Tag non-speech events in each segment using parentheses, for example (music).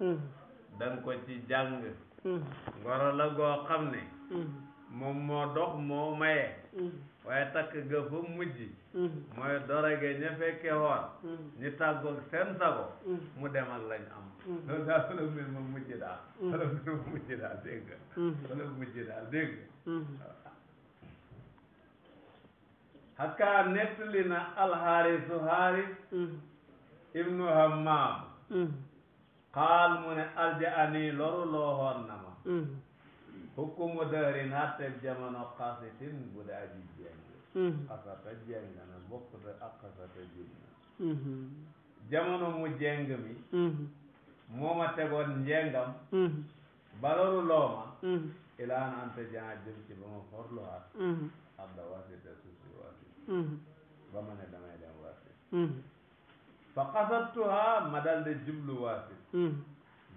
Mm-hmm. da ko ci jàng mm-hmm. ngoro la goo xam ne mm-hmm. moom moo dox moo maye waaye takk ga fa mujj mooy dorage ña fekke woon ñu tàggoog seen sago mu dem ak lañ am loolu daal ma mujj daal wala mbir ma mujj hakka nettali na alxaarisu xaaris ibnu hammaam xaal mu ne alja ani loru looxoon na ma mm. hukumu dërin hatteb jamono xasitin bu daa ji jeng mm. xasata jeng na bokkut ak xasata jub na mm-hmm. jamono mu jeng mi mm-hmm. moo ma tegoon njengam mm-hmm. ba loru looma ilaan ante jana jëm ci ba ma forlu hat abda wasita suusi wasi ba ma ne damay dem wasi fa xasattuha ma dal de jublu waasit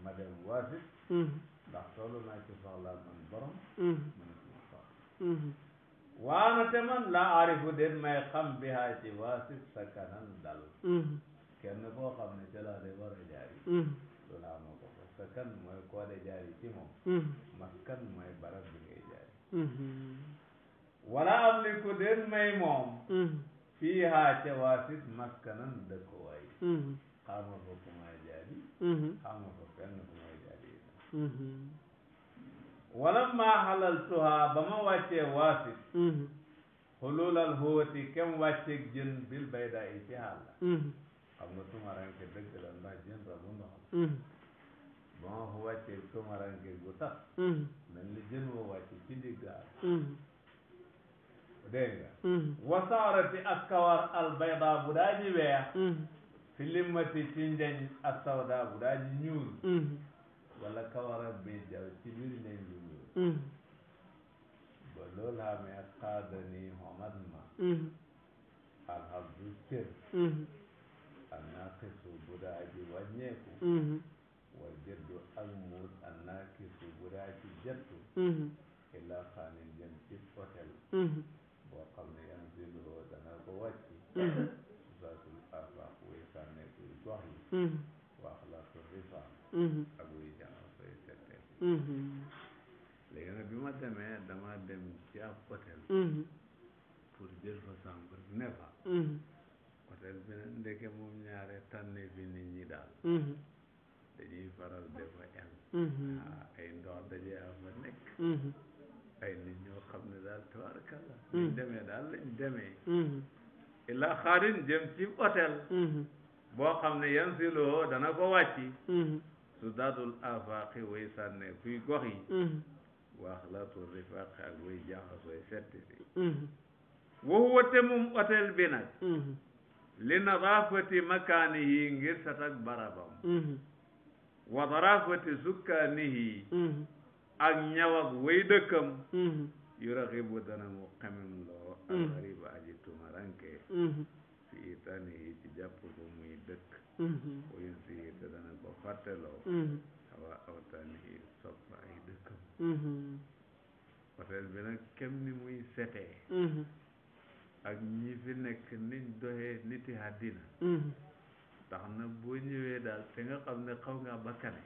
ma dem waasit ndax toll naa ci soxla man borom mëna suma soxla waana te man arifu den may xam bi haa ci waasit sa kanan dal kenn koo xam ne ca laa de war a jaari loolu amoo ko fa sa kan mooy koo de jaari ci moom maskan mooy barab bi ngay jaari xaama ko ku may jaadi xaama ko kenn ku may jaadi itam wala ma halaltuha ba ma wàccee waasit xululal hóoti kem wàcceeg jën bil bayda yi ci xàlla xam nga tumaranke dëgg la ndax jën rabu ndox la ba ma fa wàccee tumaranke gu tax mel ni jën woo wàcce ci digg àll dégg nga wasaarati ak kawar al bayda bu daa ji weex filimati ci njañ asawda bu daa ji ñuul mm-hmm. wala kawara bi jaw ci biir nañ lu ñuul mm-hmm. ba loolu amee xaadani xomad ma mm-hmm. alhamdu cër an naaqisu bu daa ji wàññeeku wal jëddu ak muut an naaqisu bu daa ji jettu ilaa xaanin jëm ci hôtel boo xam ne yan ziloo dana ko wàcc Mm-hmm. wax la mm-hmm. mm-hmm. léegi nag bi ma demee dama dem ci ab hôtel pour jël fa chambre ne fa hôtel bi ne ndeke moom ñaare tànne bi nit ñi daal dañuy faral defa en ah, ay ndox dajee am nekk ay nit ñoo xam ne daal tabaarkalla ñu demee daal lañ demee ilaa xaarin jëm ci hôtel boo xam ne yan siloo dana ko wàcci mm-hmm. su daadul afaqi way sànne kuy gox yi mm-hmm. wax rifaq ak way jaxasooy setti si wahu mm-hmm. wate moom hôtel bi nag li nadaafati makaanihi ngir set barabam wa daraafati sukkaanihi ak ñaw ak dëkkam yu raxibu dana loo ak xariba aji tumaranke fi itanihi wuy sii te dana ko fàtteloo xawaa awtaani yi soppa ay dëkkam hôtel bi nag kem ni muy setee ak ñi fi nekk niñ doxee niti àddina tax na boo ñëwee daal te nga xam ne xaw nga bakkane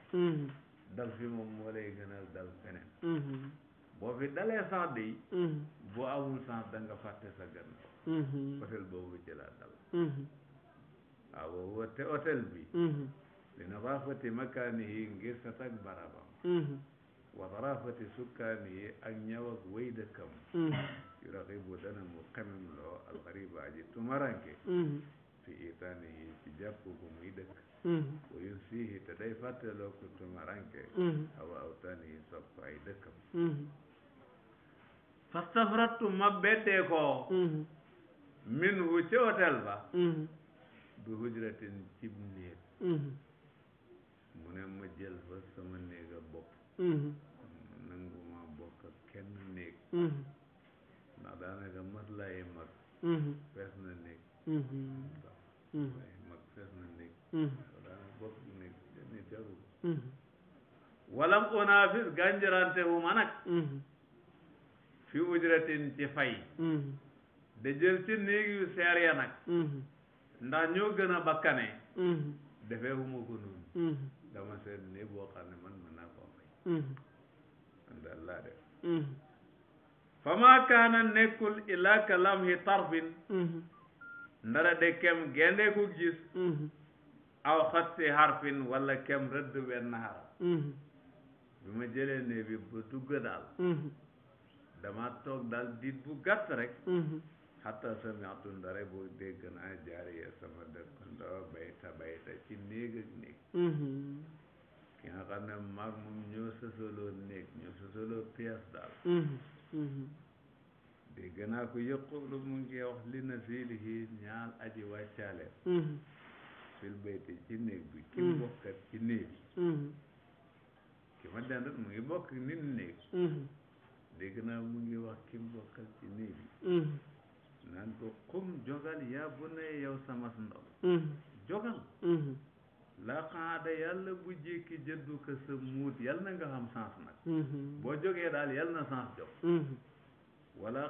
dal fi moom moo lay gënal dal feneen boo fi dalee sax day boo amul sax da fàtte sa gannaaw hôtel boobu ci laa dal waaw woowu te hôtel bi mhm. li nafaafati makaanihi ngir set ak barabam mhm. wa daraafati sukkaanihi ak ñaw ak wéy dëkkam mhm. yu raxibu dana mu xemem loo alxariba aji tumaranke fi itaanihi ci jàpp gu muy dëkk wa yunsiihi te day fàtteloo ko tumaranke awa awtaanihi sopp ay dëkkam fastafrattu ma beddee ko min wu ci ba bi hujratin cib néeg mhm. mu ne ma jël fa sama néega bopp mhm. bokk ak kenn néeg mhm. ndax daanaka mat laay mag néeg laay mag fees na néeg daanaka bokk néeg ni jarul fi ujratin ci fay da jël ci néeg yu seer ya nag ndax ñoo gën a bakkane mm-hmm. defee wu ma ko noonu mm-hmm. dama seet ne boo xam ne man mën naa koo fay mm-hmm. man fa maa kaana nekkul ilaa kalam hi tarfin ndara de kem gendee ku gis aw xatti harfin walla kem rëdd benn haraf bi ma jëlee ne bi ba dugg daal dama toog daal diit bu gàtt rek xatta samiatu ndare boo dégg naa jaariya sama dëkkandoo bayta bayta ci néeg ak néeg ki nga xam ne maag moom ñoo sosoloo néeg ñoo sosoloo pièce daal dégg naa ko yëqulu mu ngi wax li na siilihi ñaal aji wàccaale fil bayti ci bi ki bokkat ci ki ma dendat mu ngi bokk nit néeg dégg naa mu ngi wax ki bi naan ko xum jogal yaa bu ne yow sama ndaw mm-hmm. jogal mm-hmm. laa xaada yàlla bu jékki jëddu ka sa muut yàlla na nga xam sens nag mm-hmm. boo joge daal yàlla na sens jóg wala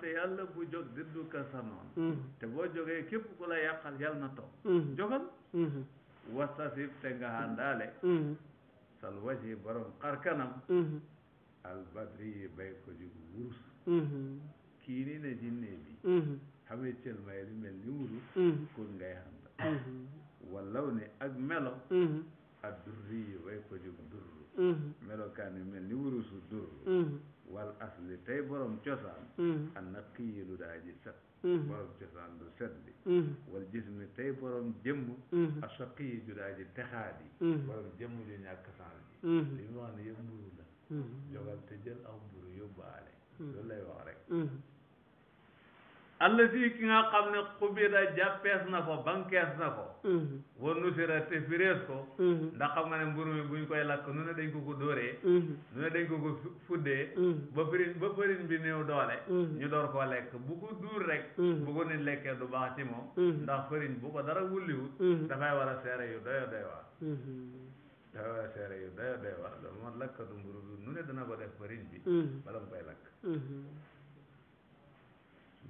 te yàlla bu jóg jëddu ka sa noon te boo joge képp ku la yàqal yàlla na toog jogal wastasib te nga àndaale sal waji borom xar kanam albadri yi bay ko jug wurus kiini ne ci néeg bi xamee mm-hmm. cëlmaye li mel ni wuru mm-hmm. kon ngay àndal mm-hmm. wallaw ne ak melo ak durri ko jug durru melokaan yi mel ni wuru su durru wal asli tey borom cosaan a naqi set borom cosaan lu set bi wal jismi tey borom jëmm a soqi yi borom jëmm ju ñàkk sens bi li mu wax mburu la jogal te jël aw mburu yóbbaale loolu lay rek allazi ki nga xam ne xubida jàppees na ko bankees na ko mhm. war nu sira te firees ko mhm. ndax xam nga ne mburu mi buñ koy lakk nu ne dañ ko ko mhm. nu ne dañ ko ko fuddee ba firin ba firin bi néew doole ñu door koo lekk bu ko duur rek bu ko nit lekkee du baax ci moom ndax firin bu ko dara wulliwut dafay war a seere yu doyo doy waar dafay war a seere yu doyo doy waar mburu bi nu ne dana ko def firin bi bala mu koy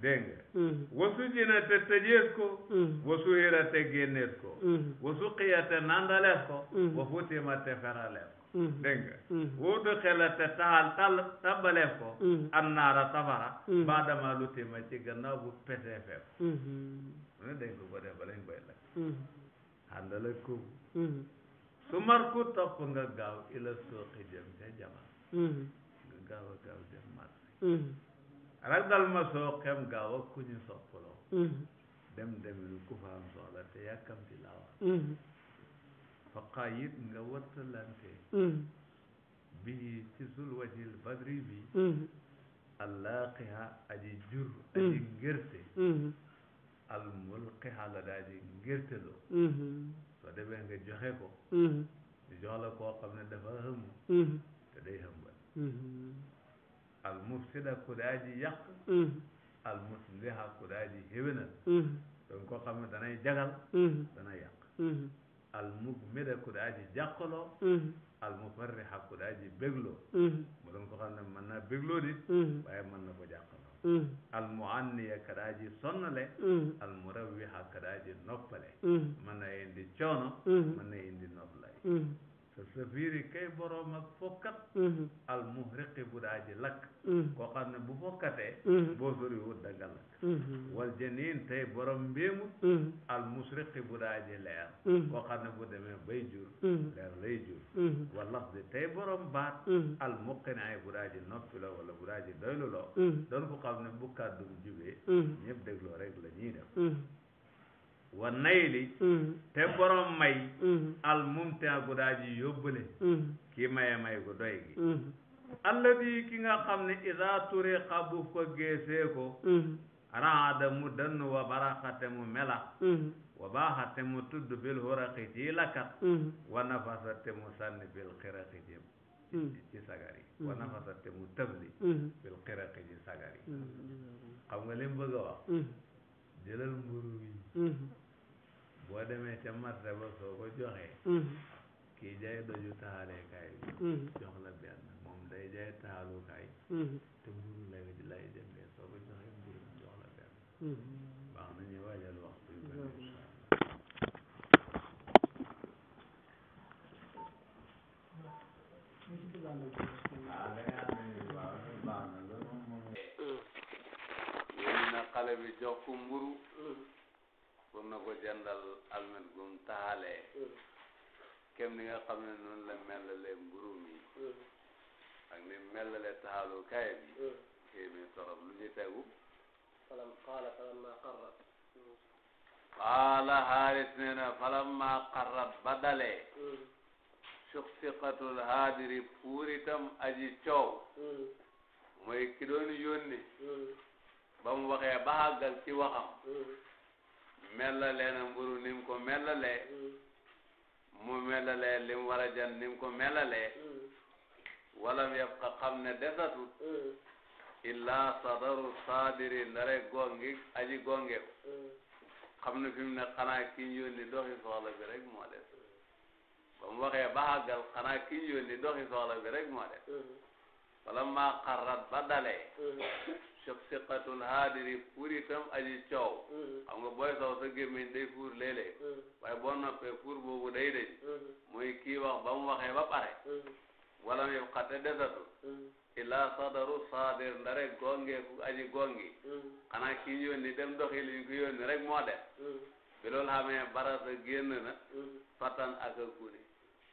dégg nga mm-hmm. wasu jina te tëjees ko mm-hmm. wasu hira te génnees ko mm-hmm. wasu xiya te nandalees ko wa futima te feralees ko dégg nga wóodu xela te taxal tal tabbalees ko an naara safara baadama lu ci gannaaw bu pesee feef mu ne dañ ko ko def ba lañ koy lakk àndala koobu su mar ku topp nga gaaw ila sooqi jëm ca jama nga gaaw a gaaw dem marché ragal ma soo xem gaaw ak ku ñu soppaloo mm-hmm. dem deminu ku fa am soxla te yàkkamti laa war mm-hmm. fa qaayit nga wattalante mm-hmm. bii ci sulwatil badri bi allaaqiha aji jur aji ngerte al mulqiha la daa ji ngerte loo soo demee nga joxe ko ñu jox la koo xam ne dafa hëmb te day hëmbal al mufsida ku daa ji yàq mm. al ku daa ji héwénal mm. donc koo xam ne danay jagal mm. dana yàq al mugmida ku daa ji jàqaloo ku daa ji bégloo mu doon koo xam ne mën naa bégloo na ko jàqaloo al muanniya ka daa ji sonnale al ka daa noppale mën na indi coono mën na indi te sa biiri kay borom ak fokkat mm-hmm. al muhriqi bu daa ji lakk mm-hmm. koo xam ne bu fokkatee mm-hmm. boo soriwut danga lakk wal tey borom mbéemut al bu daa ji leer koo xam ne bu demee bay jur leer lay jur wal lafdi tey borom baat al muqinaay bu daa ji noppi la bu daa ji doylu doon ko xam ne bu kàddum jubee ñëpp dégloo rek la ñuy def wa nayli mm-hmm. te borom may mm-hmm. al mumtin gu daa ji yóbbale mm-hmm. ki maye may gu doy gi alladi ki nga xam ne ida turiqa bu fëggee seeko raada mu dënn wa baraxate mu mela wa baaxate mu tudd bil xuraqi ci lakkat wa nafasate mu sànni bil xiraqi ci ci sagari wa nafasate mu tëbli bil xiraqi ci sagari xam nga lim bëgg a wax jëlal mburu boo deme ca marché ba soo ko joxee mm-hmm. kii jaay doju taxaleekaay bi mm-hmm. jox la benn moom day jaay taxalukaay mm-hmm. te mburu lay lay jëndee soo ko joxee mburu jox la benn waxtu yu bëri insha Allah mm. bi jox ko comme na ko jëndal almet gum taxalee mm. kem ni nga xam ne noonu la mellale mburu mi mm. ak ni mellale taxalu kaay bi mm. téeméer torop lu ñu tegu falam qaala falamma qarrat qaala xaaris nee na falamma qarrat ba dalee suqsiqatul haadiri puuritam aji coow mooy ki doon yónni ba mu ba àggal ci waxam mellalee na mburu ni ko mellalee mm. mu mellalee li mu war a jan ni mu ko mellalee mm. walam yabqa xam mm. ne desatut illaa sadaru saadiri ndare gongi aji gongew xam ne fi ne xanaa ki ñu yónni doxi soxla bi rek moo des ba mu waxee ba àggal xanaa ki ñu doxi soxla bi rek moo des wala maa xarrat ba dalee siqatun haadiri fuur itam aji coow mm-hmm. xam nga booy saw sa gémmiñ day fuur léeg-léeg mm-hmm. waaye boo noppee fuur boobu day dañ mm-hmm. muy kii wax ba mu waxee ba pare wala muy xate desatu ila sadaru sadir ndare gongeeku aji gongi xanaa kii ñu yónni dem doxi liñ ko yónni rek moo def bi loolu xamee barasa génn na fatan a kuni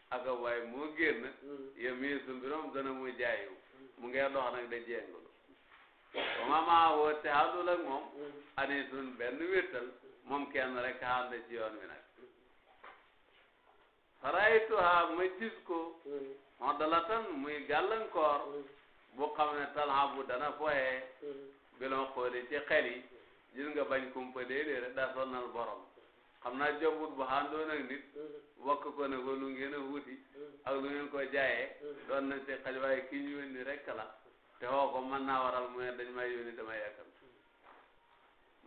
ak a waay moo génn ya miisul bi noom gën a mu jaayu mu ngee dox nag da jéngu wamama woote àndul ak moom ani sun benn wéttal moom kenn rek ànd ci yoon wi nag faraytuha ma gis ko modalatan muy gàllankoor bu xam ne talha bu dana foyee bilon xooli ci xel yi gis nga bañ kumpa déedéet rek daa sonnal borom xam naa jombut bu àndoon ak nit wakk ko ne ko lu ngeen a wuti ak lu ko jaayee doon na ci xaj waaye kii ñu indi te xoo ko mën naa waral mu ne dañ may yónni dama yàkkal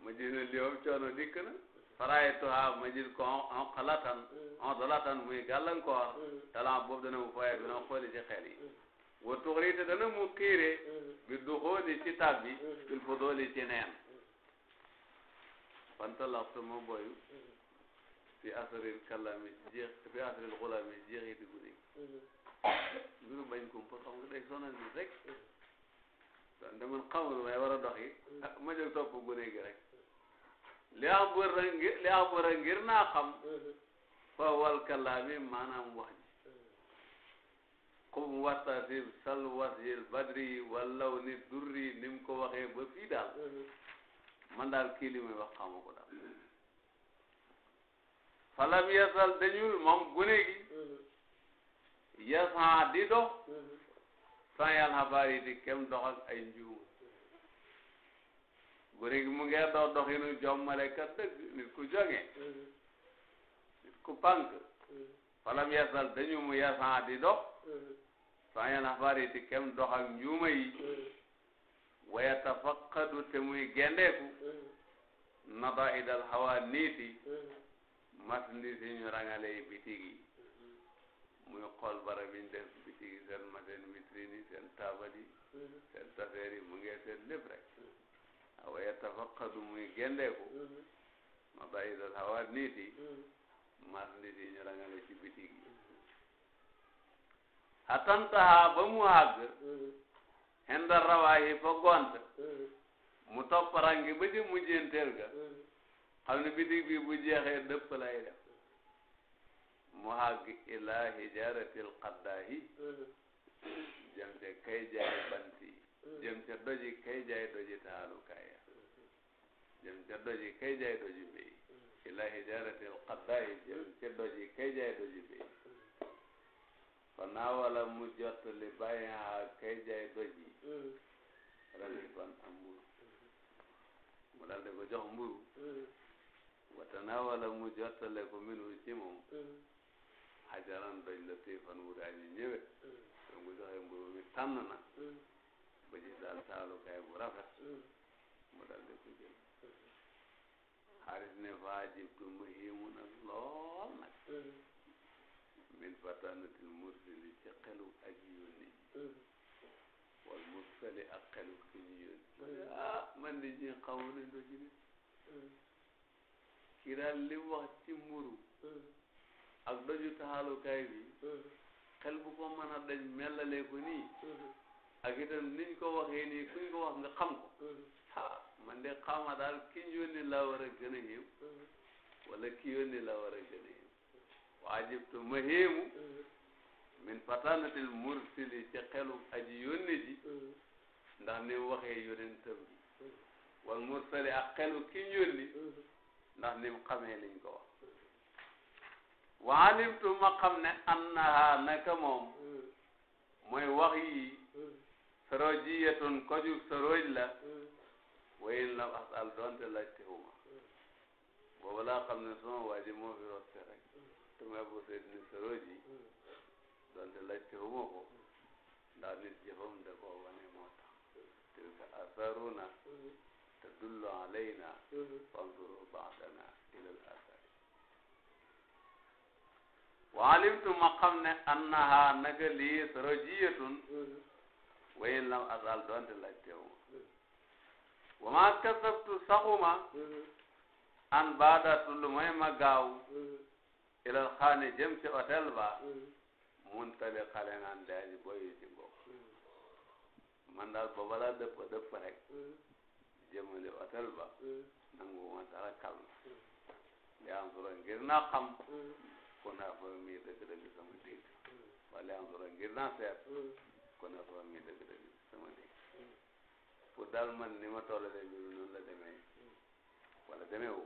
ma gis ne lii moom coono dikk na faraay tuha ma ko on xalatan mm. on dolatan muy gàllankoor mm. talent boobu dana mu fayee dana xooli ci xel yi mm. wa tuxri te dana mu xiire bi du xooli ci tab bi il faut dooli ci neen fanta laxtu ma boyu fi asril kalami jeex fi asril xulami jeexi di guddi mbiru bañ kumpa xam nga day sonal nit rek donte man xamul may war a dox yi ah ma jóg topp gune gi rek li am bër a ngir li am bër a ngir naa xam fa wal kalaami maanaam wax ji xum wattasib sal wasil badri wallaw ni durri ni mu ko waxee ba fii daal man daal kii li wax xamu daal falam yasal dañul moom gune gi mm-hmm. yasan di dox mm-hmm. sans yàlla xabaar yi di kem dox ak ay njuum gure gi mu ngee dox doxinu jommale ka dëgg nit ku joŋe nit ku pànk falam yasal dañu mu yasan di dox sans yàlla yi di kem dox njuuma yi wa yatafaqadu te muy gendeeku nada idal hawa niiti mas ni si ñu rangale bitigi mu xool barab yi ñu bitig yi seen seen vitrine yi seen taabal yi mm-hmm. seen tafeer yi mu ngi seen lépp rek wa yatafaqadu muy gendeeku mm-hmm. ma bàyyi dal xawaat mm-hmm. mas nit yi ñu rangale ci bitig yi xatantaha ba mu àgg xenda rawaay yi mu topp rangi ba ci mujjenteel ga xam ne bitig bi bu jeexee dëpp lay mu àgg ilaa hijaratil qaddaahi jëm ca kay jaay bant yi jëm doji kay jaay doji taalukaay ya jëm doji kay jaay doji béy ilaa hijaratil qaddaahi jëm ca doji kay jaay doji béy fa naa wala mu jot li bàyyi doji rami kon mburu mu daal di ko jox mburu wa tanaa wala mu jottale ko minu ci moom xajaran doy latifan wu daa ji ñëwe mm. donc bu joxee mi tànn na mm. ba ci daal taalukaay bu rafet mm. mu dal di ko jël xaalis ne faa jibtu muhimu na lool nag min fatanatil mursili ci xelu ak yónni wal mursali ak xelu ki ñu yónni ah, man di ñi xamu nañ ko ci nit li wax ci ak doju taxalukaay bi mm-hmm. xel bu ko mën a daj melalee ko nii mm-hmm. ak itam niñ ko waxee nii kuñ ko nga xam ko ah man de xama daal ki yónni la war a gën a xéem wala ki yónni la war a gën a xéem waajibtu ma xéemu min fatanatil mursili ci xelu aji yónni ji ndax ni mu waxee yónentam bi wal mursali ak xelu ki yónni ndax ni mu xamee liñ ko wax waa alimtu ma xam ne annaha naka moom mooy wax yi sarojiyatun koju saroj la wayin lam asal doonte laajte huma booba laa xam ne sama waa ji moo fi rotte rek bu seet saroj yi doonte laajte huma ko ndax nit jëfam da koo wane moo tax alayna fanzuru baadana ilal waalimtu ma xam ne annaha naga lii rajiyatun wayin lam azal doonte laajtewuma wa ma kasabtu saxuma an baadatu lu may ma gaaw ilal xaani jëm ci hôtel ba muntali xale naan daaji boyi ci bopp man daal booba dëpp dëpp rek jëmali hôtel ba nangu ma dara kalma li am ngir naa xam kon a foofu mii dëgg dëgg sama dégg wala am solo ngir naa kon a foofu mii dëgg dëgg sama dégg pour daal man ni ma toll de ñun noonu la demee wala demee wu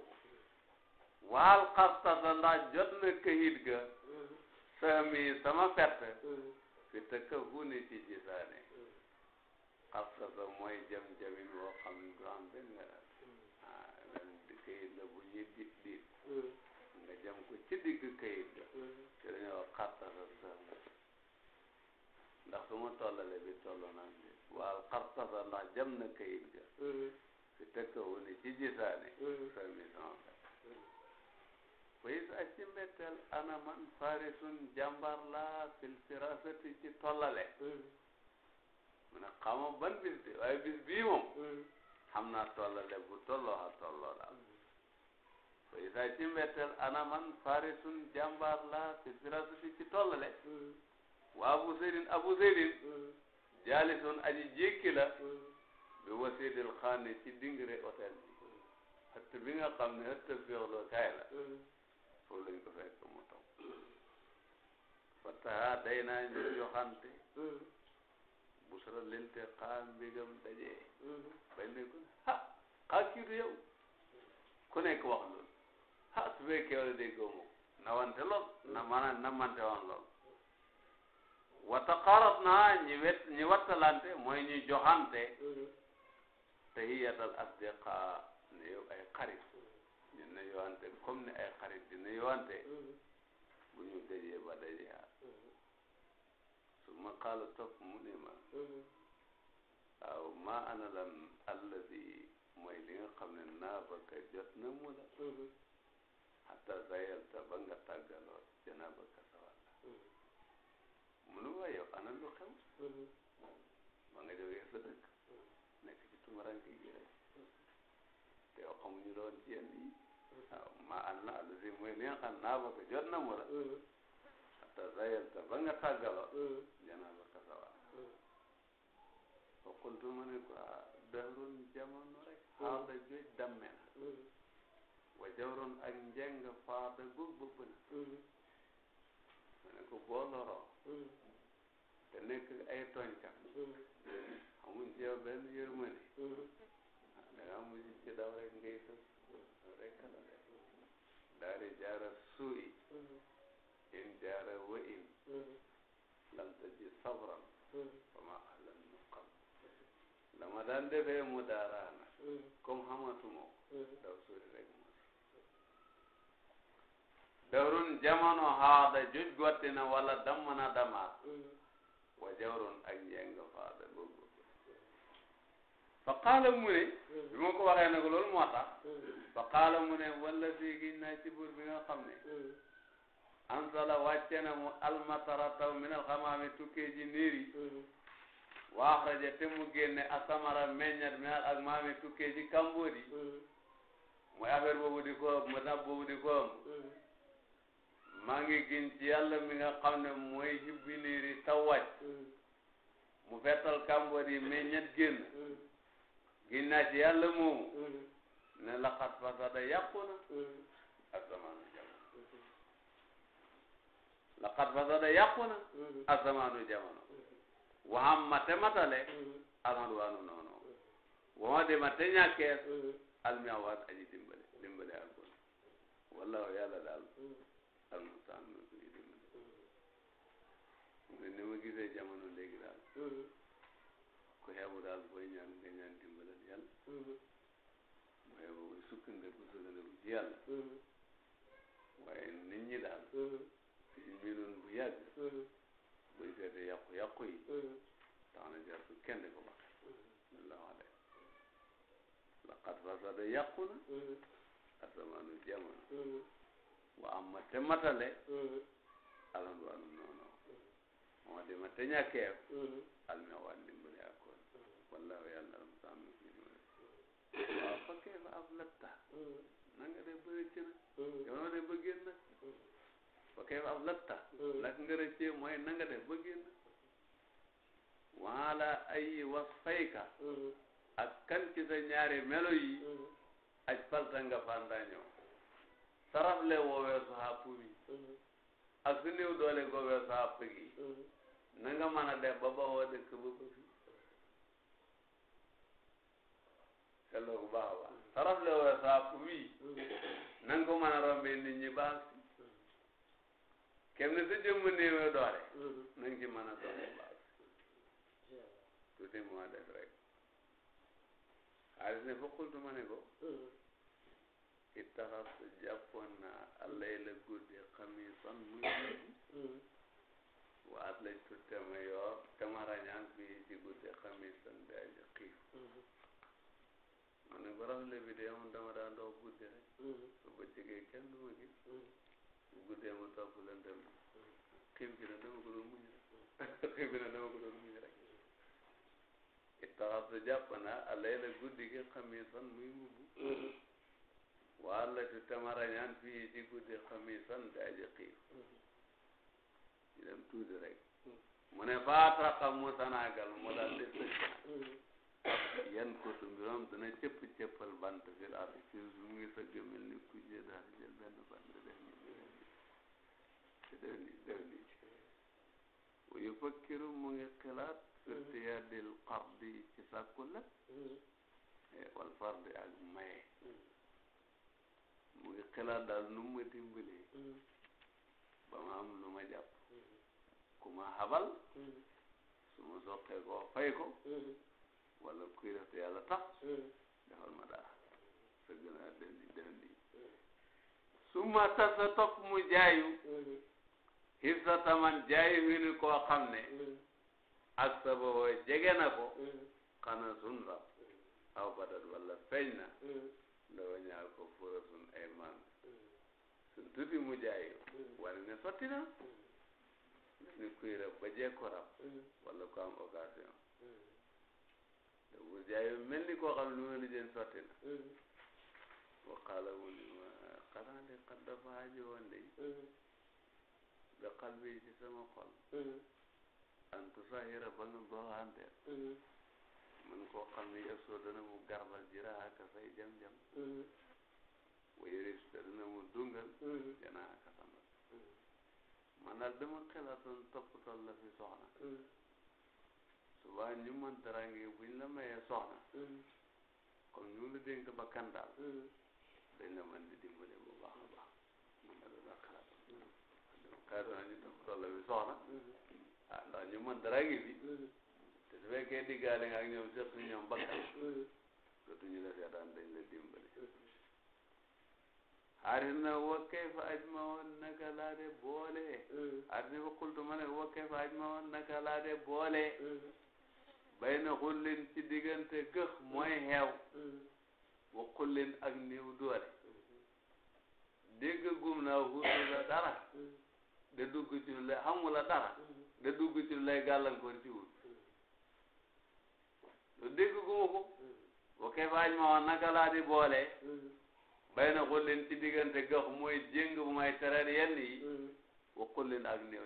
waal xartasa ndax jot na këyit ga sa mii sama fett fi tëkka huni ci gisaane xartasa mooy jam jamin woo xam du am benn këyit la bu ñuy diit jam ko ci digg kayit ga mm-hmm. te dañoo wax xartasal sëma ndax su ma tollale bi tollo naan bi waaw xartasa ndax jam na kayit ga si mm-hmm. tëkkawu ni ci gisaane sëmi sama fet wais ak ci mbetteel ana man farisun jàmbar laa fil firasati tollale mm-hmm. mu ne ban bis de waaye bis bii moom naa tollale bu tolloo ha tolloo daal wa isa ci mbetteel ana man farisun jàmbaar la fi ci tollale wa abu seydin abu seydin jaalisun aji jékki bi wasidil xaani ci dingre hôtel bi hëtt bi nga xam ne hëtt féexloo kaay la foofu lañ ko fekk mu toog fataha day naa ñu joxante busara lente xaa mbigam dajee bañ ne ko ha xaa kiitu yow ku nekk wax lu ah su fekkee wala déggoo moom na wante lool na maanaam na mante woon lool wata xarat naa ñi wet ñi wattalante mooy ñi joxante tahiyatal asdiqa ne yow ay xarit ñu ne yowante comme ni ay xarit di ne yowante bu ñu dajee ba dajee ha su ma mu ne ma waaw maa ana lan alladi mooy li nga xam ne naa bëgg a jot na mu ta sayal ta ba nga tàggaloo janaaba ka sa wàlla mu nu waaye ana lu xew ma nga nekk ci tumuranke gi rek te yow xamuñu loon ci yenn yi waaw ma an naa lu si mooy li nga xam naa ba ko jot na mu la hmm. ta sayal ta ba nga tàggaloo hmm. janaaba ka sa wàlla fa hmm. qultu ma ne ko ah, dahrun jamono rek xaala joj dammel wa jawrun ak njeng faada gu bëpp na ma mm-hmm. ne ko boo loroo mm-hmm. te nekk ay tooñkat xamuñ mm-hmm. ci yow benn ah, nga mujj ci daw rek ngay tës rek in jaara wa in taji sabran fa ma ahlan nuqam dama daan defee mu dawrun jamono haada juj gottina walla dammana damaat mm-hmm. wa jawrun ak njeng faada googu fa qaala mm-hmm. bi ma ko waxee nag loolu moo tax mm-hmm. fa qaala mu ne walla fii giñ naa ci buur bi nga xam ne ansala wàcce k mu almatara taw min alxamaami tukkee ji niir yi wa axraja te mu génne asamara meññat min al ak maami tukkee ji ko ëmb nag boobu di ko maa ngi gin ci yàlla mi nga xam ne mooy hibbi niiri taw mu fettal kàmbar yi meññet génn gin naa ci yàlla moomu ne laqat fasada yàqu na asamaanu jamono laqat fasada yàqu na asamaanu ma te matale alhamdu waanu noonu wama de ma te ñàkkees mm-hmm. almiawaat aji dimbale dimbale alkoon wallahu yàlla daal tànn tànn su ñu dimbali mais ni ma gisee jamono léegi daal mm-hmm. ku xeebu daal booy ñaan nga ñaan dimbalal yàlla bu mm-hmm. xeebu booy sukkandiku sukkandiku ci yàlla mm-hmm. waaye nit ñi daal suñu miinoon bu yàgg buy seete yàqu-yàqu yi tax na jar su kenn ko waxe la wax de laqad fasada yàqu na asamaanu jamono wa amma te matale mm-hmm. alhamdu wàllum noonu moo di ma te ñàkkeef mm-hmm. alme waan dimbale akoon mm-hmm. wallahu yàlla ram sàmm ci noonu waaw fa kee fa ab latta na nga def ba rëcc nag yow noo def ba génn nag fa kee fa ab latta lak nga rëccee mooy na nga def ba génn waala ay wasfayka ak kan ci sa ñaari melo yi aj falta nga fàndañoo tarable woowee su xàpp bi mm-hmm. ak su néew doole goowee su xàpp gi mm-hmm. na nga mën a def ba bawoo dëkk ba ba fi seetloo ko baax a baax mm-hmm. tarable woowee su xàpp bi na nga ko mën a rombee nit sa jëmm néewee doole na nga ci mën a doole baax si ittaxastu jàppoon naa allayla guddi xamiisan muy mm. guddi wa atlajtu tema yoor tema rañaan bi ci guddi xamiisan bi aji xiif mm-hmm. ma ne ko rafle bi dee moom dama daa dox guddi rek mm-hmm. su bëccëgee kenn du ma gis bu mm-hmm. guddee ma topp lëndëm xiif gi na dama ko doon muñ rek (laughs) xiif gi na dama ko doon muñ rek ittaxastu jàpp naa guddi gi xamiisan muy mbubb waa la ti tamarañaan fii ci guddi xamisan te aji xiif ñu dem tuuti rek mu ne faataqa mu sanaagal mu dal di sëgg yan ko su mbiram dana cëpp cëppal bant fil ardi ci mu ngi sëgg ni ku jë daal jël benn bant def ni def ni def ni wa yufakkiru mu ngi xalaat firtiyadil qardi ci sàkku la wal fardi ak maye mu ngi xalaat daal nu mu mm-hmm. ba ma am lu ma jàpp mm-hmm. ku ma xabal mm-hmm. su ma soqee koo fay ko wala kuy def te yàlla ma dara sa gën a mu jaayu xisa taman jaayu wi ni koo ne ak sa jege na ko xana sun la aw badat wala feeñ na ndoo ñaal ko fóora sun ay man mm. sun tuti mu jaayu mm. wane ne sotti na mm. ni kuy rab ba jekko rab wala ko am mu jaayu mel ni koo xam lu ma lijeen sotti na wa qaala mu ni ma xanaa de xat dafa aajo woon de bi xal bi ci sama ba nga man koo xam ne yëpp soo dana mu garbal jiraaka say jam-jam mm-hmm. waye ris mu dungal janaa ka sandal man daal dama xelaatoon toppatoo la fi soxna mm-hmm. subaa ñu mën teraange buñ la mayee soxna mm-hmm. comme ñu la dénk bakkan daal dañ la mën di dimbale bu baax a baax man daal dama xelaatoon dama xelaatoon ñu toppatoo la fi soxna ah ndax ñu mën teraange bi su fekkee diggaale nga ak ñoom surtout ñoom bakkan (coughs) mm-hmm. dootuñu la seetaan dañ la dimbali xaaris na wa kayfa ajma woon naka laa de boole xaaris mm-hmm. ne fa xultu ma ne wa kayfa ajma naka laa de boole mm-hmm. bay na xullin ci diggante gëx mooy xeew wa xullin ak niw doole dégg gum naa xutu la dara da dugg ci lu lay xamu la dara da dugg ci lu lay gàllankoor ci wut lu dégg guma ko bu kefaañ ma woon naka boole bay na xullin ci diggante gox mooy jéng bu may teral yenn yi wa xullin ak néew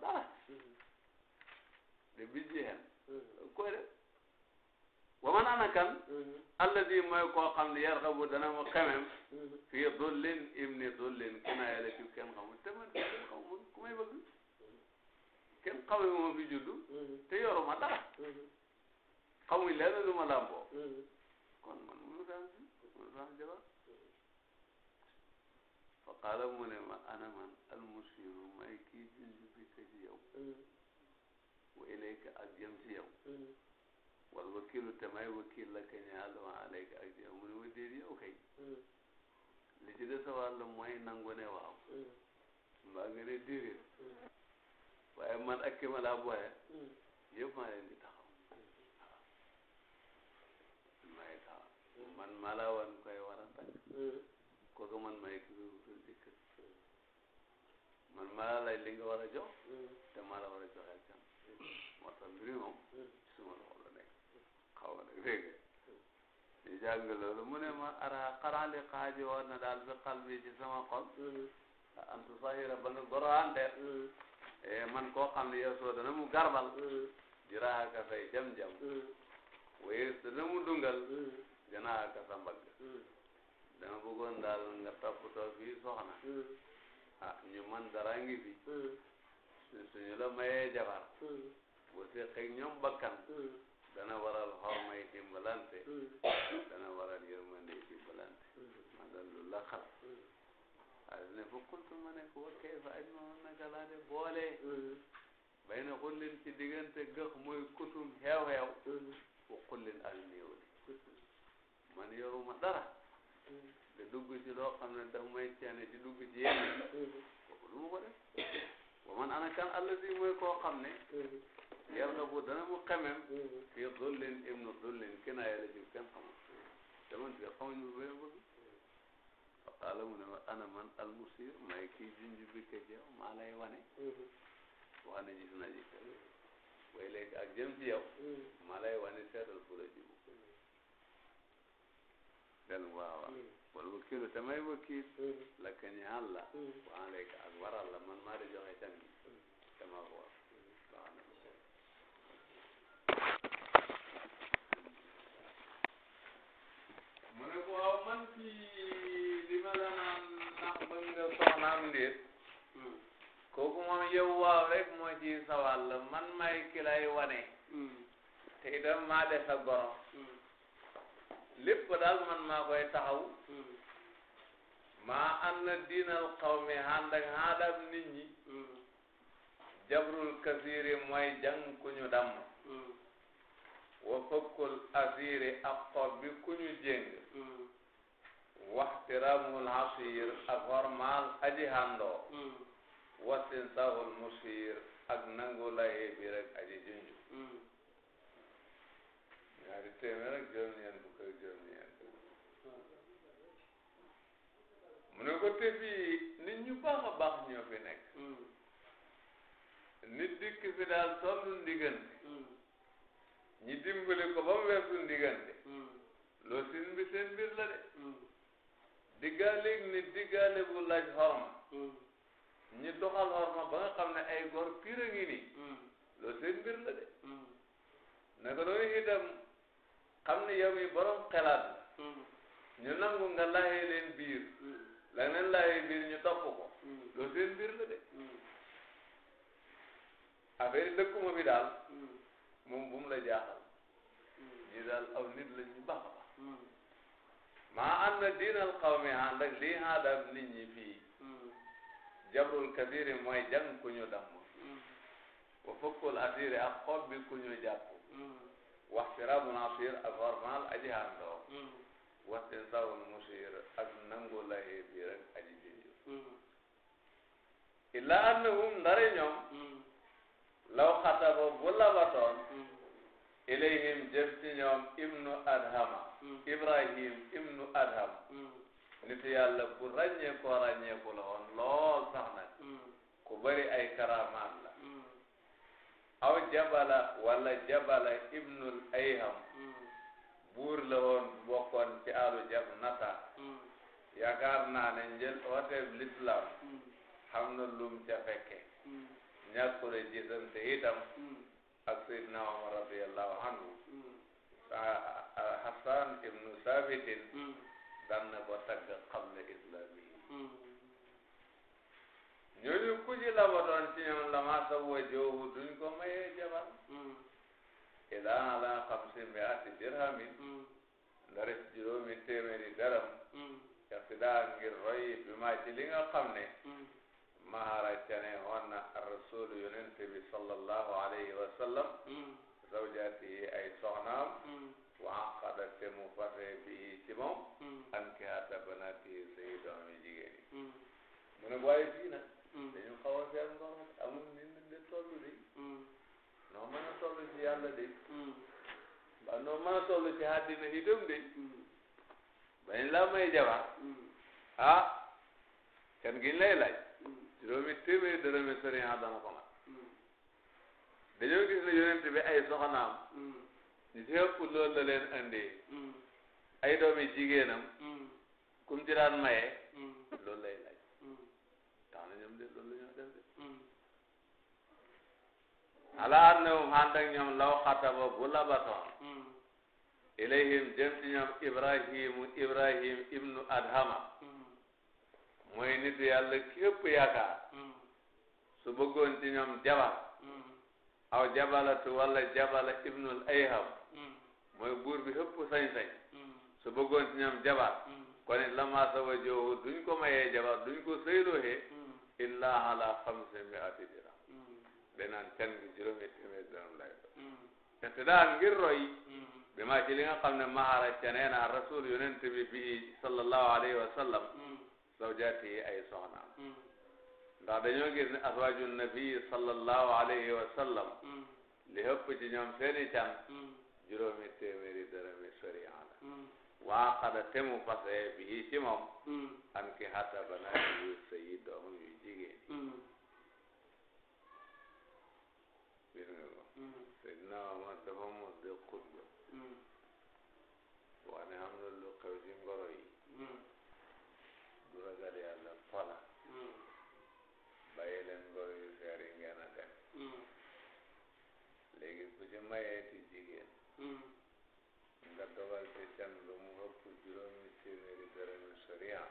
dara de bijji hen koy de wa man ana kan alladi mooy koo xam ne yarxabu dana mu xemem dullin ibni dullin kinaaya la ci kenn xamul te man kenn xamul ku may bëgg kenn xamul ma fi juddu te yoruma dara xamuñ lenn lu ma làmboo kon man munu daan si munu daan jabar fa qaala mu ne ma ana man al musiru may kii junju bi ka ci yow hmm. wa ilayka ak jëm ci yow hmm. wal wakilu te may wakil la ka ñaal wa alayka ak jëm mu ne wa déet yow kay hmm. li ci des sa wàll mooy nangu ne waaw mbaa nga ne déedéet waaye man ak ki ma laa boole yëpp maa leen di tax man mala wan koy war a takk mm. man may ki man mala lay li nga war a jox mm. te mala war a joxeel kan mm. suma loxo la nekk xaw ma nag dégg mu ne ma ara xanaa li xaaji woon na daal bi xal bi ci sama xol antu sahira ba nga goroanteer e man koo xam ne yow soo mu garbal di raaka say jam-jam wéyes dana mu dungal janaa ka sa mbagg hmm. daal nga man hmm. ah, dara ngi fi hmm. suñu la mayee jabar bu seqeeg ñoom bakkan dana waral xormay dimbalante dana waral yërmande dimbalante ma doon lu la xam xaalis ne fa kultu ma ne ko wakkee fa aj moom naka laa boole bay na xullin ci diggante gëx mooy kutum xeew xeew bu xullin ak néew li man yoruma dara te mm. dugg ci loo xam ne daf may ci dugg ci yenn mm-hmm. kooku du ma ko def wa man ana kan alladi mooy koo xam ne mm-hmm. na bu dana mu xemem mm-hmm. fii dullin ibnu dullin kinaaya la jëm kenn xamul daman fii xamuñ bu bëri bëgg fa qaala mu ne ma ana man al musir may kii junj bi ke jeew maa lay wane wane gis na ji way léegi ak jëm ci yow maa lay wane seetal fu la jibu del waawa wal mm. wakiilu samay wakiil mm. la ka ñaan la waan rek ak waral man maa di joxe can bi sama boor baax na mu ne ko waaw man ci li ma la naan ndax bëgg nga soxnaam ndéet mm. kooku moom yow waaw rek moo ci sawal man may ki lay wane te maa def sa lépp daal man maa koy taxaw hmm. maa am na diinal xawmi ànd ak aadam nit ñi hmm. jabrul kasiri mooy jàng ku ñu damm hmm. wa fakkul asiri bi ku ñu jéng waxtiramul asir ak hormaal aji handoo wasin sahul musir ak nangu laye aji junju ñaari téeméer ak juróom-ñeent fukk ak juróom-ñeent mu ne ko te fii nit ñu baax a baax ñoo fi nekk hmm. nit dikk fi daal tollu ndigante hmm. ñi dimbali ko ba mu weesu ndigante hmm. loo sin bi seen mbir la de diggaaleeg nit diggaale bu laaj xorma ñi doxal xorma ba nga xam ne ay gor pire ngi nii loo seen mbir la de naka doon itam xam ne yow mi borom xelaat la hmm. ñu nangu nga laajee leen biir hmm. la ngeen biir ñu topp ko hmm. seen biir la de affaire yi dëkkuma bi daal moom bu mu la jaaxal ñi daal aw nit la ñu baax a baax maa ànd na diinal xaw mi ànd ak lii aadam nit ñi fii jabrul kasiri mooy jàng ku ñu damm wa fëkkul asiri ak xob bi ku ñu jàpp wax fira munasir ak hormal aji handoo waxtin sawun musir ak nangu lahi biir ak aji jinju illa annahum law xataba bu labatoon ilayhim ibnu adhama ibrahim ibnu adham nit yàlla bu ràññeekoo ràññeeku la woon lool sax nag ku bëri ay karamaat aw jabala wala jabala ibnul ayham buur la woon bokkoon ci àllu jab nata yaakaar naa ne njël ooteeb lislam xam na lum ca fekke ñàkkule jiitante itam ak sayidna omar radiallahu anhu hasan ibnu sabitin daan na ko tagg islami ñooñu ku ci labatoon ci ñoom lama sabwa joobu duñ ko mayee jabar ilaa ala xamsi miati dirhamin ndara ci juróomi téeméeri daram yaxtidaa ngir roy bi maa ci li nga xam ne mahara cane woon na rasul yonente bi sallallahu alayhi wa sallam ay soxnaam wa aqada te mu bi ci moom an ki hata banaati say doomi jigéen yi mu ne waaye fii nag dañu xaw a seet ngoro amul ni nit di toll di noo mën a toll ci ah kan giñ lay laaj juróomi téeméeri dërëmi sëriñ Adama ko mat dañoo gis ne yonent bi ay soxnaam ñu hmm. ci ëpp loolu la leen andee hmm. ay doomi jigéenam hmm. kum ci maye loolu alaar ne um ànd ak ñoom law xataba bu la batoon hmm. ilayhim jëm ci ñoom ibrahimu ibrahim ibnu adhama hmm. mooy nit yàlla képp yaakaar hmm. su bëggoon ci ñoom jabar aw jabalatu walla jabala ibnul ayham mooy buur bi hëpp sañ-sañ su bëggoon ci ñoom jabar kon it lama sawa joowu duñ ko mayee jabar duñ ko sëylooxee illa ala xamse miati dir danaan can bi juróomi téeméer dërëm lay doon hmm. te te daal hmm. bi maa ci li nga xam ne maxaara canee naa rasul yonent bi bi sallallahu alayhi wa sallam hmm. ay soxnaam ndax dañoo gis ne aswaaju nabi sallallahu alayhi wa sallam li ëpp ci ñoom seeni can juróomi téeméeri dërëmi sariya la waa xada temu fase bi ci moom an ki xata banaa yu sayi doomam yu jigéen ma dafa mos de xutba wax ne xam na lu xew ci ngoro yi du ragal yàlla fala bàyyi leen ngoro yu seer yi ngeen a dem léegi ku ci mayee ti jigéen nga dogal ci can lu mu ëpp juróomi téeméeri dërëmi soriyan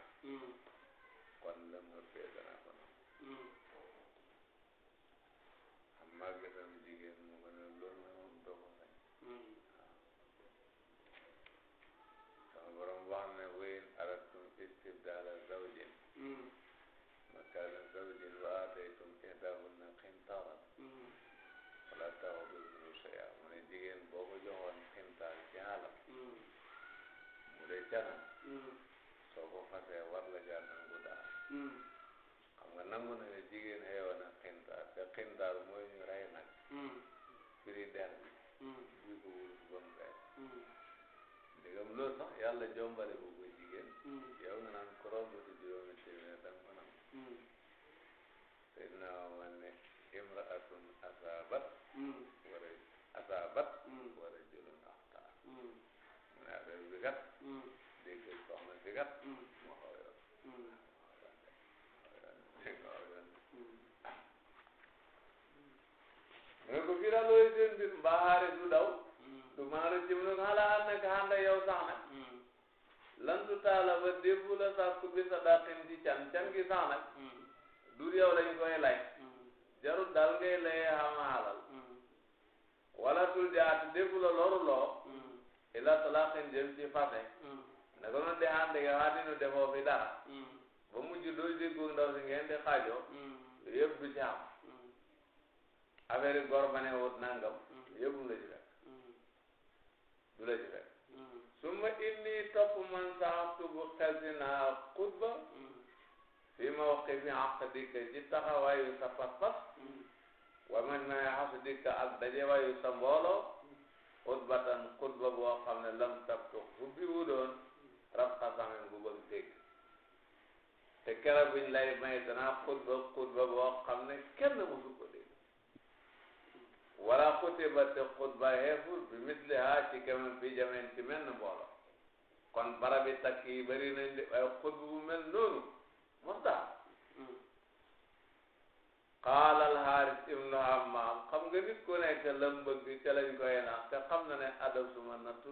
jëlee canam mm. soo ko fasee war la jaa nangu daal mm. xam nga nangu na ne jigéen xeewoon na xintaar te xintaar mooy ñu rey nag mm. firi der bi buy ko wul ba mu fees ndegam loolu sax yàlla jombale bu ko jigéen yow nga naan ko romb di juróomi téeméer da nga ko nangu Seydina Omar ne imraatun asabat wala asabat kat ma xaw yoon ma xaw yoon mu ne ko fii daal looy seen mbir mbaa xaare du daw du maara jëm nag xalaa ànd ak ànd ak yow sax nag lantu taala ba débbu la sàkku bi sa daqin ci can can gi sax nag dur yow lañ koy lay jarul daal ngay layee xama xalal wala tul jaat débbu la loru loo ila talaqin naka noonu de ànd nga xam ne defoo fi dara. Mm. ba mujj doo déggoo ndaw si ngeen di xaajoo. Mm. yëpp du ci am. Mm. affaire yi góor ba ne wut nangam. yëpp du la ci fekk. du la ci fekk. ma topp man sax bu xel si naa xutba. fi ma wax fi aqdika ci taxawaayu sa pas-pas. wa man ma aqdika ak dajewaayu sa mbooloo. xutbatan xutba boo xam ne lam tabtu xubbi wu doon. raf-xafangam bu bëgg dégg te keroog buñ lay may danaa xutba xutba boo xam ne kenn mosu ko dégg wala xutiba te xutba xeeful bi misliha ci kemen bi jamen ci mel ni mbooloo kon barabi takk yi bëri nañ de waaye xutba bu mel noonu mos daa qaala alxaaris ibnu hammaam xam nga nit ku nekk la mbëgg ca lañ koy naax te xam na ne adab suma nattu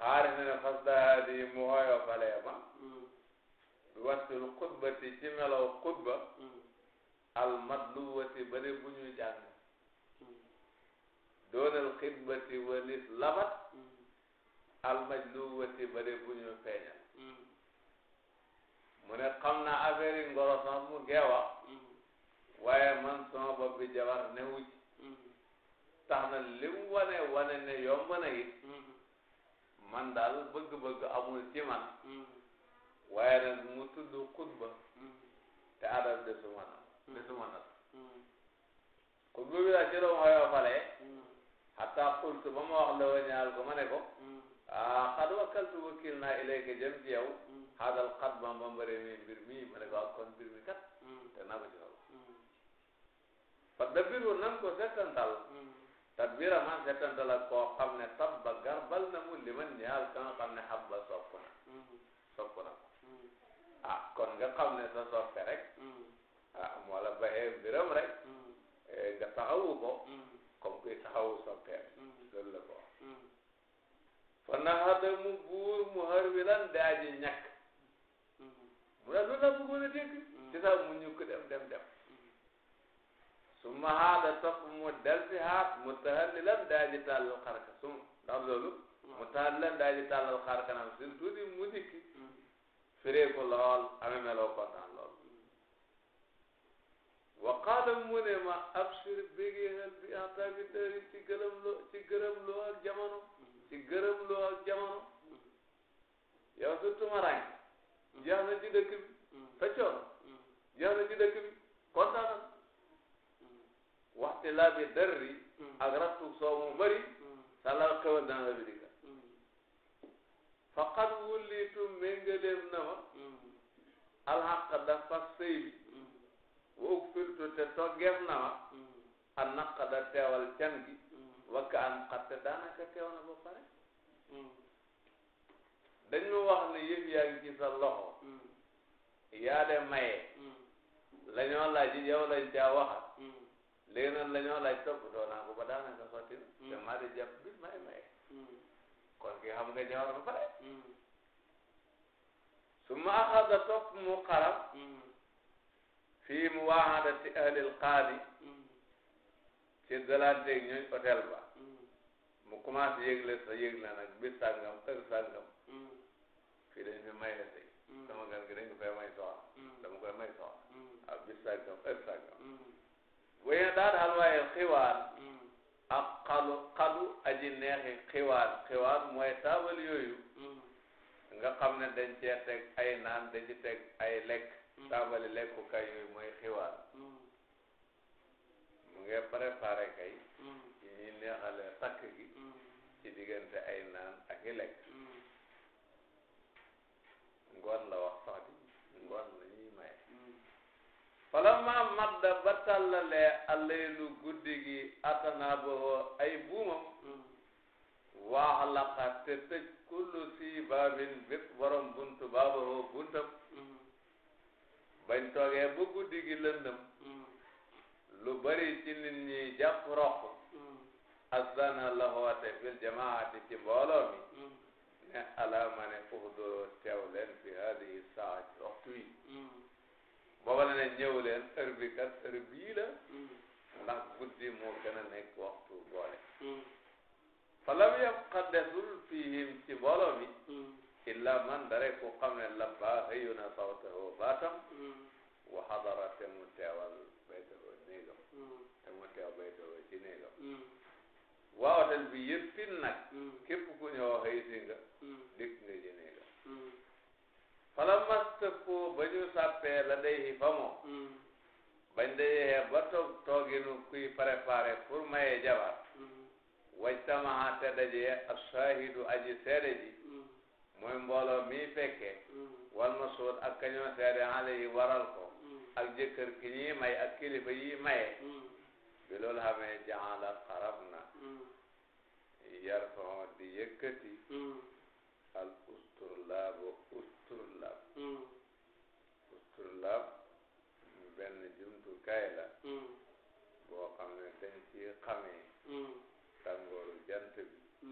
xaar ne ne xas daa di mu hoyo falee ma bi wattul xutba ti ci melaw xutba al madluwati ba de bu ñu jàng doonal xitbati walis labat al majluwati ba de bu ñu feeñal mu ne xam naa affaire yi ngoro sax mu geewa waaye man sama bopp bi ne wuj tax na li wane wane ne yomb na man daal bëgg-bëgg amul ci man mm. waaye nag mu tudd xutba mm. te adab de suma na de suma na mm. xutba bi daal ci la ma yoofalee xataa xultu ba ko ma ko ah xad wakkaltu wakil naa ilayka jëm ci yow xaadal xat ba mbambare mi mbir mi ma ko ak mbir mi kat te naa ko ci sol fa dabiru nan ko settantal tadbira man setantala koo xam ne tabba garbal na mu liman ñaal ka nga xam ne habba sopp na sopp ah kon nga xam ne sa soppe hmm. ah moo la baxee mbiram rek nga hmm. eh, taxawu hmm. ko comme kuy taxawu soppeem loolu la ko fa naxada mu buur mu har wilan daa ji ñàkk mu ne lu tax bëggoon a dégg ci saa mu ñukk dem dem summa haada topp mu delsi haat mutahallilan daa ji tàllal xarka summa ndax loolu mutahallilan daa ji tàllal xarka nam surtout di mu dikki hmm. firee ko lool ame meloo kontaan lool wa qaala ne ma absir bégéexal bi ataabi dëri ci gërëm loo ci ak jamono ci gërëm ak jamono yow su tumaraañ hmm. jeex na ci dëkk bi hmm. sa coono jeex na ci dëkk bi kontaanal waxtu laa bi dërri mm. ak rattu soo mu bëri mm. salal xewal dana la mm. wullitu méngaleem na ma alxaq dafa sëy bi wa uk te toggeef na ma da teewal can gi wakka an xatte daanaka teew na ba pare dañ wax ne yëf yaa ngi sa loxo yaa de maye la laaj yow lañ caa léegi noonu la ñoo laaj toppatoo naa ko ba daanaka sotti na mm. te maa di jàpp bis may maye mm. kon ki xam nga ñëwar ba pare mm. su ma axada topp mu xaram fii mu waaxadati ahlil qaadi ci galanteeg ñooy ba mu commencé yëgle sa yëg na nag bis sàngam heure sàngam fii dañ fi maye sëy sama gan gi dañ ko fay may soxna dama koy may soxna waaw ah, bis sàngam heure sàngam wéy daal alwaye xiwaar ak xalu xalu aji neexi xiwaar xiwaar mooy taabal yooyu nga xam ne dañ cee teg ay naan dañ ci ay lekk taabali lekkukaay yooyu mooy xiwaar mu ngi préparé kay yi ñuy neexale takk gi ci diggante ay naan ak i lekk ngoon la wax falamma madda ba tàllalee allaylu guddi gi atana boo ay buumam mm-hmm. waaxlaqa te tëj kullu si baabin bépp borom buntu baaboo buntam mm-hmm. bañ toogee ba guddi gi lëndëm mm-hmm. lu bari ci nit ñi jàpp roq azana la woote fil jamaati ci mbooloo ne ala ne uxduroo teew leen fi hadihi saa ci yi booba la ne ñëw leen heure bi la hmm. ndax guddi moo gën a nekk waxtu boole hmm. falam yabqa desul fihim ci mbooloo mi hmm. illa man dare ku xam ne labba xëyu na sawtahu baatam wa xadara te mu teewal baytahu néegam te mu teew baytahu ci néegam waawatal bi yëppin képp ku ñëw xëy si nga nga ci néegam fala mastaku ba ñu sàppee la day hi fa moom bañ dayee ba toog tooginu kuy préparé pour maye jabar wajtamaha te dajee asaahidu aji seede ji mooy mbooloo mii fekkee wal masuud ak kañoo seede alayhi waral ko ak jëkkër ki ñuy may ak kilifa yi maye bi loolu xamee jaala xarab na yar ko di yëkkati al usturlaabu usturu laab usturu mm. laab benn jumtukaay la mm. boo xam ne dañ ci xamee mm. tàngooru jant bi fu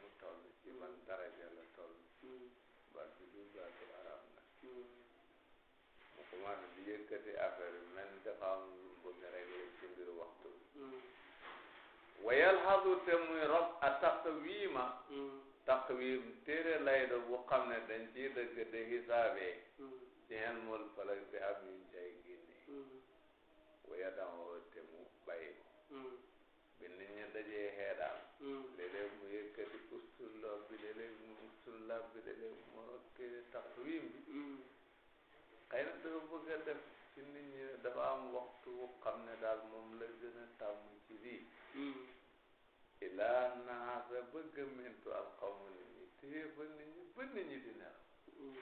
mu toll ci ban daraja la toll baat bi du baatu arab na mu commencé di yëkkati affaire bi mel dafa am lu bëgg rek ci mbir waxtu bi wayal xadu muy rob a tax wiima taqwiim téere lay do bu xam ne dañ ciy dëgg de xisaabee ci hen mul falak bi am yuñ cay génne waya dam woo mu bàyyi ko bi dajee xeedaal léeg-léeg mu yëkkati ustulloo bi léeg-léeg mu ustullaa bi léeg-léeg mu rokkee taqwiim bi xëy na dafa bëgg a def ci nit dafa am waxtu bu xam ne daal moom la gën a tàmm ci lii ilaa naasa bëgg a mentu al xawma nit ñi téye ba nit ñi ba nit ñi di nelaw mm.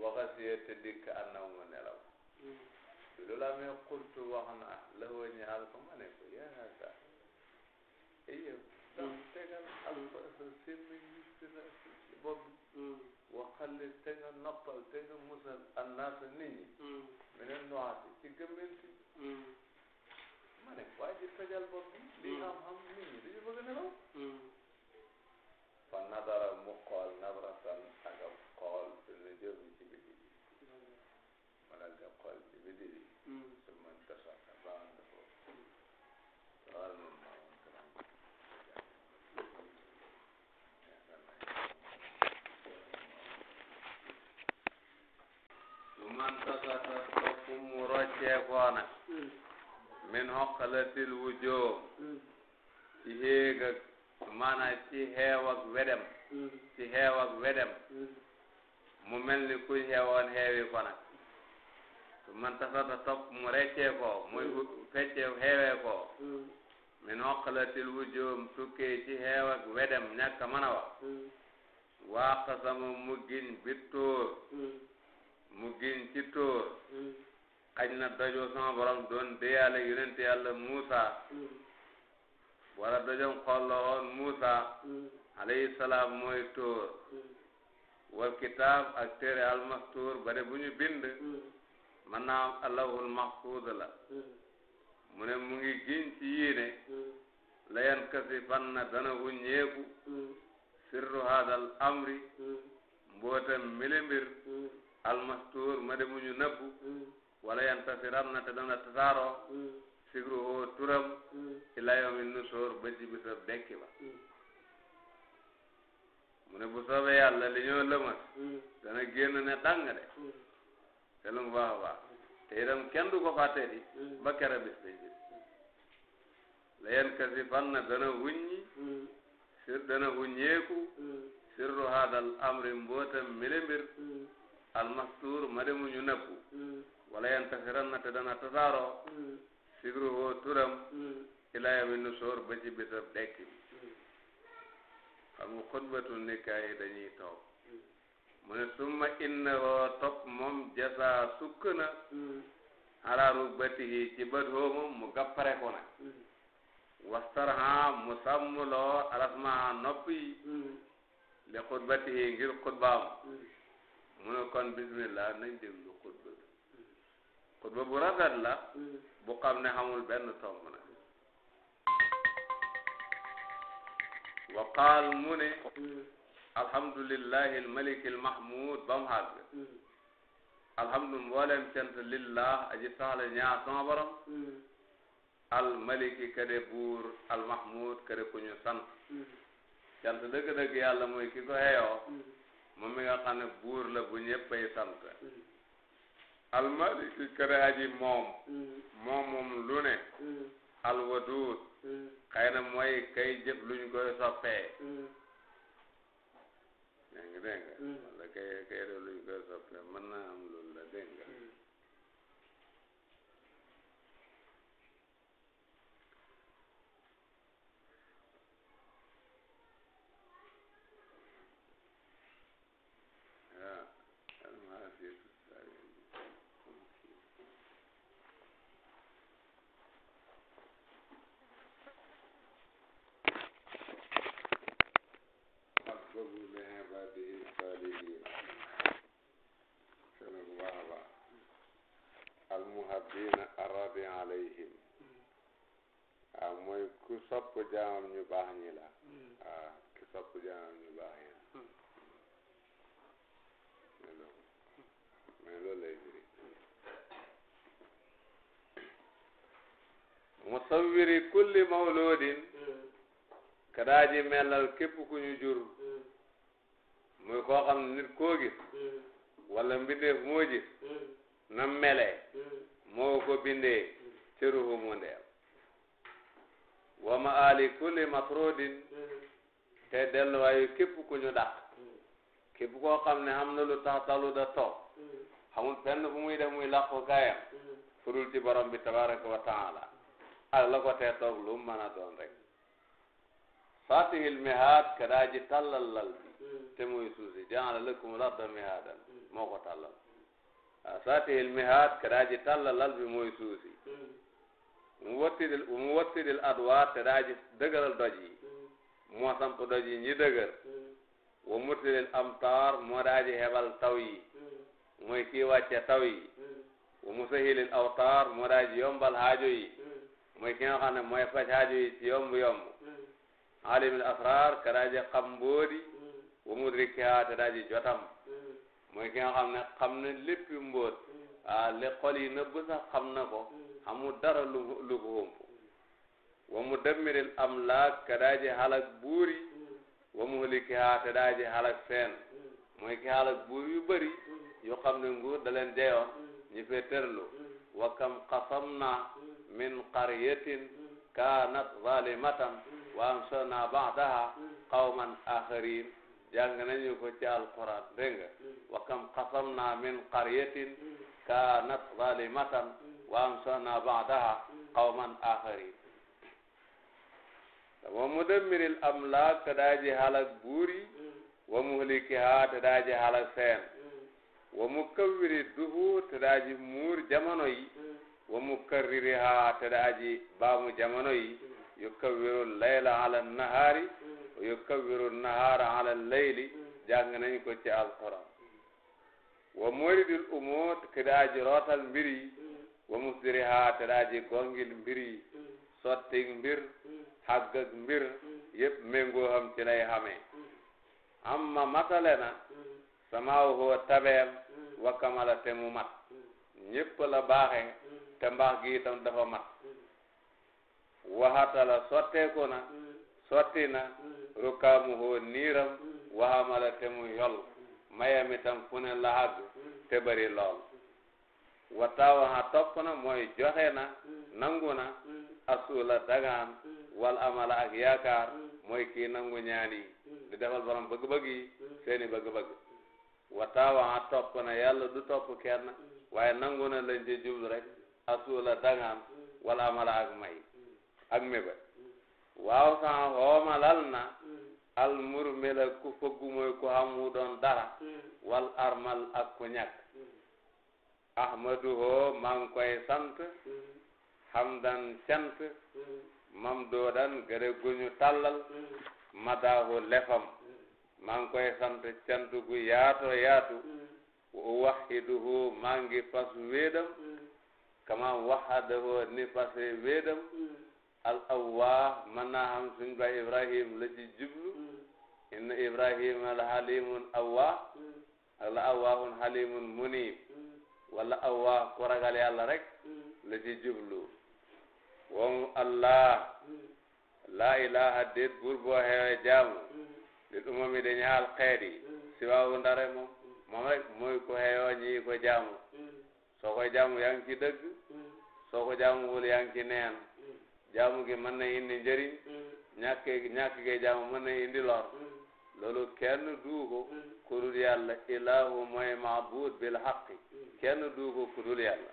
waxasiye te dikk annaw mu nelaw bi mm. loolu amee xultu wax naa la woo ñaal ko ma ne ko yaa haasa eyew dam mm. tegal alfa sa semmiñ mi sira si bopp waxale te nga noppal te nga musal annaasa nit ñi meneen noxaati ci gëmmentu ma ne waa ji tojal bopp bi. lii xam-xam nit ñi dañu bëgg a nelaw. fa nadara mu xool nabratan ak a xool lu jëm ci biti bi. ma ne nga xool ci biti bi. su ma tasaka ba am na foofu. loolu moom maa ngi ko doon wax. su ma tasaka topp mu roccee koona. min hoqalatil wujoo ci héeg ak maanaam ci xeew ak wedem ci xeew ak wedem mu mel ni kuy xeewoon xeewi ko nag man tasata topp mu reccee ko muy feccee xeewee ko min hoqalatil wujoom tukkee ci xeew ak wedem ñàkk mën a wax waa qasama mu giñ bi mu giñ ci tóor xaj na dojoo sama borom doon deyaale yonent yàlla Muusa wala dojom xolloo woon Muusa alayhi salaam mooy tóor wal kitaab ak téere almastur bare bu ñu bind man naa allahul mahfud la mu ne mu ngi giñ ci yéene layan kasi fan na dana wuññeeku sirru hadal amri mbootam milimbir almastur ma de mu ñu wala yantasiran na te dana tasaaroo mm. sigruhoo turam mm. ila yawmi nusur ba ci bisab ba mm. mu ne bu soobee yàlla li ñoo lëmas dana génn ne dàng de te lu mu te itam kenn du ko fàtte di ba kera bis bi la yen kasi fan na dana wuññi sir dana wuññeeku sirru haadal amri mbootam mili mbir almastuur ma de mu ñu wala yantasiranna te dana tasaaroo mm. sikruhu turam mm. ila yawmi nusuur ba ci bisab dekki bi mm. xam nga xutbatu nikah yi dañuy toog mu ne summa innahoo topp moom jasa sukk na ala rubbatihi ci bët hoomam mu gappare ko nag wastarha mu sàmmuloo alasmaa nopp yi li xutbatihi ngir xutbaam mu ne kon bismillah nañ déglu xutba xutba bu rafet la mm. bu xam ne xamul benn tomb na wa qaal mu ne mm. alhamdulillahi almaliki almahmud ba mu xàgg mm. alhamdu mboolem lillah aji saxla ñaa sama borom almaliki kade buur almahmud kade ku ñu sant cant dëgg-dëgg yàlla mooy ki ko xeyoo moom mi nga xam ne buur la bu ñëppay sant almaliki kadaaji moom mm. moom moom lu ne mm. alwadud mm. xëy na mooy kay jëf lu ñu koy soppee yaa ngi dégg nga wala kay kay def lu ñu koy soppee mën naa am loolu la dégg sopp jaamam ñu baax ñi la waaw hmm. ah, ki sopp jaamam ñu la hmm. mais loolu lay firi musawwiri kulli mawludin hmm. kadaaji melal képp ku ñu jur muy koo xam ne nit koo gis wala mbindeef moo na melee moo ko bindee cëruhu mu wa maali kulli mafrodin te delluwaayu képp ku ñu dàq képp koo xam ne am na lu tax dalu da toog xamul fenn fu muy def muy làqu gaayam furul ci borom bi tabaraka wa taala ak la ko tee toog lu mu mën a doon rek fatihil mihaad kadaa ji tàllal lal bi te muy suusi jaala lakum larda mihaadan moo ko tàllal fatihil mihaad kadaa lal bi mooy suusi mu wattidil mu wattidil adwaar te daa ji doj yi mm. moo samp doj yi ñi dëgër mm. wa murtilil amtaar moo daa ji hebal taw yi mm. mooy kii wàcce taw yi wa musahilil awtaar moo daa ji yombal haajo yi mooy ki nga xam ne mooy faj haajo yi ci yomb yomb alimil asrar ka daa ji xam mbóodi wa mudrikiha te daa ji mooy ki nga xam ne xam na lépp mbóot ah li xol yi nëbb sax xam na ko amul dara lu lu ko humpu wa mu dammiril amlaak ka daaji halak buuri wa mu holikihaa te daaji halak seen mooy ki halak buur yu bëri yu xam ne nguur da leen jeyoon ñu fee tërlu wa kam qasamna min qaryatin kaanat zalimatan wa amsarna ba'daha qawman akharin jàng nañu ko ci alquran dégg wa kam qasamna min qaryatin kaanat zalimatan wa amsakna ba'daha qawman akharin wa mudammiri amlaak te daaji halak buur yi wa muhlikiha te daaji halak seen wa mukawwiri duhu te daaji muur jamono yi wa mukarririha te daaji baamu jamono yi yukawwiru layla ala nahaari wa yukawwiru nahaara ala layli jàng nañ ko ci alquran wa muridil umuur te daaji rootal mbir wa musiriha te daa gongil mbir yi mm. sotti mbir xàgg mm. mbir mm. yëpp méngoo ci lay xamee amma matale na samaaw huwa tabeem wa kamala te mu mat ñëpp la baaxee te mbaax gi itam dafa mat waxatala sotteeku na sotti na rukaamu huwa niiram waxamala te mu yol mayam itam fu ne la xàgg te bari lool wattaawaha topp na mooy joxe na mm. nangu na mm. asuula dagaan mm. wal amala ak yaakaar mooy kii nangu ñaan yi di defal borom bëgg-bëgg seeni bëgg-bëgg wattaawaha topp na yàlla du topp kenn waaye nangu na lañ ci jublu rek asuula dagaan wal amala ak may ak méba waaw san xoomalal na al murmila ku fëggu mooy ku xamu dara wal armal ak ku ñàkk ahmaduhoo maa ngi koy sant hamdan cant mam doodan gërë guñu tàllal madaahu lefam maa koy sant cant gu yaato yaatu wa uwahiduhu maa ngi fas wéedam kama wahadahoo ni fase wéedam al awwah mën naa suñ ba ibrahim la ci jublu inna ibrahima la halimun awwah la awwahun halimun munib wala awwaa ku ragal yàlla rek mm. la ci jublu woomu allah mm. laa ilaha déet buur boo xewe jaamu lil mm. umami dañu xaal xeet yi si waawu ndare moom moom rek mooy ko xeewoo ñii ko jaamu soo koy jaamu yaa ngi ci dëgg soo ko jaamu wul yaa ngi ci neen jaamu gi mën na indi njëriñ ñàkk ñàkk gi jaamu mën na indi lor loolu kenn duu ko kudul yàlla ilaahu mooy maabuud bil haqi kenn du ko kudul yàlla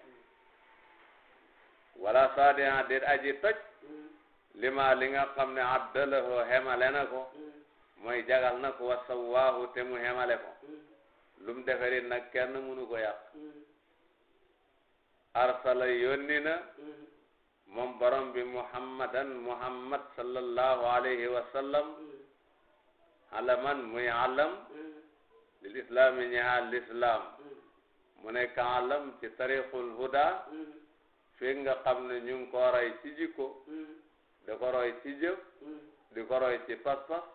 wala saadian dit aji toj lima li nga xam ne abdalahu hemale na ko mooy jagal na ko wa sawaahu te mu hemale ko lum deferit nag kenn munu ko yàq arsala yónni na moom borom bi muhammadan muhammad sallallahu alayhi wa sallam alaman muy alam li lislaami ñaal lislaam mu ne kaalam ci tarixul huda fii nga xam ne ñu ngi ko roy ci jikko di ko roy ci jëf di ko roy ci pas-pas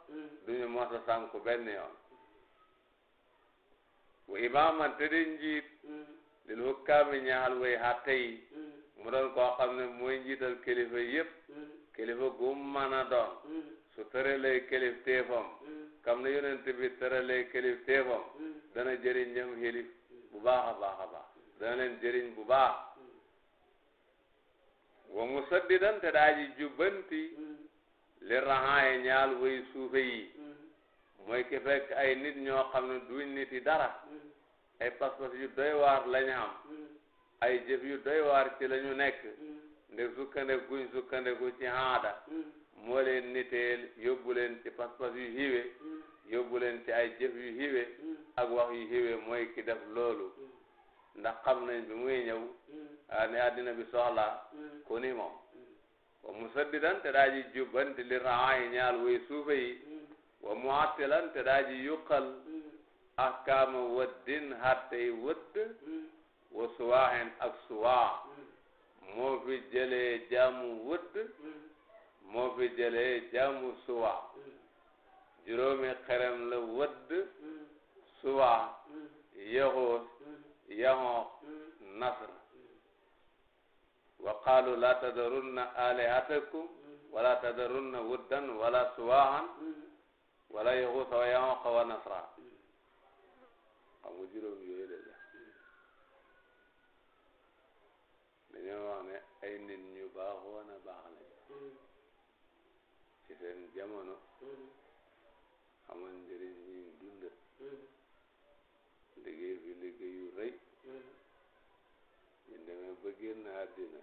duñu mos a sànku benn yoon te di njiit lil hukkaami ñaal way xatte yi mu doon koo xam ne mooy njiital kilifa yépp kilifa gu doon su tëralee kilif téefam kam na yonent bi tëralee kilif teefam hmm. dana jëriñ ñam xilif bu baax a baax a baax dana leen jëriñ bu baax hmm. wa musaddidan te daa ji jubbanti hmm. li raxaaye ñaal way suufe yi mooy ki fekk ay nit ñoo xam ne duñ nit yi dara ay pas yu doy waar lañ am ay jëf yu doy waar ci lañu nekk nde sukkandeku guñ sukkandeku ci aada moo leen niteel yóbbu leen ci pas-pas yu hiwe mm. yóbbu leen ci ay jëf yu hiwe mm. ak wax yu hiwe mooy ki def loolu mm. ndax xam nañ bi muy ñëw ah, ne àddina bi soxla ku ni moom wa musaddidan te daa ji jubbanti li raay ñaal way suufe yi wa muattilan te daa ji yuqal ahkaama waddin hattey wëdd wa suwaaxen ak suwaa moo fi jëlee jaamu wëdd moo fi jëlee jaamu suwa juróomi xerem la wëdd suwa yaxoos yaxoox nasr wa qaalu laa tadarunna alihatakum wala tadarunna wuddan wala suwaahan wala yaxuusa wa yaxooqa wa nasra xam nga juróom yooyu de la dañoo wax ne ay nit ñu baaxoon a baax seen jamono xamal mm-hmm. njëriñ ñuy dund mm-hmm. liggéey bi liggéey yu rëy mm-hmm. ñu demee ba génn àddina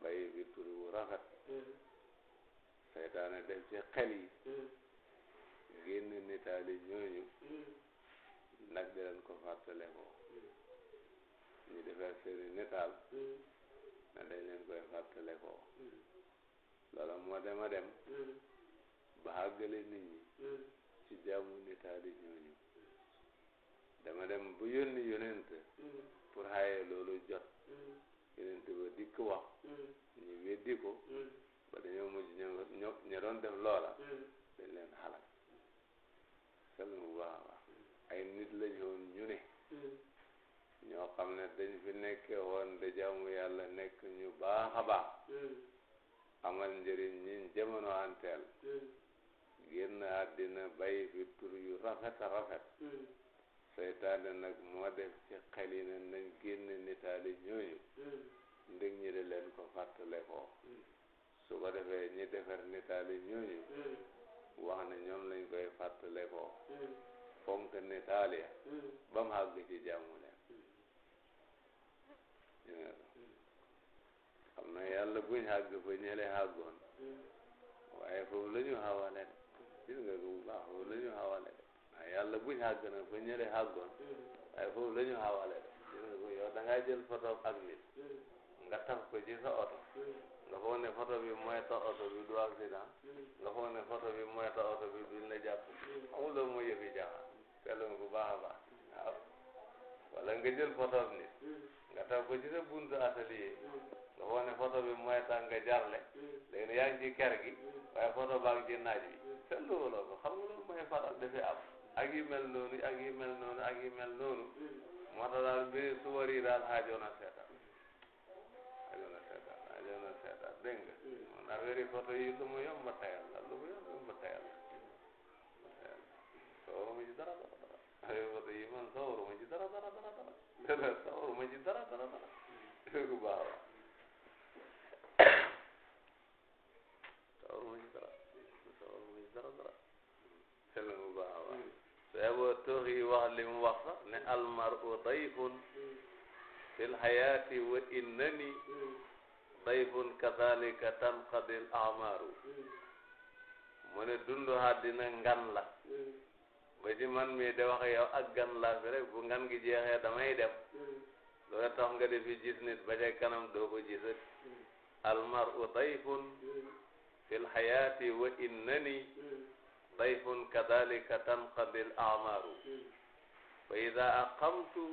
bàyyi bi tur wu rafet seytaane def ci xel yi génn nitaali ñooñu nag di ko fàttale ko ñu defar seeni nitaal na dañ koy fàttale ko loolu moo dem a dem mm-hmm. ba àggale nit ñi mm-hmm. ci jaamu nitaadi ñooñu dama dem bu yónni yonent mm-hmm. pour xaye loolu jot yonent ba dikk wax ñu weddi ko ba dañoo mujj ñoo ña doon dem loola dañ leen xalak sel mu baax ay nit lañ woon ñu ne ñoo xam ne dañ fi nekke woon da jaamu yàlla nekk ñu baax a baax amal njëriñ ñin jamono anteel génn àddina bàyyi fi tur yu rafet a rafet seytaane nag moo def ci xel yi ne nañ génn nitaali ñooñu ndég ñi di leen ko fàttale ko su ko defee ñi defar nitaali ñooñu wax ne ñoom lañ koy fàttale ko fonk nitaali ya mm. ba mu àgg ci jàmmu leen xam na yàlla buñ xàgg fa ñële xàggoon waaye foofu la ñu xawale de gis nga ko bu baax foofu la ñu xawale de waaye yàlla buñ xàgg nag fa ñële xàggoon waaye foofu la ñu xawale de gis nga ko yow da ngaa jël photo ak nit nga taf ko ci sa oto nga foog ne bi mooy ta oto bi du accident nga foog ne photo bi mooy ta oto bi duñ la jàpp amul loolu mooy yëfi jaaxal seetlu nga bu baax a baax wala nga jël photo ak nit nga taf ko ci sa buntu nga foog ne photo bi mooy tax nga jarle léegi nag yaa ngi ci ker gi waaye photo baa ngi ci naaj bi te loolu la ko xam nga loolu mooy faral dafay am ak yu mel noonu ak yu mel noonu ak yu mel noonu moo tax daal mbiri suwar yi daal xaajoo na seetaan xaajoo na seetaan xaajoo na seetaan dégg nga man affaire yi photo yi lu mu yomb a tayal la lu mu yomb a tayal la sawaruma ci dara dara dara affaire photo yi man sawaruma ci dara dara dara dara sawaruma (laughs) ci dara dara dara dégg nga baax sawar muñ dara sawar muñ dara a baax su eboo tooxi wax li mu wax sax ne almaru dayfun fil xayaati wa innani dayfun kadalika tanqadil amaru mu ne dundu àddina ngan la ba ci man mii de wax yow ak gan laa fi rek bu ngan gi jeexee damay dem loola tax nga di fi nit ba ca kanam doo ko gisat almaru dayfun fi lxayaati wa innani dayfun kadalika tanqadi l amaaru fa ida aqamtu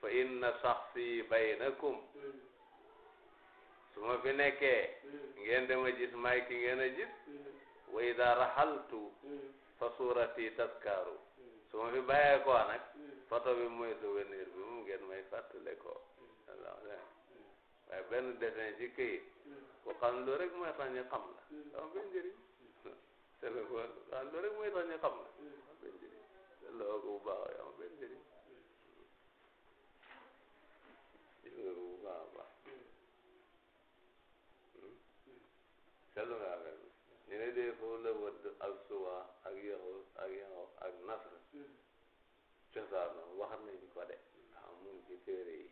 fa inna saxsi baynakum su ma fi nekkee ngeen dama gis maay ki ngeen a gis wa ida raxaltu fa suurati taskaaru su ma fi bàyyee koo nag foto bi mooy souvenir bi moom ngeen may fàttale ko waaye benn dessin ci këyit hmm. ku xam loolu rek mooy tax ñu xam la am hmm. benn njëriñ (laughs) te loolu loolu rek mooy tax ñu xam la am hmm. benn njëriñ te loolu bu baax am benn a baax seetlu dee foofu la wëdd ak suwa ak yaxu ak yaxu ak nasr cosaan wax nañ ko de xam mun ci téere yi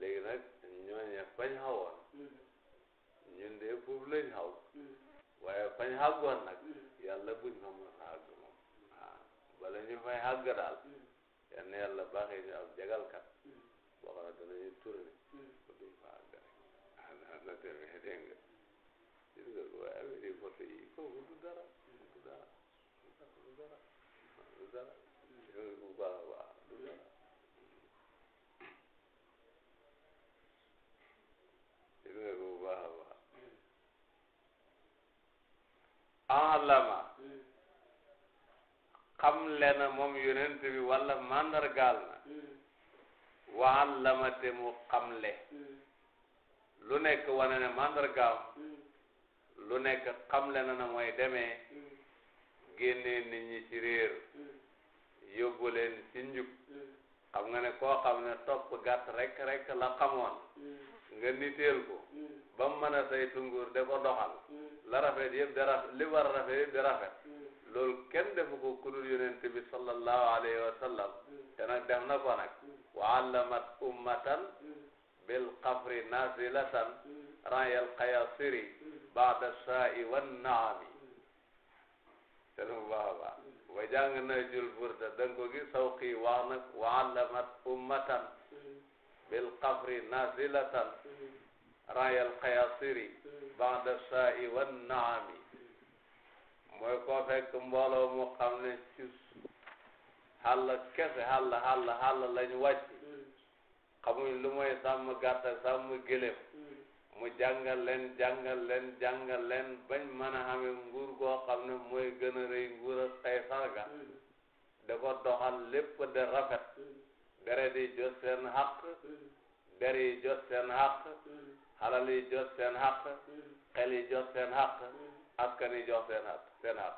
léegi nag ñooñu fañ xawoon mm-hmm. ñun de foofu lañ xaw mm-hmm. waaye fañ xàggoon nag mm-hmm. yàlla buñ fa mos a àgg moom ah bala ñu fay àgg daal yal na yàlla baaxee ñu am jagalkat boo xam ne danañu tourné ba duñ fa àgg rek ah naa la demee dégg nga gis nga waaye affaire yi photo yi kooku du dara du dara du dara du dara du dara gis bu baax a baax alama xamle na moom yonent bi walla màndargaal na wàllama te mu xamle lu nekk wane ne màndargaam lu nekk xamle na na mooy demee génnee nit ñi ci réer yóbbu leen ci njub xam nga ne koo xam ne topp rek rek la nga niteel ko mm. ba mu mën de ko doxal mm. la rafet yëpp rafet li war rafet yëpp rafet mm. loolu kenn defu ko kudul yonent bi sallallahu alayhi wa sallam te nag def na ko nag wa allamat ummatan bil qafri nazilatan rayal qayasiri baada saai wan naami te nu baax a wa jàng na jul burda danga ko gis sawqi wa allamat ummatan bil qabri nazilatan rayal xayasiri ba'da sa'i wan naami mooy koo fekk mbooloo mu xam ne ci xàll kese xàll xàll xàll lañ wàcc xamuñ lu mooy sàmm gàtt ak sàmm gëléem mu jàngal leen jàngal leen jàngal leen bañ mën a xame nguur goo ne mooy gën a rëy nguur ak tey sarga mm. da ko doxal de rafet mm. deret yi jot seen xaq der yi jot seen xaq xalal jot seen xaq xel yi jot seen xaq askan jot seen xaq seen xaq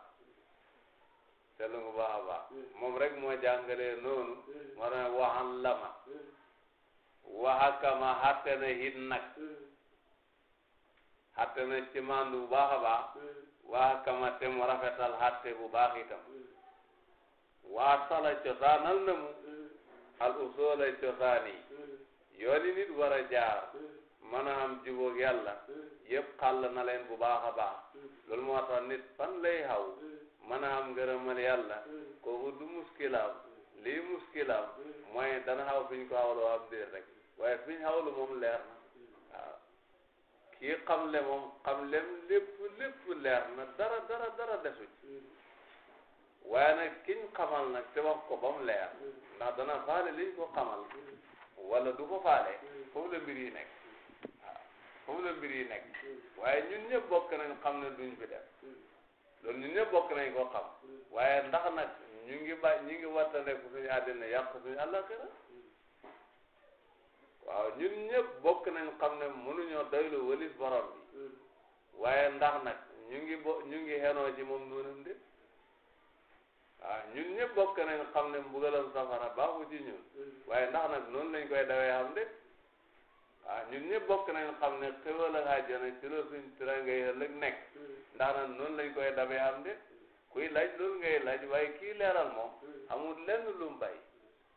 seetlu nga baax a baax moom rek moo jàngalee noonu moo lama waxakama xatte na hit nag xatte na ci mandu bu baax baax waxakama te mu rafetal xatte bu baax itam waa sala cosaanal na mu al usul ay cosaan hmm. yi nit war a jaar hmm. mën a am jubóog yàlla hmm. yëpp xàll na leen bu baax a baax loolu moo tax nit fan lay xaw mën a am ngërëmal yàlla kooku du muskilaam lii muskilaam mooy dana xaw fi ñu ko xawlu am déet rek waaye fi ñu xawlu moom leer na waaw le moom xam lem lépp lépp leer na dara dara dara desu waaye nag kiñ xamal nag te wax ko ba mu leer ndax dana faale liñ ko xamal wala du ko faale foofu la mbir yi nekk waaw foofu la mbir yi nekk waaye ñun ñëpp bokk nañ xam ne duñ fi def loolu ñun ñëpp bokk nañ ko xam waaye ndax nag ñu ngi ba ñu ngi wattandeku suñu àddina yàq suñu àllaaxira waaw ñun ñëpp bokk nañ xam ne mënuñoo doylu walis borom bi waaye ndax nag ñu ngi bo ñu ngi xenoo ji moom noonam de waaw ah, ñun ñëpp bokk nañ xam ne mbugalam safara baaxu ci ñun waaye ndax nag noonu lañ koy dawee xam de waaw ah, ñun ñëpp bokk nañ xam ne xéwal ak àjjana ci la suñ tirangay ëllëg nekk ndax lañ koy dawee xam de kuy laaj loolu ngay laaj waaye kii leeral moom amul lenn lu mu bay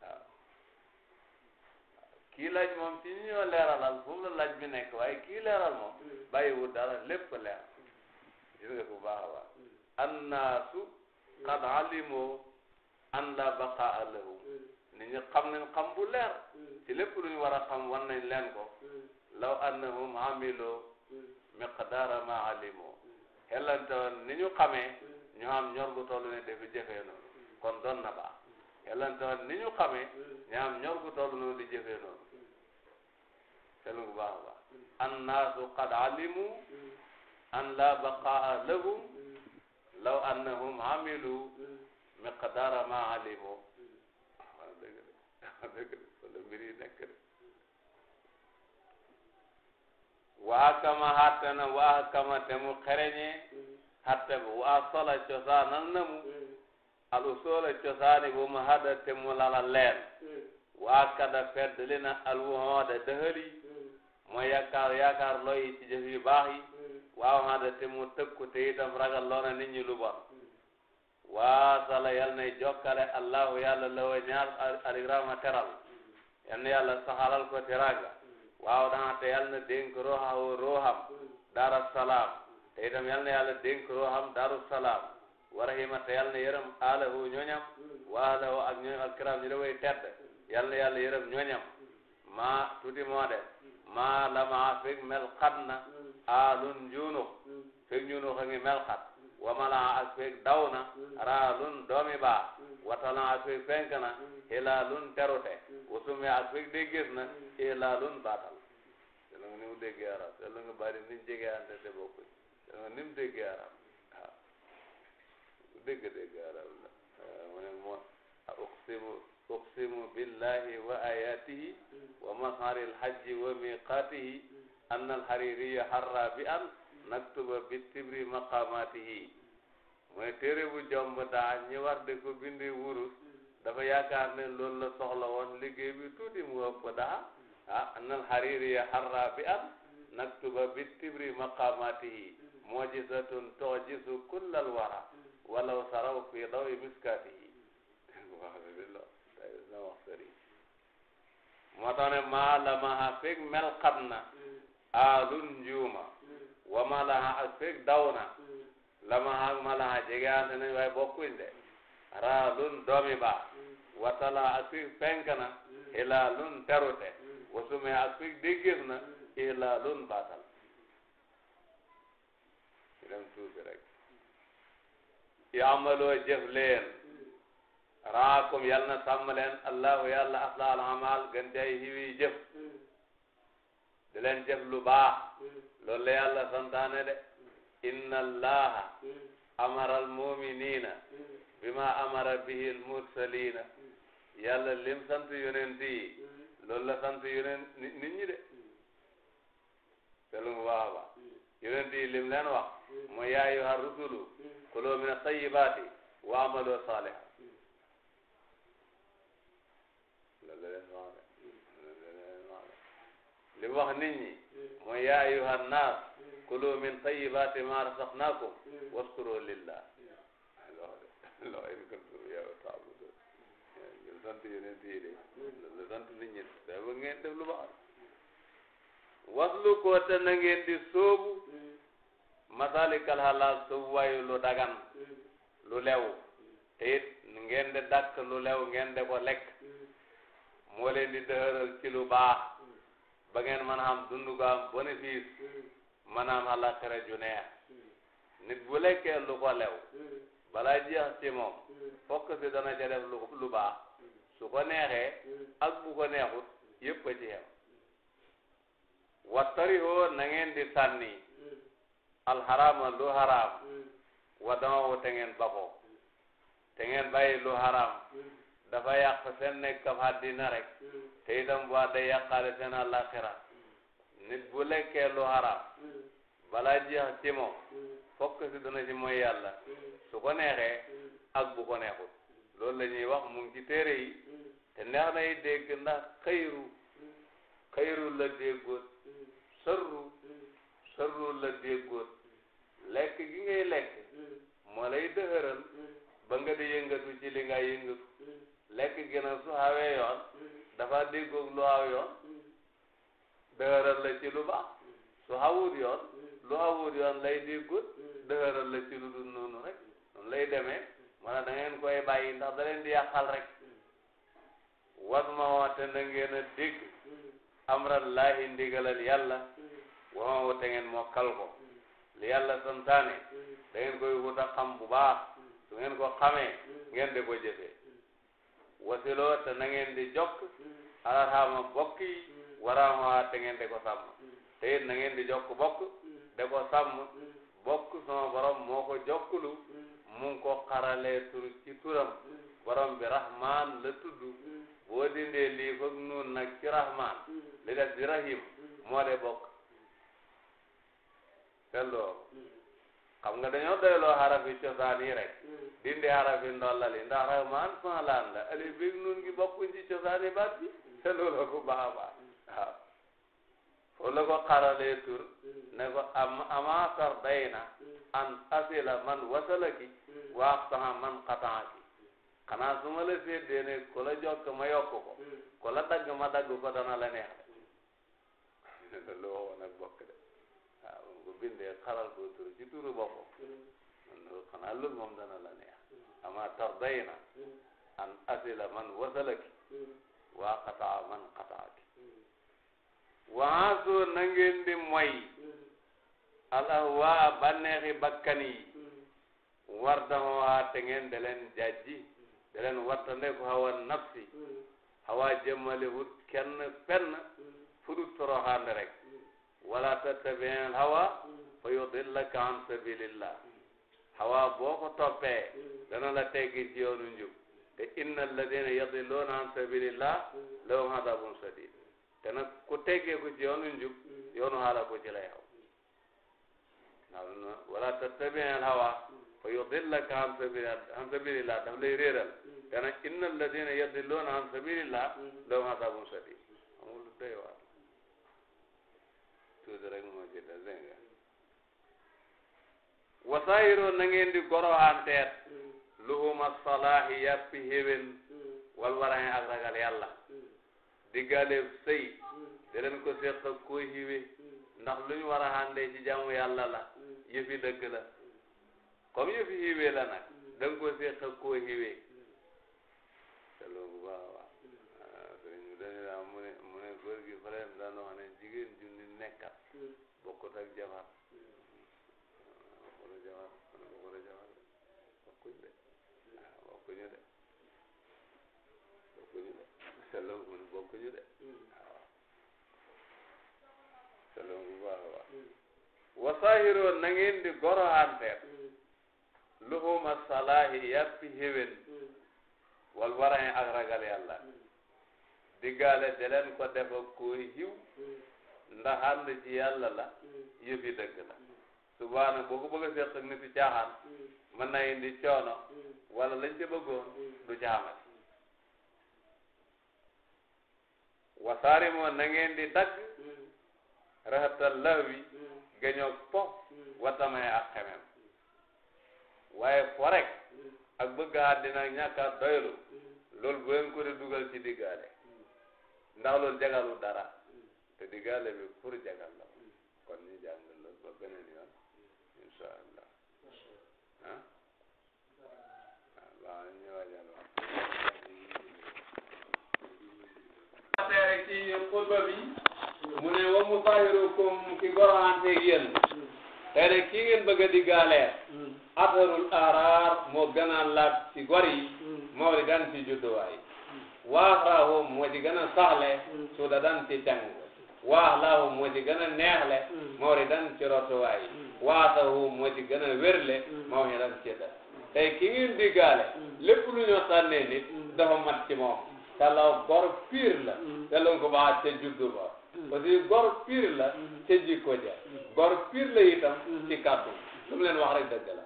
ah. kii laaj moom ci ñoo leeralal foofu la laaj bi nekk waaye kii leeral moom bàyyiwul dara lépp leer gis nga bu baax a baax annaasu qad alimu an la baqaa lahum hmm. nit ñi xam nañ xam bu leer hmm. ci lépp lu ñu war a xam wan nañ leen ko hmm. law annahum ma alimu xellante woon ni ñu xamee ñu am ñor gu toll ne dafi noonu kon doon na baax xellante woon ni ñu xamee ñu am ñor gu noonu di jëfee noonu xel bu baax a baax qad alimu an la baqaa lahum law annahum hamilu miqdara ma alimu wax dëgg hatta na waa kama te mu hatta bu waa sola cosaanal na mu al usoola cosaani bu mu hada te mu lala leen waa kada feddali na al wuhooda dëhëli mooy yaakaar yaakaar looy ci jëf baax waaw maa de te mu tëkku te itam ragal loo na nit ñi lu bon waa sala yal nay jokkale allahu yàlla lawa ñaar aligrama teral yal na yàlla saxalal ko teraanga waaw dana te yal na dénk roxawo roxam daaru salaam te itam yal na yàlla dénk roxam daaru salaam wa rahima te yal na yërëm alahu ñoñam wa alahu ak ñoñam alkiram ñu da way tedd yal na yàlla yërëm ñoñam maa tuuti moo maa lama fig mel xat aalun junux hmm. fekk junux a ngi melxat hmm. wamalan ak fekk daw na hmm. raalun doomi baax watalan ak fekk fenk na hilaalun terute wasume ak fekk dégges na hilaalun baatal selo nga ni mu déggee arab selo bari niñ jege ante te bokkuñ ni mu déggee arab waaw dégg dégg arab la mu ne billahi wa ayatihi wa masaril hajji أن الحريري حرى بأن نكتب بالتبر مقاماته mooy téere bu jomb daa ñi war di ko bindi wurus dafa yaakaar ne loolu la soxla woon liggéey bi tuuti mu ëpp daa ah an al bi an naktuba bi tibri maqamatihi mojisatun tojisu kullal wara walaw saraw fi dawi miskatihi moo tax ne maa la mel xam aalun njuuma hmm. wa malaha ak fekk daw na hmm. lamaha ak malaha jege ante nañ waaye bokkuñ de raalun doomi ba hmm. watala ak fenk na hilaalun terute wasume ak fekk déggeef na hilaalun batal dem tuuti rek yaamaloo jëf leen raakum yal na sàmm leen allahu yàlla aslal amal gën jaay hiwi jëf di leen jëf lu baax loolu la yàlla santaane de inna allaha amara bima amara bihi almursalina yàlla lim sant yonent yi loolu la sant yonent nit ñi de selum waaba yonent lim leen mu yaa ayyuha kulu min at-tayyibati wa amalu salihan li mu wax nit ñi mooy yaa ayyuhan naas kulu min tayyibaati maa razaqnaakum waskuru lillah lo in kuntum iyaahu ta'buduun ngeen sant yonent yi de la sant nit ñi da ba ngeen def lu baax waslu ko te na ngeen masalikal halal sóobu waayu lu dagan lu lew te it ngeen di lu lew ngeen ko lekk moo leen di dëhëral ci lu baax ba ngeen mën a am dundu gu am bénéfice maanaam àllaaxira ju neex nit bu lekkee lu ko lew balaa jeex ci fokk si dana ca def lu lu baax su ko neexee ak bu ko neexut yépp a ci yem wattarihoo na ngeen di sànni alxarama lu xaraam wa dama wu te ngeen bako te ngeen bàyyi dafa yàq seen nekk ab àddina rek hmm. te itam bu day yàqaale seen àllaaxira hmm. nit bu lekkee lu haram hmm. balaa jeex ci moom fokk si dana ci mooy yàlla su ko neexee ak bu ko neexul loolu la wax mu ngi ci téere yi te neex nay dégg ndax xayru xayru la déggoot sërru sërru la déggoot lekk gi ngay lekk moo lay dëhëral ba nga di yëngatu ci li nga yëngatu lekk gi nag su xawee yoon mm-hmm. dafa déggoog lu yoon mm-hmm. dëgëral la ci lu baax mm-hmm. su yoon lu xawut yoon lay déggut dëgëral la ci lu dul noonu rek noonu lay demee mana da ngeen koy bàyyi ndax da rek was ma woote na ngeen a dégg amrallahi ndigalal yàlla wama wute ngeen mokkal ko li yàlla santaane da ngeen koy wut a xam bu baax su ngeen ko xamee ngeen de ko wasiloo te na ngeen di jokk mm. alaxaama bokk yi mm. waraama te ngeen di ko sàmm mm. te it na ngeen di jokk bokk de ko sàmm bokk sama borom moo ko jokkulu mu ngi ko xaralee tur ci turam borom bi rahman la tudd boo dindee lii foog nuun ci rahman li def rahim moo de bokk te xam nga dañoo doyloo xaraf yi cosaan rek hmm. dindi xaraf yi ndollal yi ndax rahman sans laan la alif bi nun gi bokkuñ ci cosaan yi baat bi hmm. te loolu ko hmm. la ko xaralee tur ne am ama sardayna an asila man wasalaki waax saxa man xataaki xanaa su ma la séddee ne ku la jokk ma yokk ko ku la dagg ma (laughs) bindee xaral ko moom dana la neex ama tardayna an asila man wasalaki mm-hmm. waa qataa man qataaki mm-hmm. waxaasoo na ngeen di moy mm-hmm. al ahwaa bànneexi bakkan war damawa te ngeen da leen jàjji da leen hawa nafsi hawa jëmmale wut kenn fenn fu toroxaande rek wala tattabi' al-hawa fa yudillaka an sabilillah hawa boo ko toppee dana la teggi ci yoonu njub te inna alladina yadilluuna an sabilillah lahum adabun sadid te nag ku teggee ko ci yoonu njub yoonu halako ci lay xaw wala tattabi' al-hawa fa yudillaka an an sabilillah daf lay réeral te nag inna alladina yadilluuna an sabilillah lahum adabun sadid amul tuuti rek moo ci des dégg di goroo anteet luhuma salaahi yàppi héwén wal waraay ak ragal yàlla di leen ko seq ak koo hiwe ndax lu ñu war a àndee ci jaamu yàlla la yëfi dëgg la comme yëfi hiwe la nag da nga ko seq ak koo hiwe te bokkut ak jabar bokkut ak jabar bokkut ak jabar bokkuñ de ah, bokkuñu de bokkuñu de sello mu ne bokkuñu de sello bu baax a baax wasahiro na ngeen di goro anteer luhuma salaahi yàppi xéwén wal warañ ak ragal yàlla diggaale de leen ko def ak koo ndax ànd ci yàlla la mm. yëfi dëgg la subaana boo ko bëgg a seq ak nitu caaxaan mm. mën na indi coono mm. wala lañ ca bëggoon du caamati wasaari mo na ngeen di dagg raxatal lawi gañoog po watamay ak xemem waaye fo rek ak bëgg àddina ak di dugal ci diggaale ndax loolu jagalu dara te diggaale bi pour jagal la kon ñu jàng loolu ba beneen yoon incha allah ah, ah waaw ñu waajal waxtere ci xutba bi mu ne wa mu fayirukum ki goranteeg yéen tey de kii ngeen bëgg a diggaale atharul araar moo gën a laaj ci gor yi mawridan ci judduwaay waafraahum moo ci gën a saxle suudadan ci jàng waax laahu moo ci gën a neexle mawridan mm. ci rotuwaay mm. waasahu moo ci gën a wérle mawhidan mm. ci da tey ki ngeen diggaale lépp lu ñoo sànnee nit dafa mat ci moom te law gor piir la te lon ko baax juddu ba parce que gor piir la ca jikko ja gor piir la itam ci kàddu lu mu leen wax rek dëgg la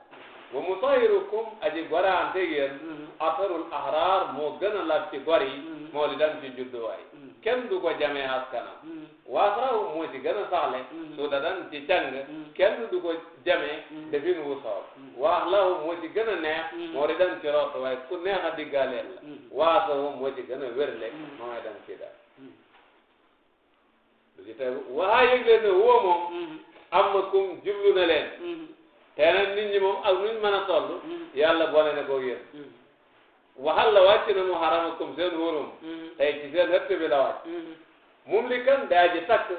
wa mutahirukum aji goraante yéen atarul ahrar moo gën a lab ci gor yi moo li dan ci judduwaay kenn du ko jamee askanam hmm. waasaraw moo ci gën a saxle hmm. su dadan ci càng hmm. kenn du ko jamee defin wu soob waax law moo ci gën a neex moo dan ci rott waaye ku neex a diggaaleel la waasawu moo ci gën a wérle moo may dan ci dal lu ci tegu waa am na kum jublu na leen te nag nit ñi moom ak nuñ mën a toll yàlla boole waxal la wàcc na mu haramakum seen hurum tey ci seen hëtt bi la wàcc mumlikan daa ji takk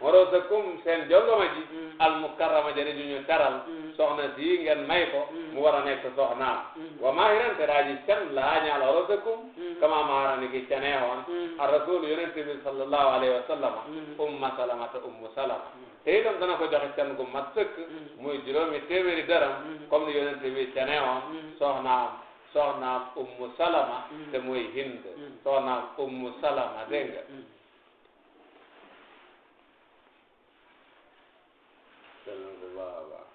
warasakum seen jongama ji al mukarrama jëri ju soxna sii ngeen ko mu war nekk soxnaam wa maahiran te daa ji can laa ñaal warasakum kama maharani gi caneewoon ar rasul yonent bi sallallahu alayhi wa sallama umma salamata ummu salama te itam dana ko joxe can gu mat sëkk muy juróomi ni yonent bi caneewoon soxnaam ummu salama te mooy mm. hind mm. soxnaam ummu salama dégg nga senen bu baax a baax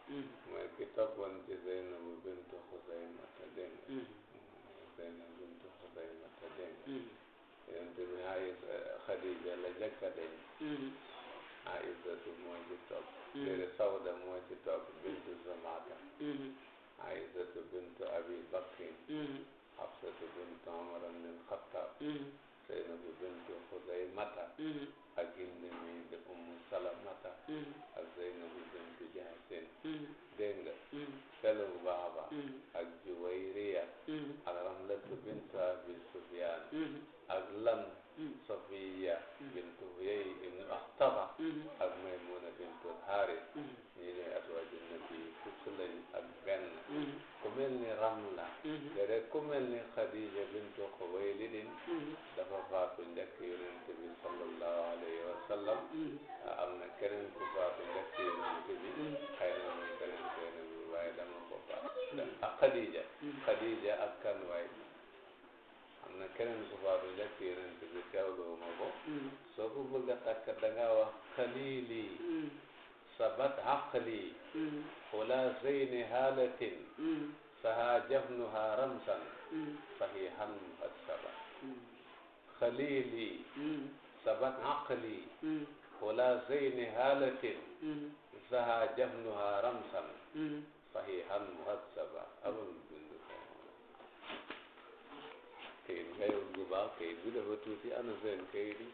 mooy ki toppoon ci Zeynabu bintu Xusaymata dégg nga mm. Zeynabu bintu Xusaymata dégg nga yonent bi Aïsa Xadija la jëkk a denc Aïsatu moo ci topp léegi Sawda moo ci topp bintu Zamata Aysatu bintu Abi Bakrin Hafsatu bintu Umar ibn al-Khattab Zaynabu bintu Xuzaymata ak Hindi mi di Ummu Salamata ak Zaynabu bintu Jahsin dégg nga selu baaba ak Juwayriya ak Ramlatu bintu Abi Sufyan mm-hmm. ak Lam mm-hmm. Safiya mm-hmm. bintu Huyay ibn Axtaba ak Maymuna bintu Haris ñi ne aswaaju nabi fukk lañ ak ku mel ni ku mel ni bintu Xuwaylidin mm-hmm. dafa faatu njëkk yonent bi sallallahu alayhi wa sallam. Mm-hmm. am na keneen ku faatu njëkk yonent bi. Mm-hmm. xëy na mooy beneen beneen bi waaye dama ko faatu. ak na keneen ku faatu sabat haqli xula zeyni haalatin saha jafnuha ramsan fahihan qad sabat xalili sabat haqli xula zeyni haalatin saha jafnuha ramsan fahihan qad sabat amul bindu kayit kayit gu baax kayit bi dafa tuuti ana seen kayit yi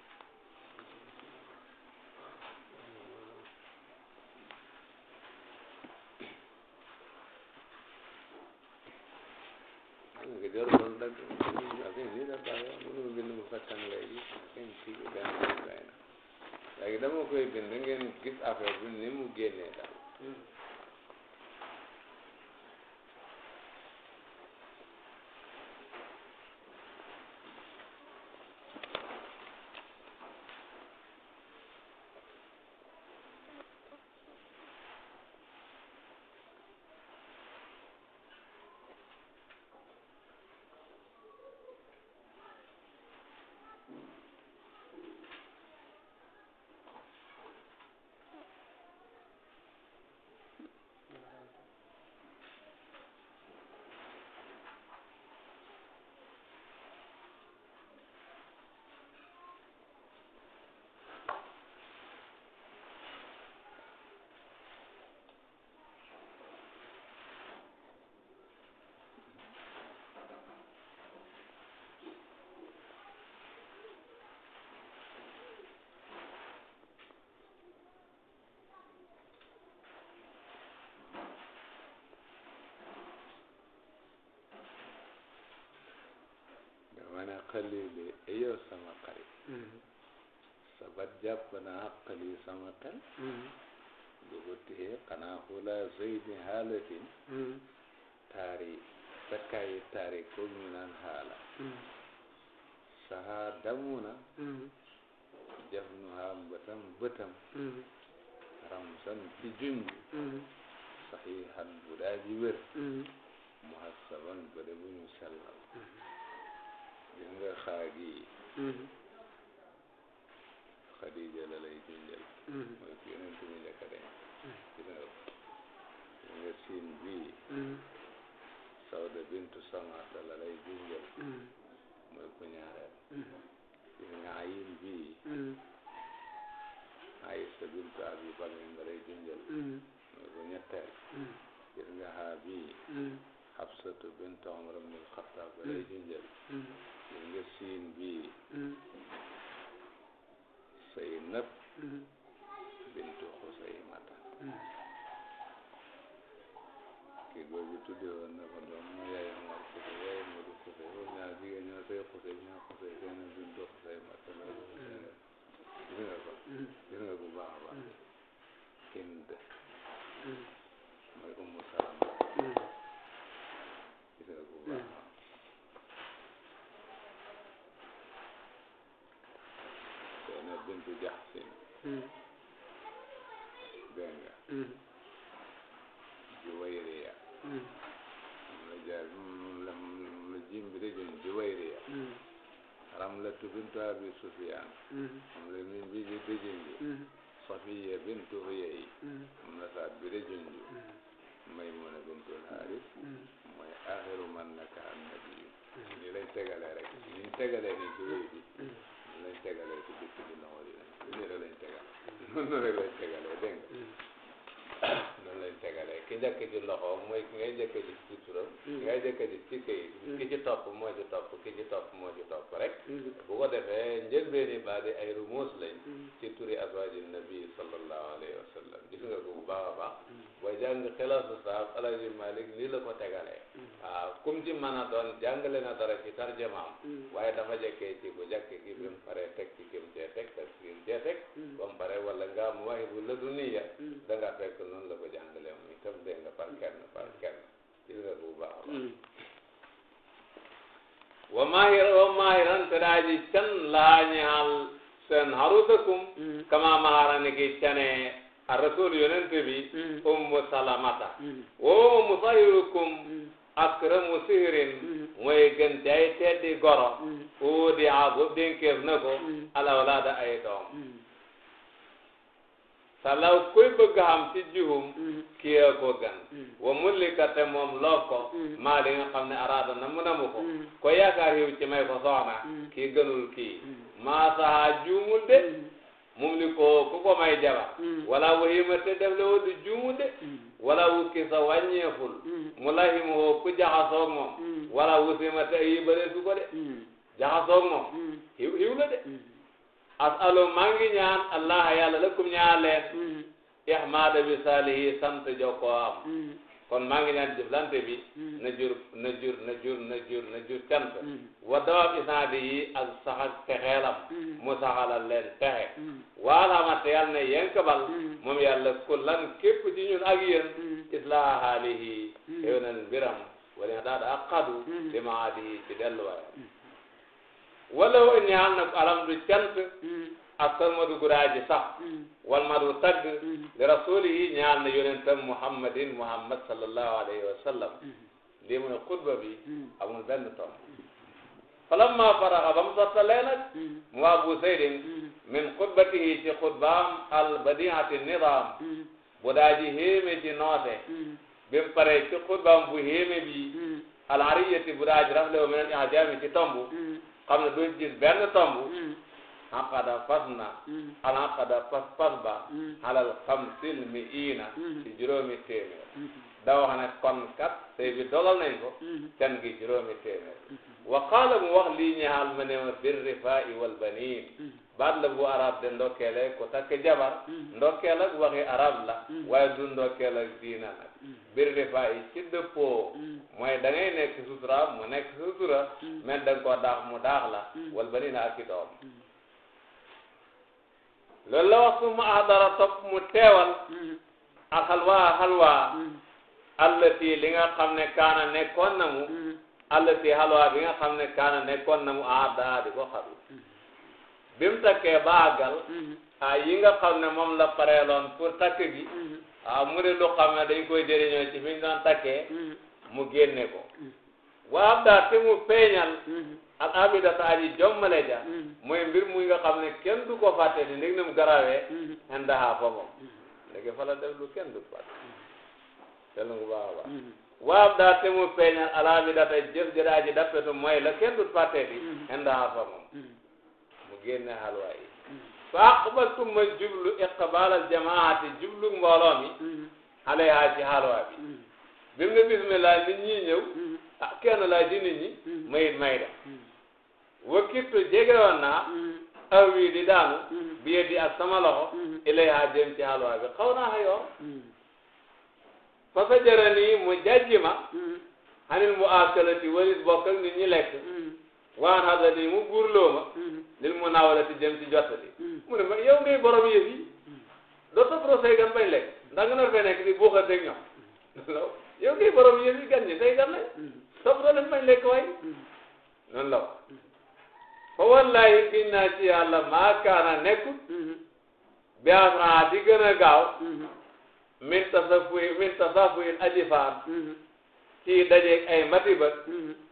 dëgër loolu nag nii la bàyyi mu fekkan léegi ngeen ngeen gis affaire bi ni mu génnee daal ma ne xalili yow sama xarit mm-hmm. sabat jàpp naa xali sama xel bu mm-hmm. ko téye xanaa xulaa zeyni xaalatin mm-hmm. taari takkaayi taari ko ñu naan xaala saha damu haa mbëtam bëtam ramsan ci junj saxiixan bu daa ji wér muhassaban bëre bu ñu sellal gis nga xaa mm-hmm. la lay junjal mm-hmm. mooy ki yonent bi njëkk a dem mm-hmm. gis nga siin bii Sawda bintu Samaata la lay junjal mooy ku ñaareel gis nga ayin bii Aysa bintu Abi Bakr la lay junjal mooy ku ñetteel gis nga Xabsatu bintu Umar ibn al lay junjal gis nga siin bii Zaynab mm. mm. bintu Xusaymata mm. ki góor gi tudde woon na ko doom mu yaay Umar Xusay yaay Umar Xusay ñoom ñaar jigéen ñoo sey Xusay ñoo Xusay Zaynab bintu Xusaymata loolu gis nga ko gis nga ko baax a baax dégg nga juwayriya moom la jaar moom la moom la jiim bi de jun juwayriya Ramlatu bintu Abi Sufyan moom la miim bi de jun Safiya bintu Huyay moom la saat bi de jun Maymuna bintu Haris mooy axiru man naka annabiyu ni lay tegalee rek ni ñu tegalee ni ci wéy bi ni lay tegalee ci dëkk bi noor téere lañ tegal (laughs) noonu rek lañ tegalee dégg nga noonu lañ tegalee ki njëkk ci loxoom mooy ki ngay njëkk gis ci turam mm. ki ngay njëkk mm. ki ci topp moo ci topp ki ci topp moo ci topp rek mm. bu ko defee njëlbeeni baa di ay rumuus ci turi azwaajin nabi sallallahu alayhi wa sallam gis nga ko bu baax a baax booy alaji malik nii la ko tegalee waaw kum ci mën a doon jàngale na dara ci tarjamaam waaye dafa jekkee ci bu jàkk ki bi mu paree teg ci kim cee teg teg kim cee teg pare wala nga am waaye bu la duniya da nga jàngale moom itam dégg nga par kenn par mm. kenn gis nga bu mm. mm. kama mahara ki canee a rasul bi ummu salamata wa ummu sahirukum akramu sihirin mooy gën ci ay goro uudi a bu dénkeef na ko ala walaada ay doom salaw kuy bëgg xam ci juhum mm-hmm. kii yaa ko gan wa mullikate moom loo ko mm-hmm. maa nga xam ne araada na mu namu ko mm-hmm. ko yaakaar yow ci may ko soxna kii gënul kii maa saxaa juumul de moom ko ku ko may jaba wala wahima te def le woo du juumu de wala wukki sa wàññeeful mu lahima woo ku jaxasoog moom wala wusima te ayibale su ko de jaxasoog moom xiw xiw la de asalu maa ngi ñaan allah yàlla lakum ñaan leen mm-hmm. ihmaada bi saalihi sant jokkoo am mm-hmm. kon maa ngi ñaan jëflante bi mm-hmm. na jur na jur na jur na jur na jur cant wa dawab isaadi yi ak sax ak texeelam mu saxalal leen texe waalama te yàlla ne yenkabal moom yàlla ku lan ci ñun ak yéen islaaha haalihi xew nan mbiram wala daada aqadu li maadi yi ci delluwaayam wala woo ñaal na alhamdu cant hmm. assalmadu guraaji sax hmm. wal madu tagg hmm. li rasulihi ñaal na yonentam muhammadin muhammad sallallahu alayhi wa sallam lii mooy xutba bi amul benn tom falamma faraxa ba mu sottalee nag mu waa bu saydin min xutbatihi ci xutbaam al badiati nidaam bu daa ji héeme ci noote bi mu paree ci xutbaam bu héeme bi al ariyati bu daa ji rafle min al ijaami ci tomb xam ne duñ gis benn tomb xaqada mm. fas na mm. al xaqada fas fas ba xalal mm. xamsin mi iina ci juróomi téeméer da wax ne kon kat sëy bi dogal nañ ko can gi juróomi téeméer wa mu wax lii ñaxal ma ne bir rifaa wal baniin baat la bu arab de ndokkeele ku takk jabar mm. ndokkeel ak waxi arab la mm. waaye du ndokkeel ak diina nag mm. bir defa yi ci dëppoo mooy da nekk sutura mu nekk sutura mais da nga daax mu daax la wal ba nii na ak la wax su mu topp mu teewal ak xalwaa xalwaa allati li nga xam ne kaana nekkoon na mu allati xalwaa bi nga xam ne kaana nekkoon na mu ahdaa di ko xaru bi mu takkee baagal mhm. ah yi nga ne moom la pareeloon pour takk gi mhm. ah mu ne lu xam ne dañ koy jëriñoo ci fi ñu doon mhm. mu génne ko waa daa te mu peeñal al abida ta aji jommale ja mooy mbir muy nga xam ne kenn du ko fàtte ni ndég na mu garawee xen daxaa boppam léegi fa la def lu kenn du ko fàtte tellu ngu baax a baax waab te mu peeñal al la kenn du fàtte di xen daxaa boppam génne halwa yi mm-hmm. fa aqbaltu ma jublu iqbal al jamaati jublu mbooloo mi mm-hmm. alayha ci halwa bi mm-hmm. bi nga bismillah nit ñi ñëw ah kenn laa ci nit ñi mayit may da wakittu jege woon naa aw wii di daanu bi yeddi ci halwa bi xaw naa xayoo fa fajarani mu jàjji ma xanil mu walit bokk ak nit waan hadani mu guurloo ma lil munawalati jëm ci jottali hmm. mu ne ma borom yëf yi hmm. doo topp rosey gan bay lekk ndax nga nar nekk di buuxanteeg ñoom loolu yow borom yëf gan ñi say gan lañ hmm. topp doo leen lekk waay noonu la wallahi giñ naa ci yàlla maa kaana nekkul bi asraa di gën a gaaw min tasafuy min tasafuy alifaan ci dajeeg ay matiba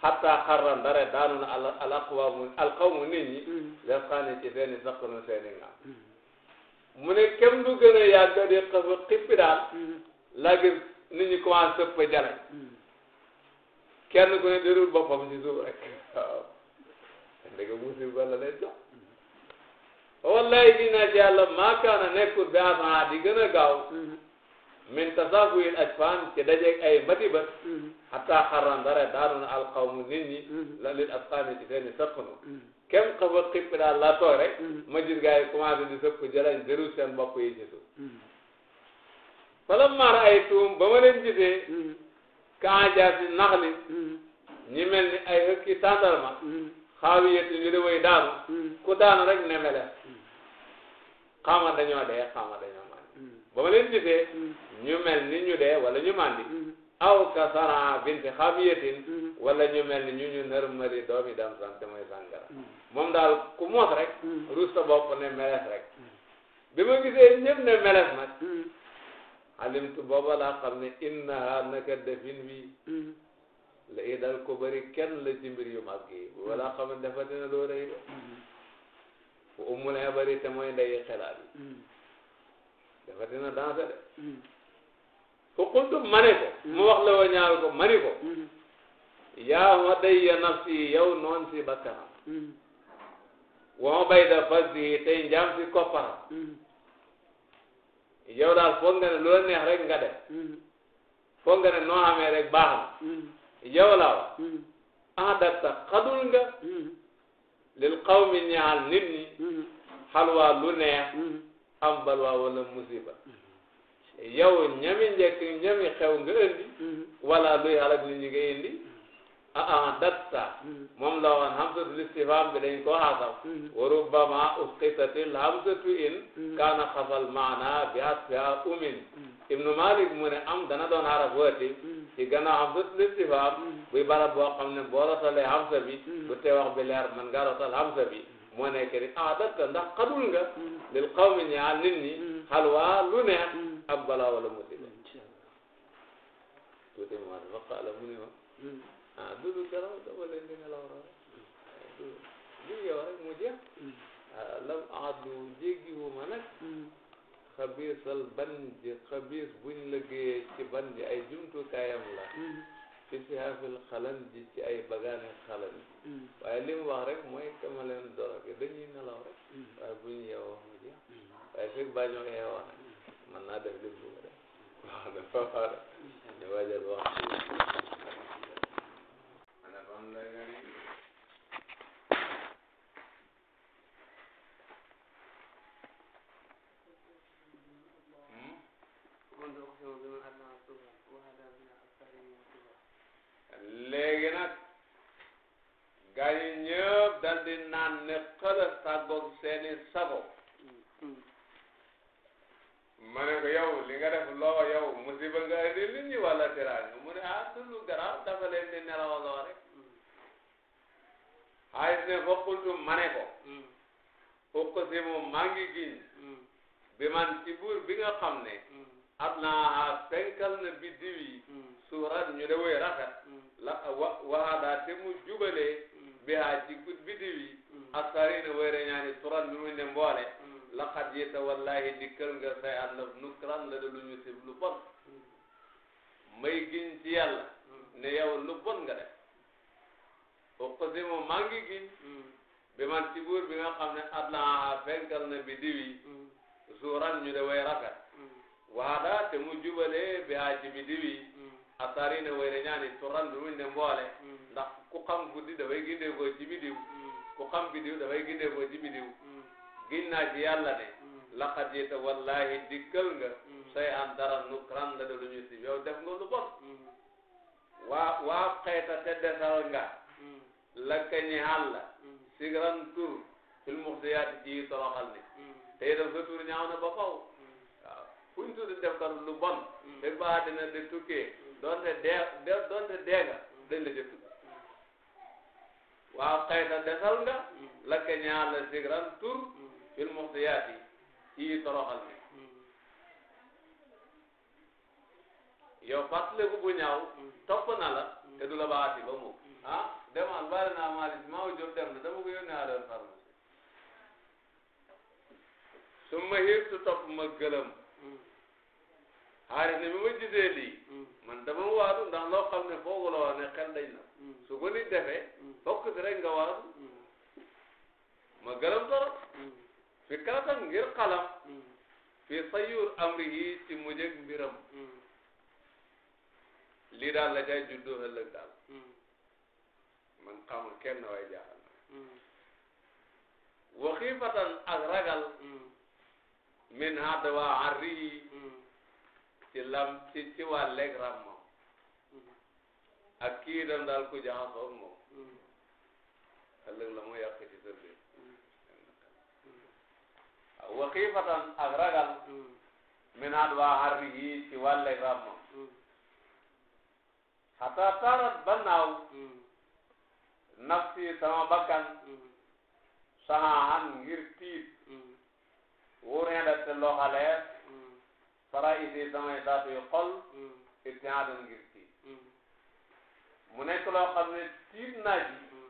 xatta mm-hmm. xarran dara daanu na al al aqwamu ñi mm-hmm. def xaani ci seeni saqanu seeni nga mm-hmm. mu ne kem du gën a yàgg di xafa xippi daal laa gis nit ñi commencé sëpp jale kenn ku ne dérul boppam ci suuf rek waaw ndege musiba la lay jox wallahi dina ci yàlla maa kaana nekkul bi asan di gën a gaaw min tasaabuil ajfaan ci dajeeg ay mbati ba xataa mm-hmm. xarran dara daanu na alqawmu nit ñi mm-hmm. la lil asqaani ci seen i sëqnu mm-hmm. kenn xafa xippi daal laa toog rek ma gis yi commencé di sëpp jëlañ jëru seen bopp yi ci suuf falam ay tuum ba ma leen gisee kaajaasi naxli ñi mel ni ay hëkki tàndarma xaawiyati ñu di way daanu ku daanu rek nemele xama dañoo dee xama dañoo ba ma leen gisee mm. ñu mel ni ñu dee walla ñu màndi mm. aw ka saran binti xabiyatin mm. wala ñu mel ni ñu ñu nërmali doomi dam sante mooy sàngara moom daal ku moos rek ruus sa bopp ne meles rek bi ma gisee ñëpp ne meles nag alimtu booba laa xam ne innaha naka defin bi la i dal ko bëri kenn la ci yu màgg yi wala xam ne dafa dina loo rëy de bu umul bari te mooy ndeyi xelaat yi dafa dina danse de hmm. ko xultu mane ko mu wax la wa ñaal ko mani ko hmm. yaa ma day ya yow si bakkanam hmm. wama si kopparam yow daal foog nga ne lu la rek nga def foog nga ne noo xamee rek baax na yow laa wa ahdatta nga lil xawmi ñaal nit ñi xalwaa lu neex am balwaa wala musiba yow ñami njëkk ñami xew nga indi mm-hmm. wala luy alak nit ñi nga indi mm-hmm. ah ah dat sa mm-hmm. moom la woon hamsatu bi dañ ko xasab wa rubbama usqitatil hamsatu in kaana xasal maana bi asfiha umin ibnu malik mu ne am dana doon xaraf waati ci gannaaw hamsatu listifam buy barab boo xam ne boo rotalee hamsa bi bu te wax bi leer man nga rotal hamsa bi moo nekk ni ah dakka ndax xadul nga mm. lil qawmi ñaar ah, nit mm. mm. wala musiba tuuti ma dafa xaala mu ne ma ah dudu garaw dama leen di nelaw raw rek yow rek mu jeex ah, lam aadu jéggiwuma nag xabiisal ban ji xabiis buñ lëggee ci ban ji ay jumtukaayam la fi sihaafil xalam ji ci ay bagaani xalam yi mm. waaye li wax rek mooy kama leen dorogé dañuy nelaw rek mm. waaye bu ñu yeewoo mu jeex mm. baa ñoo yeewoo nag naa def li mu bëgg rek waaw dafa war ñu waajal gaa yi ñëpp dal di naan ne xëla sàggoog sago ma ne ko yow li nga def loo yow musiba nga indi nit ñi wala sunu ah, garaaw dafa leen di nelawaloo rek xaay ne fa xultu ma ne ko fukk si mu maa ngi giñ bi man ci buur bi nga xam ne ab naa fenkal na biddiw yi suurat ñu de woy rafet wa waxaadaa te mu jubalee bihaa ci biddiw yi asarina wéere ñaani turan lu muy ne mboole laqad yita wallahi dikkal nga say àllaf nukran la da lu ñu sib lu may giñ ci ne yow lu bon nga def uqsimu maa ngi bi man ci buur bi nga xam ne adlaa fenkal na biddiw yi suuran ñu de way rafet waada te mu jubalee bihaa ci biddiw asari ne way ne ñaani turan bi muñ ne mboole ndax ku xam guddi dafay gindee ko ci bidiw ku xam bidiw dafay gindee ko ci bidiw giñ naa ci yàlla ne laqad jita wallahi dikkal nga say an dara nukran la de lu ñu si yow def nga lu waa waa xeeta te desal nga lakka ñi hàlla sigran tur fil muxsiyaati ci toroxal ni te itam sa tur ñaaw na ba faw waaw fuñ tudd def ka lu bon donte dee dee donte dee nga dañ la jënd waaw xayta desal nga lakka ñaar la sigran tur fil muxtiyaati ci toroxal bi yow fàttaliku bu ñaaw topp na la te du ba mu ah demal bari naa maalis maa wu jóg dem na dama ko yónnee adoon pharmacie su ma hiir xaalis ne bi ma gisee lii hmm. man dama waaru ndax loo xam ne foogu la wax ne xel dañ na hmm. su ko hmm. fokk si rek nga ma gërëm torop fi karatam ngir fi sayur amrihi ci mujjeg mbiram lii daal la jaay juddoo ëllëg daal man xamul kenn way jaaxal waxiifatan ak ragal min hada waa arrihi ci lam ci ci wàlleeg ram moom mm-hmm. ak ku jaxasoog moom ëllëg mm-hmm. la mu yàq ci sa biir mm-hmm. waxiifatan ak ragal minaat waa xar ci wàlleeg ram moom xataa taarat ba nafsi sama bakkan saxaaxan ngir tiit wuree da te loxalees faraisi samay daatu yu xol mm. irtiaadam ngir tiit mm. mu nekk loo xam ne tiit naa ji mm.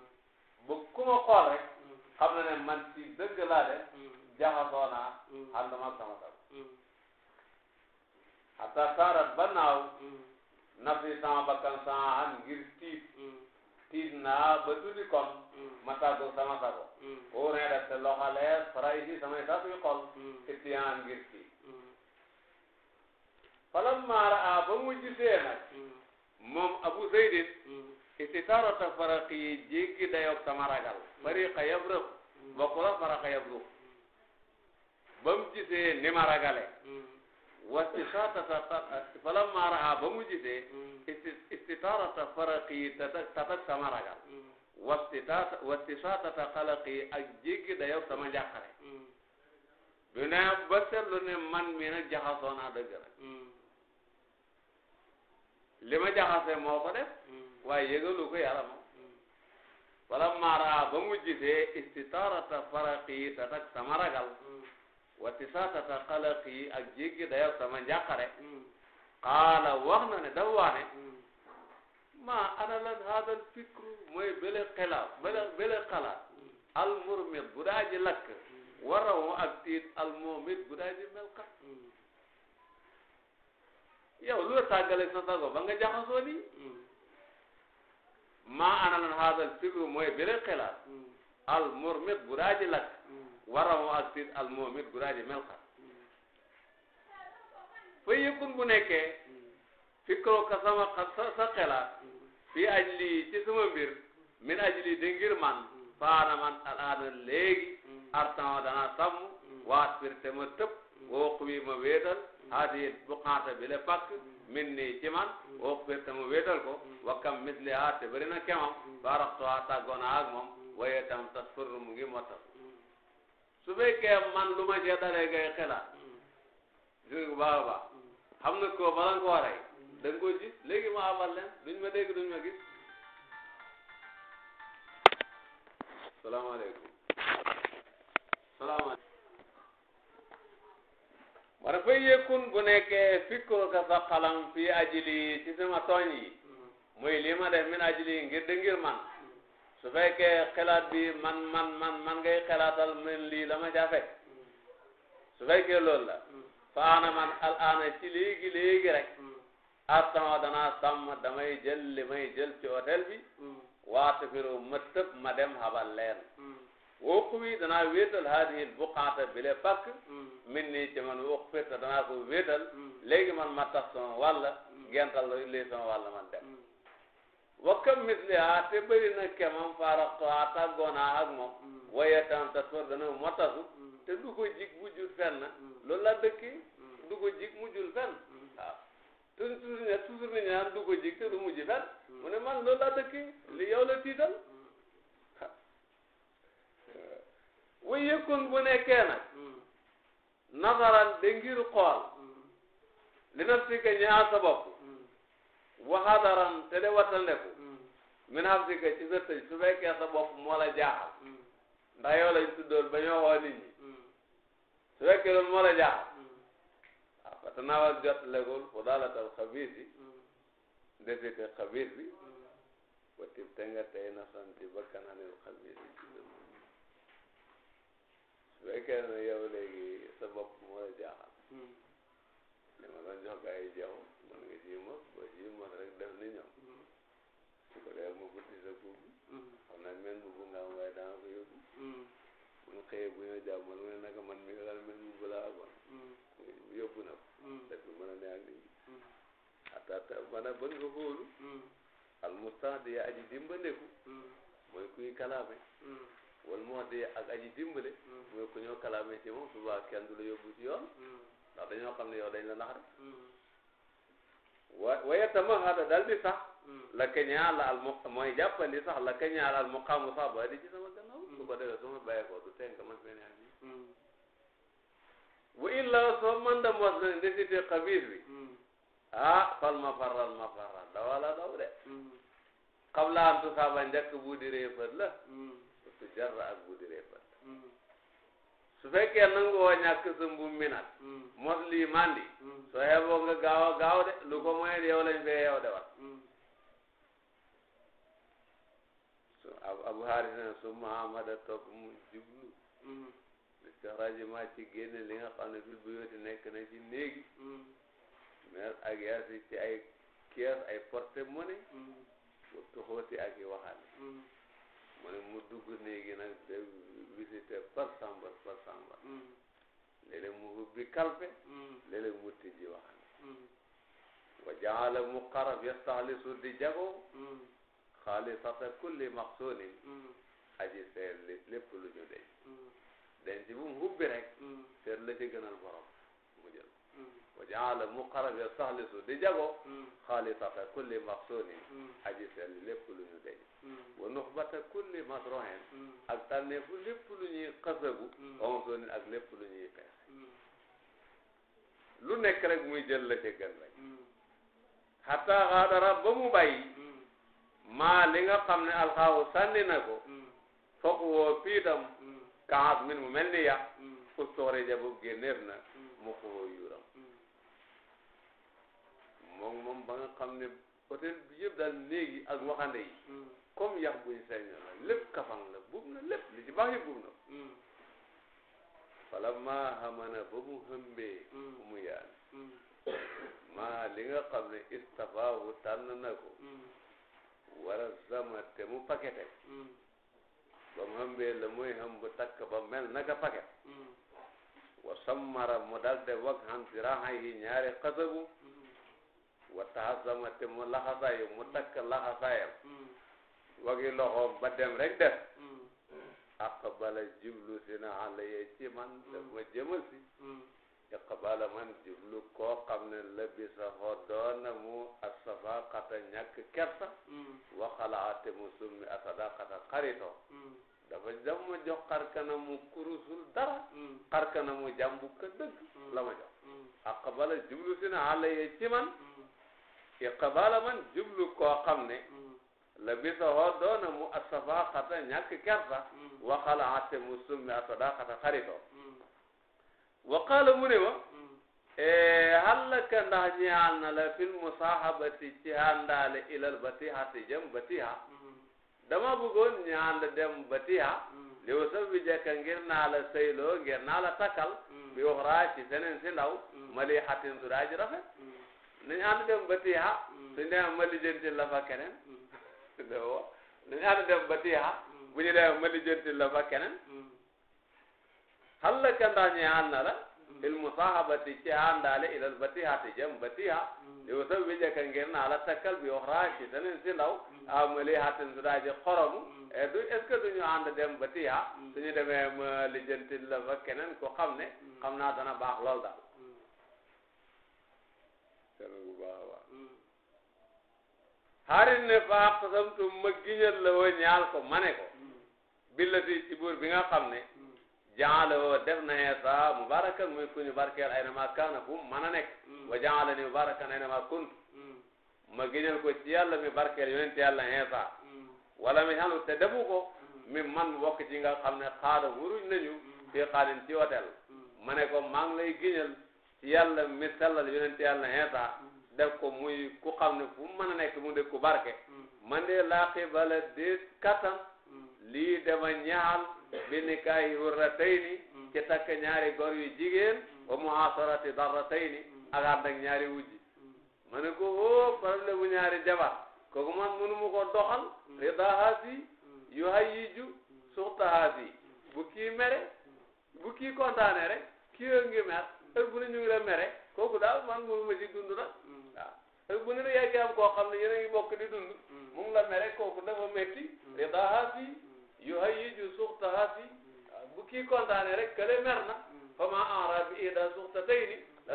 ba ku ma man ci dëgg laa def jaxasoo naa ànd ma sama dal hatta saarat ba naaw nafsi sama bakkan sama an ngir tiit tiit naa ba tuddi kon ma tàggu sama sago wóor ne def te loxalees faraisi samay daatu yu xol falam maara a ba mu gisee nag moom abu zaydin istitarata faraqi yi jéggi dayoog sama ragal fariqa yabrëk bokku ba mu gisee ni ma ragale wastitatata falam maara a ba mu gisee istitarata faraqi yi tatak tatak sama ragal wastitata wastitatata xalaqi yi ak jéggi dayoog sama njàqare mm. du ne ba seetlu ne man mi nag jaxasoo naa dëgg rek li ma jaxase moo ko def hmm. waaye yëgalu ko yaram hmm. wala maara ba mu gisee istitarata faraqi ta tak sama ragal hmm. wa tisatata xalaqi ak jéggi dayal sama njàqare qaala wax na ne dafa ma ana lan haadal fikru mooy bële xelaat bële bële xalaat almurmit bu daa ji lakk warawu ak tiit almomit bu daa ji melkat yow lu la sa sago ba nga jaxasoo nii mm. maa analan haadal fikru mooy bi leen mm. al murmit bu daa ji lakk mm. waramoo ak tiit al murmit bu daa ji melxat fa bu nekkee fikroo ka sa sa fi ajli ci sama mbir min ajli de ngir man faana man alaana léegi artan danaa sàmm waat pir te ma tëb woo xubi ma wéetal haadi buqaata bi le pakk min nii ci man woo ko te mu wéetal ko wakkam misli ha te bëri na kemam baarax to ha tàggoon ak moom waaye tam tas fër mu ngi mottal su fekkee man lu ma cee dalee ngay xelaat gis nga na ko bala nga koo rey da nga koo gis léegi ma abal leen duñ ma dégg duñ ma gis salaamaaleykum salaamaaleykum war a fa yëkkun bu nekkee fikkoo ka sa ajili ci sama tooñ yi mm-hmm. muy lii ma dem min ajili ngir de ngir man su fekkee xelaat bi man man man man ngay xelaatal man lii la ma caa fekk mm-hmm. su fekkee la mm-hmm. fa ana man al ana ci léegi léegi rek astama danaa sàmm damay jël li may jël ci hôtel bi waatu firu ma tëb ma dem xabal leen wokk wi danaa wéetal haadihi buqaata bile pakk min nii ci man wokk firta danaa ko wéetal léegi man ma tas gental lii sama man dem wakkam misliha te bëri na kemam faaraxtoha tàggoonaa ak moom waye tam tasfor dana ma tasu te du ko jig mujjul fenn loolu la dëkki du ko jig mujjul fenn waaw toujours toujours nit ñi naan du ko jig te du mu ne man loolu la dëkki li yow la tiital wa yëkkun bu nekkee nag nazaran de ngir xool li naf si ka ñaa sa bopp te de wattandeku min xam si ka ci sa tëj su fekkee sa bopp moo la jaaxal ndax ba ñoo woo nit ñi su fekkee loolu moo la jaaxal waaw parce que naa war jot legul fu daalatal xabiis yi desite xabiis te nga tey na santi ba su fekkee ne yow léegi sa bopp moo la jaaxal li hmm. ma doon jox gars yi jaww mën nga ji mos ba ji mos rek def ni ñoom hmm. su ko defee mu buddi sa buubu hmm. xam naa men buubu nga am waaye danga ko yóbbu bu ñu xëyee bu ñoo jàmm lu ne naka man mi lal men buubu laa amoon yóbbu na ko def lu mën a ne ak nit ñi atata maanaam ba nga xóolu al mustax di yaa aji dimbandeku mooy kuy kalaame wala moo aji dimbale. Hmm. mooy ku ñëw kalaame ci moom suba kenn du la yóbbu ci yoon. Hmm. ndax dañoo xam ne yow dañ la nax rek. Hmm. wa waaye tamit xaaral daal di sax. la ka ñaala al mu mooy jàppandi sax la ka ñaala al mu sax ba di ci sama gannaaw. su ko defee su ma bàyyeekoo du tënk man beneen bi. wa illa soo mën dem wax ne ndesite xabiir bi. ah fal ma faral ma dawala daw de. xam laa antu saaba njëkk bu diree fët la. su jarra ak bu diree bët hmm. su fekkee nangu woo ñàkk sa mbuum mi nag hmm. mos lii hmm. a gaaw de lu ko moyen yow lañ fee yow de wat su abu haris ne su mahamada topp mu jublu istixraaj ma ci li nga xam ne fil bu yooti nekk na ci néegi mais ak yaasi ci ay kees ay porte monnaie bu tuxooti ak i waxaale mu ne mu dugg néegi nag de visité par sambar par sambar mm. mu ubbi kalpe mm. léeg mu tijji waxande mm. wa mu xaraf yastahlisu di jago xaalisata kulli maxsuunin aji seet lépp lu ñu denc denc bu mu ubbi rek seet la ci gënal borom wa jaala muqarrab ya saxlisu di jago xaalisata kulli maxsuunin aji seen lépp lu ñu denc wa nuxbata kulli masrohen ak tànneefu lépp lu ñuy xasagu onsonin ak lépp lu ñuy pees lu nekk rek muy jël la ca gën rek xataa xaadara ba mu bàyyi maa li nga xam ne alxaawu sànni na ko foog woo piitam kaas min mu mel ni yàq ustoxrija bu génneef na mu ko yuura moom moom ba nga xam ne hôtel bi yëpp ak waxande yi hmm. comme yax buñ seeño la lépp kafan la buub na lépp li ci baax yi buub na hmm. fala maa xamana ba mu hëmbee hmm. mu yaan maa li nga xam ne istafaahu tànn na ko wara zama te mu pakete ba mu hëmbee la muy hëmb takk ba mel naka paket wa sammara mu de wag han siraxa yi ñaari xasabu wa taxasama te mu laxasaayu mu takk laxasaayam hmm. wagi loxoom ba dem rek def hmm. aqbala jublu si na alayya ci hmm. ma jëmal si iqbala man jublu koo xam ne la bisa xoo doona mu asafaqata ñàkk kersa waxalaate mu summi asadaqata xarito dafa jam ma jox xarkana mu kurusul dara xarkana mu jàmbu ka la ma jox aqbala jublu si na alayya iqbaala man jublu koo xam ne la bisahoo doona mu asafa xata ñàkk kerta waxala ate mu summi asoda xata xaritoo ndax ñaal na la fil musahabati ci àndaale ilal batiha si jëm batiha dama bëggoon ñaan la dem batiha li wasal bi jekka ngir naa la sëyloo ngir naa la takkal bi waxraa ci seneen si ndaw mali xatin su daaji nañu ànd dem ba tiixa mm. suñu demee ma la fa keneen mm. (laughs) doo nañu ànd dem ba mm. bu ñu demee ma lijjanti la fa keneen xal la ka ndax ñu ànd na la il musahabati ci àndaale ilal ba tiixati jëm ba tiixa yow sa bi jëkka ngir naa la takkal bi oxraa ci danen si ndaw amali hatin su daa ji xoromu eh, du est ce que duñu ànd dem ba tiixa suñu demee ma la fa keneen ku xam ne xam naa dana baax lool daal teral bu baax ne faa xasamtu ma giñal la woo ñaal ko ma ne ko billati ci buur bi nga xam ne jaala woo def na Iisaa mubarakan muy ku ñu barkeel ay na maa kaana a nekk wa jaala ni mubarakan ay na maa kuntu ma giñal ko ci yàlla mi barkeel yonent yàlla Iisaa wala mi xanu te defu ko mi man bokk ci nga xam ne xaada wuruñ nañu fii xaalin ci hôtel ma ne ko maa ngi lay giñal ci yàlla misalal yonent yàlla Iisaa def ko muy ku xam ne fu mu mën a nekk mu def ko barke mm. man de laa xibala déet kattan mm. lii dama ñaal bi nikaahi hurratayni mm. ci takk ñaari góor yu jigéen wa muhaasarati darratayni ak ànd ak ñaari wujji ko hoo oh, problème bu ñaari jabar kooku man mënu ko doxal rida haasi yu hayyiju suxta haasi bu kii mere bu kii kontaane rek kii ngi heure bu ne mere kooku daal man mënuma ci dund nag mm. waaw heure bu ne la yàggee am koo xam ne yéen a ngi bokk di dund mm. mu ngi la mere kooku dafa métti mm. ridahaasi yuhayyiju suxtahaasi bu kii kontaane rek kële mer na fama enra bi ida suxta tey bu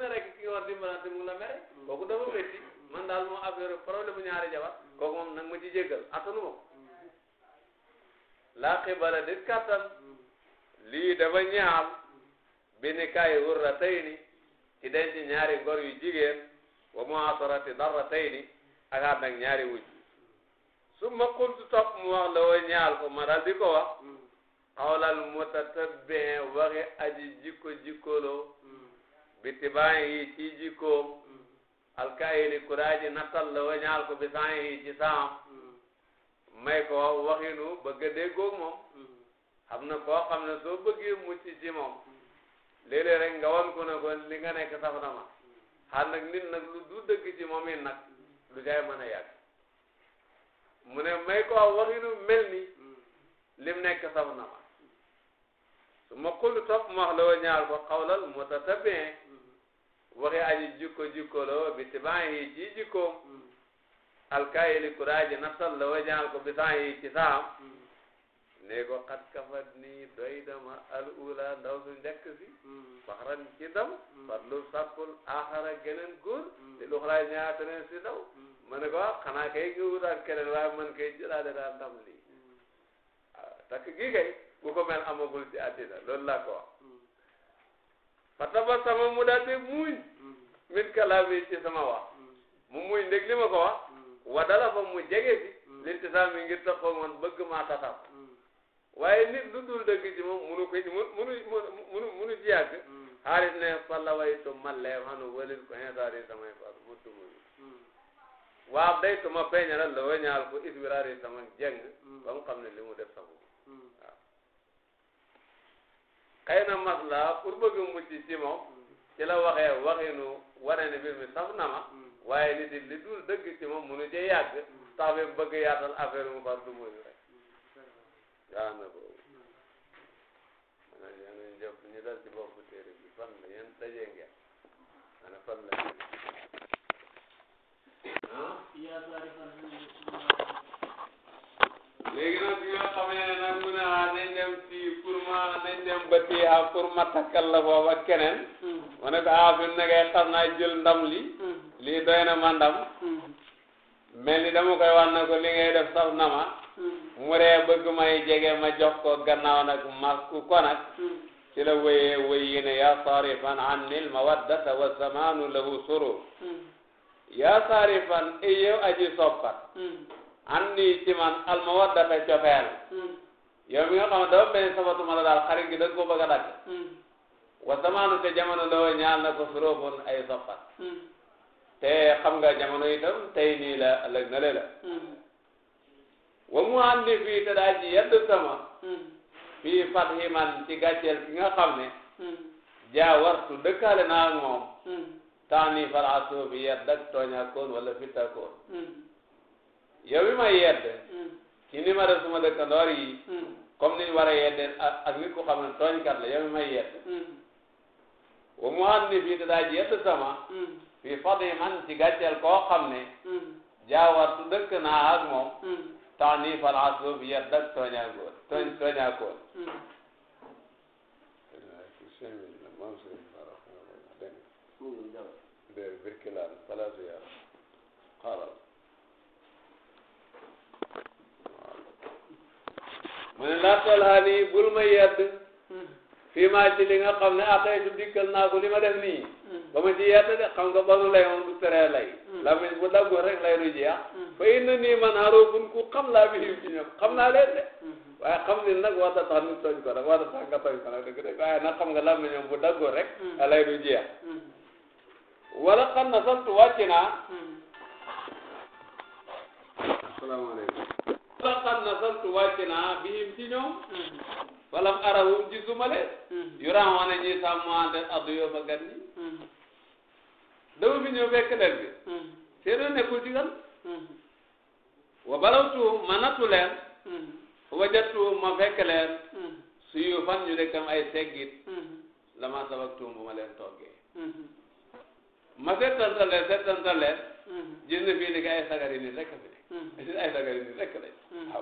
ne rek ki nga war dimbalante mu ngi la mere kooku dafa métti man daal moo affaire problème bu ñaari jabar kooku moom nag ma ci bi nikaayi hurratayni ci denc ñaari góor yu jigéen wa muasarati darratayni ak ànd ak ñaari wujj su ma qultu topp mu wax la woo ñaal ko ma daal di ko wax xawlal mutatabbin waxi aji jikko jikkoloo bitibaan yi ci jikkoom alkaayili kuraaji nattal la woo ñaal ko bisaan yi ci saam may ko waxinu bëgg a déggoo moom xam na koo xam ne soo bëggee mucc ci moom léeg-léeg rek nga wan ko li nga nekk sax na ma xaar nag nit nag lu du dëgg ci moom nag lu jaay mën a mu ne may ko waxinu mel ni lim nekk sax na ma su ma kullu topp ma wax la wa ñaar ko xawlal waxi aji jikko jikko la bi tibaan yi ci jikkoom mm. alkaayili kuraaji nattal la wa ñaar ko bi saan yi ci ne ko xat kafat nii doy dama al ula ndaw su njëkk si mm-hmm. faxran ci ndaw par mm-hmm. lu sàppul axara geneen góor te mm-hmm. lu xalaay ñaateneen si ndaw ma ne ko ah kay nga wutaat keneen waaye man kay jëlaale daa ndam lii waaw ah, takk gi kay ku mel amagul ci àddina loolu laa ko wax fa taba sama mu daal di muuñ min kalaami ci sama wax mu muuñ ndég li ma ko wax wadala fa mu jege si lintisaam yi ngir taxoo moon bëgg maa tatam waaye nit lu dul dëgg ci moom munu ko munu munu munu ci yàgg hmm. xaalis ne falla way to mallee xanu walil ko indaari samay fas mu tumuni waaw day ma peñalal hmm. la wa ñaal ko iswiraari sama jeng hmm. ba mu xam ne li mu def sabu waaw xëy na masla pour bëgg mucc ci moom ci la waxee waxinu wane ne mbir mi saf na ma waaye nit li dul dëgg ci moom munu ci yàgg tax bi bëgg yaatal affaire mu far du muñu rek caana boobu ana la yéen dajee ngeen ana fan mu ah, ba tii ah pour takkal la foofu ak keneen hmm. mu ne ko ah fi naa jël ndam li hmm. lii doy na ma ndam hmm. mel ni koy wax ko li ngay def saf na ma mu ree bëgg may jege ma jox ko gannaaw masku ko nag ci la wéyee wéyi ne yaa saarifan annil mawaddata wa zamanu lahu surur yaa saarifan ey yow aji soppat anni ci man al mawaddata cofeel yow mi nga xam ne dafa benn sabatuma la daal xarit gi ko bëgg a dagg wa zamanu te jamono loo ñaal na ko surufun soppat te xam nga jamono itam tey nii la ëllëg le la wa mu bi fii te daa ci yedd sama. Hmm. fii Fathi man ci gàcceel ki nga xam ne. Hmm. jaawartu dëkkaale naa ak moom. Hmm. taani falaasoo bi yedd ak tooñaakoon wala fittaakoon. yow mi ma yedd. ci ni ma def suma dëkkandoor yi. comme ni ñu war a yeddee ak nit ne tooñkat la yow mi ma yedd. wa mu ànd fii te daa ci yedd sama. fii Fathi man ci gàcceel koo xam ne. jaawartu dëkk naa ak moom. temps nii fan asoo bi yàlla dag tooñaakoon tooñ tooñaakoon. mu ne laa tolhaani bul ma yedd fii maa ci li nga xam ne ah tey dikkal naa ko li ma def nii. Mm. ba ma ci yàlla de xam nga banu lay moom du teree lay. Mm. la muy bu daggoo rek lay du jeex. Mm. fa inna nii man aaroo ku xam laa bi ci ñoom xam naa leen de. Mm-hmm. waaye xam ni nag war na tax ñu tooñ ko nag war na tax nga tooñ ko nag dëgg dëgg waaye nag xam nga la muy ñoom bu daggoo rek. lay du jeex. Mm-hmm. wala xam na sant wàcc naa. Mm-hmm. asalaamaaleykum. wala na sant wàcc naa bi walam arahum gisuma leen mm-hmm. yuram wane ñuy sàmmante addu yoo ma gan ñi mm-hmm. dama fi ñëw fekk leen bi mm-hmm. seedoo nekkul ci gan wa balawtuhum ma nattu leen wajattuhum ma fekk leen suyu fan ñu nekkam ay seggit lama sabaktuhum bu ma leen toggee ma settantale settantale gis na fii ni ay sagari nit rek a si ay sagar yi rek lañ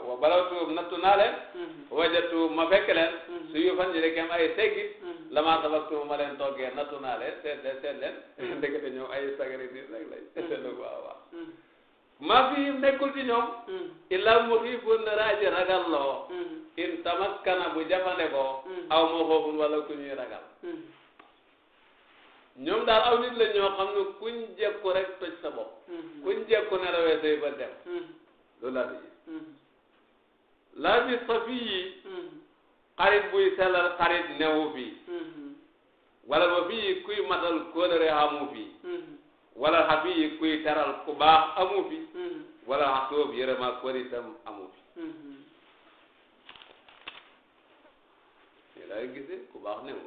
waaw balaw tuum nattu naa leen mm-hmm. wajatu ma fekk leen mm-hmm. su yu fan ji rek am ay seggit mm-hmm. lamaa sabaktu ma leen toggee nattu naa leen seet leen seet leen ndekete ñoom ay sagar yi rek lañ seetlu (laughs) ko waaw waaw maa fi nekkul ci ñoom illaa muhibun raaji ragal loo in tamakkana bu jafande ko aw ma xoofun wala ku ñuy ragal ñoom daal aw nit la ñoo xam ne kuñ jekku rek toj sa bopp mhm. kuñ jekku ne rawee day ba dem mhm. loolu laa di gis mhm. laa bi safi yi xarit buy sellal xarit newu wala ba fii kuy matal kóolëre amu fii wala xa fii kuy teral ku baax amu fi wala xa sóob yërëmaa kóor itam amu fi laa gisee ku baax newu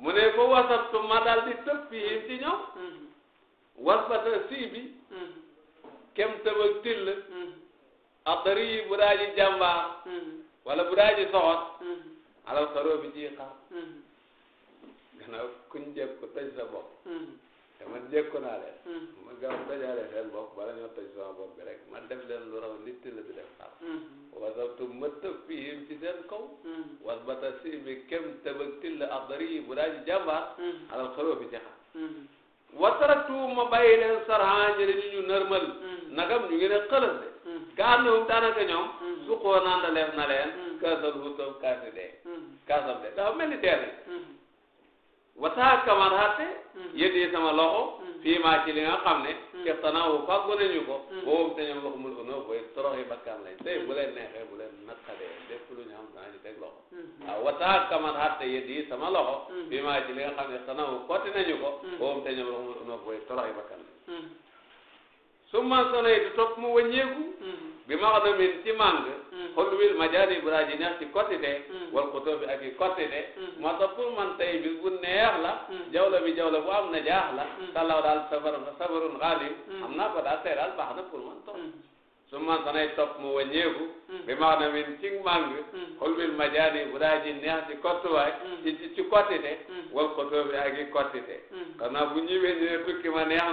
mu ne ba wasabtu ma daal di tëb fii ci ñoom mm-hmm. wasbata sii bi mm-hmm. kem tëb ak till mm-hmm. addari yi bu daa ji jàmbaar wala bu daa ji soxot alal xaroo bi ci xar gannaaw sa bopp te man jëkku naa leen ma gaaw tëjaale seen bopp bala ñoo tëj sama bopp bi rek ma def leen lu raw li bi def xar ma tëb fihim ci seen kaw. wal ba ta bi kem tëbëg till adari bu daa ji jàmbaar. alal xaroo fi jaxa. wa taraktu ma bàyyi leen sarhan ñeneen ñi ñu normal. nagam ñu ngi ne xëlas de. gàllankoor daanaka ñoom. su xoo naan da kaasal huutam kaasi dee. kaasam dee mel ni dee nañ. wasaak kamar hàtte. yéen sama loxo. fii maa ci li nga xam ne. képp tanaawu fàggu nañu ko. boobu te ñoom loxo mun ko noo koy toroxi bakkan lañ tey bu leen neexee waaw ah, wataa kaman xatte yeddi yi sama loxo hmm. bi maa ci li nga xam ne sanawu kotti nañu ko hmm. boom te ñoom roxuma boy toroxi bakkan bi hmm. su man sonoy du topp mu wëññeeku bi ma xam min ci màng xol wil ma jaani buraaji neex ci kottite wal koto bi ak i kottite ma topp pour man tey bis bu neex la jawla bi jawla bu am na jaax la talaw daal sabarun sabarun xaalim am naa ko daal tey daal baax na pour man topp su man danay topp mu wàññeeku. Hmm. bi ma xam ne min ci màng. Hmm. xol bil majaani bu daa ji neex ci kottuwaay. Hmm. ci ci ci kottite. wal kotoo bi ak i kottite. kon nag bu ñëwee ñu ne tukki ma neex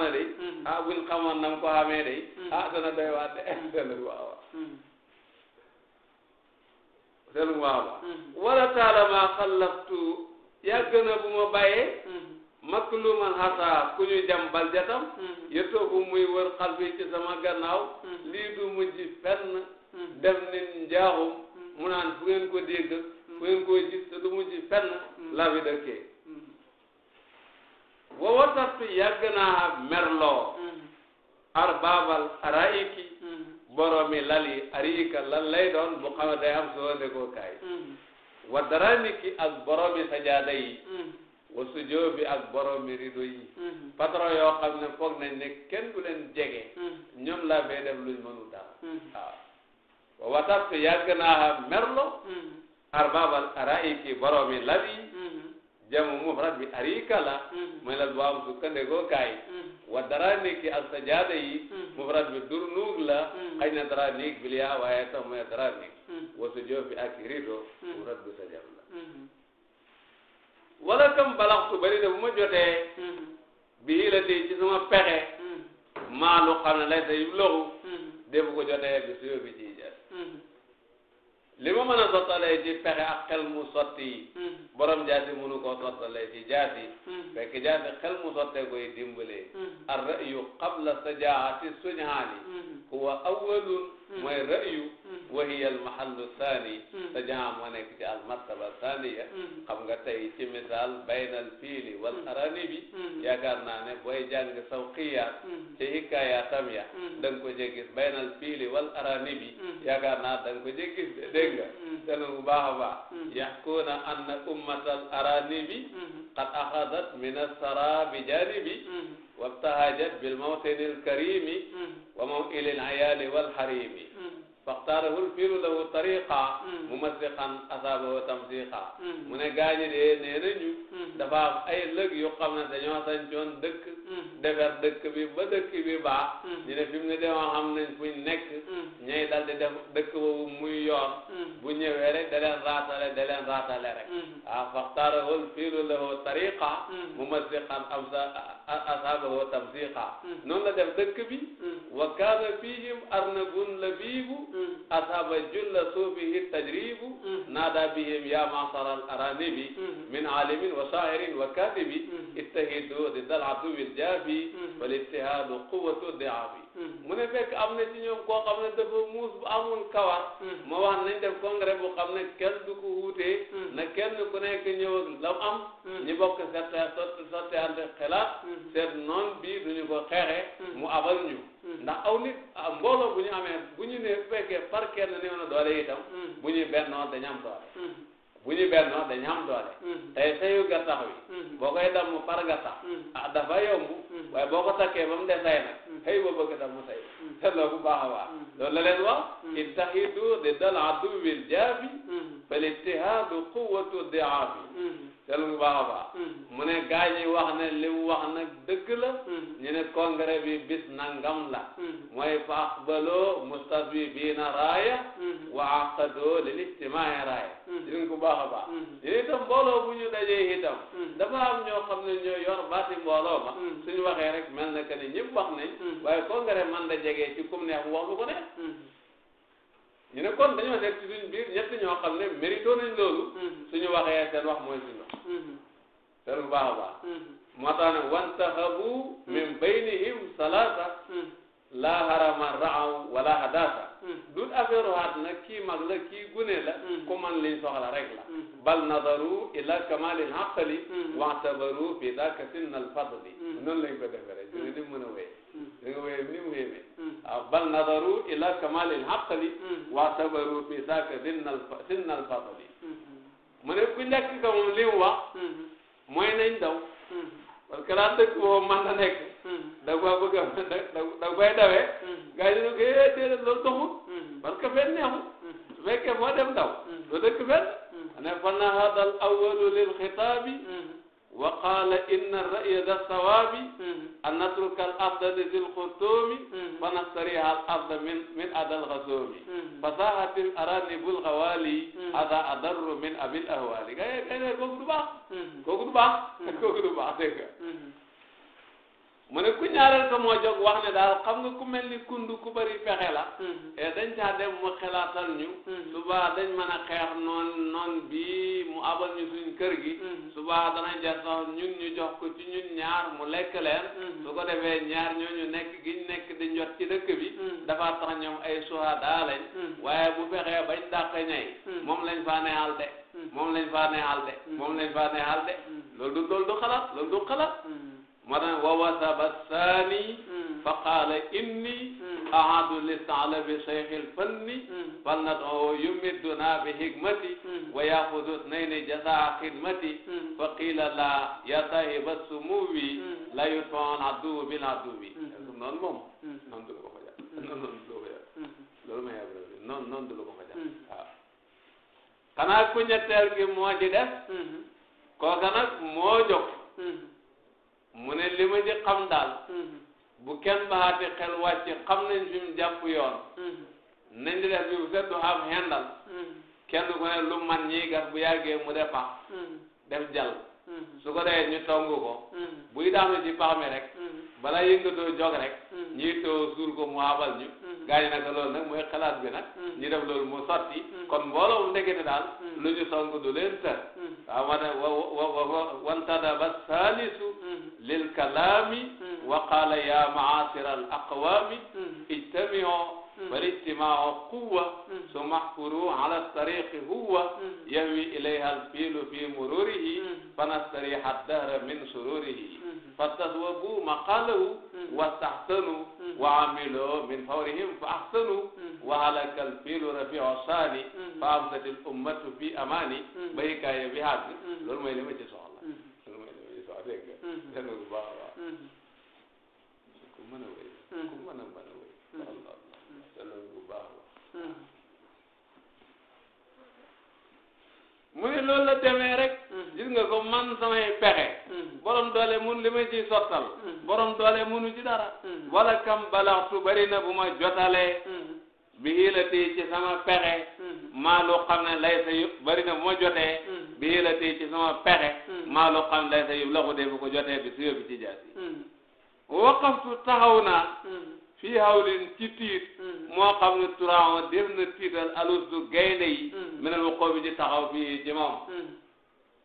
ah buñ xamoon na mu ko xamee ah dana doy waat de dana waaw. dana waaw. wala taala ma xallaftu yàgg na bu ma bàyyee. makluman xataa ku ñu dem baljatam hmm. yëttoobu muy wër xalbi ci sama gannaaw hmm. lii du mujj fenn hmm. def nit njaaxum mu naan fu ngeen ko dégg fu ngeen ko gis te du mujj fenn la bi dëkkee wa yàgg naa merloo arbaabal araiki boromi lali ariika lan lay doon bu xam day am soo ndekoo kaay wa darani ki ak boromi sajaada yi wasu joo bi ak borom yi rido yi. Mm-hmm. patron yoo xam ne foog nañ jege. Mm-hmm. ñoom laa fay def luñ mënu dara. Mm-hmm. waaw wa tax yàgg naa merlo. arbabal araiki borom yi lab yi. bi arika la. mooy la bu am sukkandekoo kaay. wa dara nekki ak sajaada yi. bi dur la. xëy na dara nekk bi waaye sax mooy dara nekk. wasu joo bi ak rido. mufrad bi sajam wala kam balaxtu bari bu ma jotee mm-hmm. bii la tey ci sama pexe mm-hmm. maa lu xam ne lay te yib loxu mm-hmm. ko jotee bi suyo bi li ma mën a sottalee ci pexe ak xel borom jaasi mënu koo sottalee ci jaasi fekk jaasi xel mu sottee koy dimbalee ar rayu qabla sajaati huwa awwalun Hmm. mooy ra'yu hmm. wa hiya al mahallu thani hmm. sa jaam moo nekk ci al martaba thaniya xam nga tey ci misaal baynal fiili wal aranibi yaakaar naa ne booy jàng sawqiyaat ci hikayaatam ya da nga ko cee gis baynal fiili wal aranibi yaakaar naa da nga ko cee gis dégg nga dana bu baax a baax yaxkuuna anna ummatal aranibi qad axadat min assara bi janibi wabtahajat bil mawtinil karimi wa mawilil ayali wal harimi faxtaarahul fiiru lahu tariqa mumasriqan asaabahu tamsiqa mu ne gaañi dee nee nañu dafa am ay lëg yu xam ne dañoo sancoon dëkk defar dëkk bi ba dëkk bi baax ñu ne fi mu ne demoo fuñ nekk ñay dal di def dëkk boobu muy yoon bu ñëwee rek da leen raatale da leen raatale rek ah faxtaarahul fiiru lahu tariqa mumasriqan asaabahu tamsiqa noonu la def dëkk bi wa kaana fihim arnabun labibu asaba julla suufihi tajribu naada bihim ya masar al aranibi min alimin wa shairin wa katibi istahidu di dal aduwil jaabi wal ijtihaadu quwwatu diaabi mu ne fekk am na ci ñoom koo xam ne dafa muus bu amul kawar moo wax nañ def congrès bu xam ne kenn du ko wuutee na kenn ku nekk ñëw ak lam am ñi bokk sette sotti sotti ante xelaat seet noon bii duñu ko xeexee mu abal ñu ndax aw nit mbooloo bu ñu amee bu ñu ne fekkee par kenn néew na doole itam bu ñuy bennoo dañu am doole bu ñu bennoo dañu am doole. Mm-hmm. tey sayu gattax wi. Mm-hmm. boo koy damm par gattax. Mm-hmm. ah dafa yomb. waaye boo ko takkee ba mu des say nag. xëy ba bëgg damm say. bu baax a baax. loolu la leen wax. ittaxidu di dal aduwil jaafi. fal ittihaadu quwwatu diaafi. te lu mu baax baax mm-hmm. mu ne gaa yi wax ne li mu wax nag dëgg la mm-hmm. ñu ne congrès bi bis nangam la mm-hmm. mooy fa aqbaloo na raaya wa aqadoo lil ijtimaai raaya dinañ ko baax a baax yéen itam mbooloo bu ñu dajee itam dafa am ñoo xam ne ñoo yor baati mbooloo ma suñu waxee rek mel na que ne ñëpp wax nañ waaye congrès man la jegee ci kum ne mu wax lu ko neex ñu ne kon dañoo seet ci suñ biir ñett ñoo xam ne mérito nañ loolu. Mm-hmm. suñu waxee wax mooy suñu wax. seen mm-hmm. bu baax a baax. Mm-hmm. moo tax ne wantaxabu min baynihim salaasa. laa harama raaw wala hadaasa. du affaire waat nag kii mag la kii gune la. ku man liñ soxla rek la. bal nadaru ila kamalil aqli. waxtabaru fi daka sinnal fadli. noonu lañ ko defee rek dina mën a wéy. li nga wéyee ni mu yéeme hmm. bal nadaru ila kamalil haqli hmm. wa sabaru fi saaka sinnal sinnal hmm. mu ne ku njëkk ka mu wax mooy nañ daw parce que man na nekk da ko bëgg a da da koy dawee gars yi ñu ko yee eh, déedéet loolu doxul parce que fenn neexul su fekkee foo dem daw doo dëkk fenn ne al awalu lil xitaabi wa qaala inna ra'ya da sawaabi an natruka al arda li zil xurtoomi fa nastariha al arda min min adal xasoomi fasahatin arani bul xawaali ada adarru min abil ahwaali kay kay kooku du baax mm-hmm. kooku du baax (laughs) kooku du baax dégg nga mm-hmm. mu ne ku ñaareel ko moo jóg wax ne daal xam nga ku mel ni kundu ku bëri fexe la e dañ caa dem mu xelaatal ñu mm-hmm. suba dañ mën a xeex noon noon bii mu abal ñu suñ kër gi mm-hmm. suba dana jar sax ñun ñu jox ko ci ñun ñaar mu lekk leen su ko defee ñaar ñooñu nekk giñ nekk di njot ci dëkk bi dafa tax ñoom ay suhadaa lañ waaye bu fexee bañ dàq ñay moom lañ faa neexal de moom lañ faa al de moom lañ faa neexal de loolu du du xalaat loolu du xalaat moo tax wa wasaba saani hmm. fa qaala inni hmm. ahadu li saalabi cheikh ilfanni fal hmm. nadoo yumidduna bi hikmati wa yaxudu xidmati fa qiila la ya sahiba sumuwi la la ko ko jàpp noonu du la ko jàpp loolu may ko ko jàpp mu ne li ma ci xam daal bu kenn baxaati xel wàcc xam ne fi mu jàpp yoon nañ di def bi bu fekk du am xendal kenn ku ne lu man gas bu yàggee mu def pax def jàll su ko defee ñu tongu ko buy daanu ci pax mi rek bala yëngatoo jog rek ñii too suur ko mu abal ñu gaa ñi nag loolu nag mooy xalaat bi nag ñu def loolu mu sotti kon mbooloo mu ndekete daal lu ñu song du leen tër waaw ma ne wa wa wa wantada ba saalisu lil kalaami wa qaala yaa maasira al aqwaami ijtamiu فالاجتماع قوة ثم احفروا على الطريق هو يهوي إليها الفيل في مروره فنستريح الدهر من سروره فاستثوبوا مقاله واستحسنوا وعملوا من فورهم فأحسنوا وهلك الفيل رفيع الصالح فأمضت الأمة في أمان بهكاية بهذا loolu mooy li ma ci soxla dégg nga bu baax a baax. ku mën a wéy. ku mën a mën a wéy. dégg nga bu baax a baax. mu ne loolu la demee rek. Mm-hmm. gis nga ko man samay pexe. Mm-hmm. borom doole mun li ma ciy sottal. Mm-hmm. borom doole munu ci dara. wala kam balaaxtu bari na bi hiilatee ci sama pexe mm-hmm. maa lu xam ne lay sa yu bari na bu ma jotee mm-hmm. bi hiilatee ci sama pexe mm-hmm. maa lu xam ne lay sa yu la ko bu ko jotee bi suyo bi ci jaasi waqaftu taxaw na fii hawlin ci tiit moo xam ne turan def na tiital alus du gaynde yi meneen waqoo bi ci taxaw fii ci moom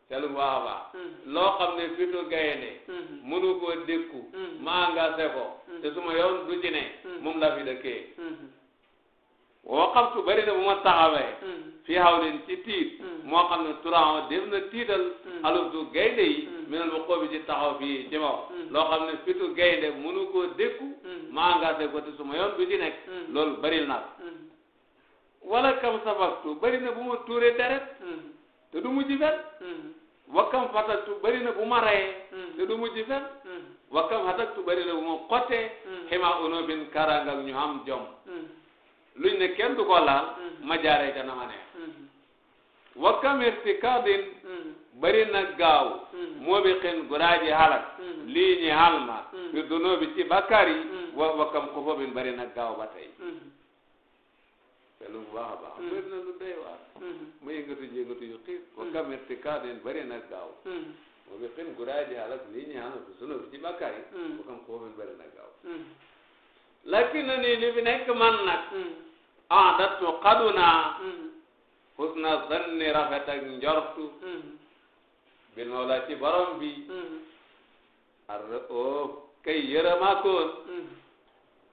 telu baax baax loo xam ne fitu gaynde mënu koo dékku maa nga se ko te suma yoon du ci ne moom la fi dëkkee woo xam tu bëri bu ma taxawee hmm. fii hawlin ci tiit hmm. moo xam ne turan def na tiital hmm. aluftu gaynde yi minal bu xoobi ci taxaw fii ci maw loo xam ne fitu gaynde mënu koo dékku maa engagé ko te suma yoon du ci nekk loolu bëril naa ko wala kam sabaktu bëri na bu ma tuuree deret te du mujj fen wakkam fataktu bëri na bu ma reyee te du mujj fen wakkam hataktu bëri na bu ma xottee xima unóobin karangak ñu am jom luñ ne kenn du ko laal mm-hmm. ma jaaree ca na ma neex mm-hmm. wa kam irtikadin mm-hmm. bari na gaaw moo bi xin guraaji halak halma fi dunoo bi ci bakkaar yi wa wa kam xufobin bari na gaaw ba te lu baax a baax bari na lu ma yëngatu yëngatu yu xiir wa kam irtikadin bari na gaaw moo bi xin halma fi dunoo bi ci bakkaar yi wa kam xufobin bari lakin na nii li nekk man nag ah dattu xadu rafet ak njortu bil mawla ci borom bi ar oo kay yërëmaakoon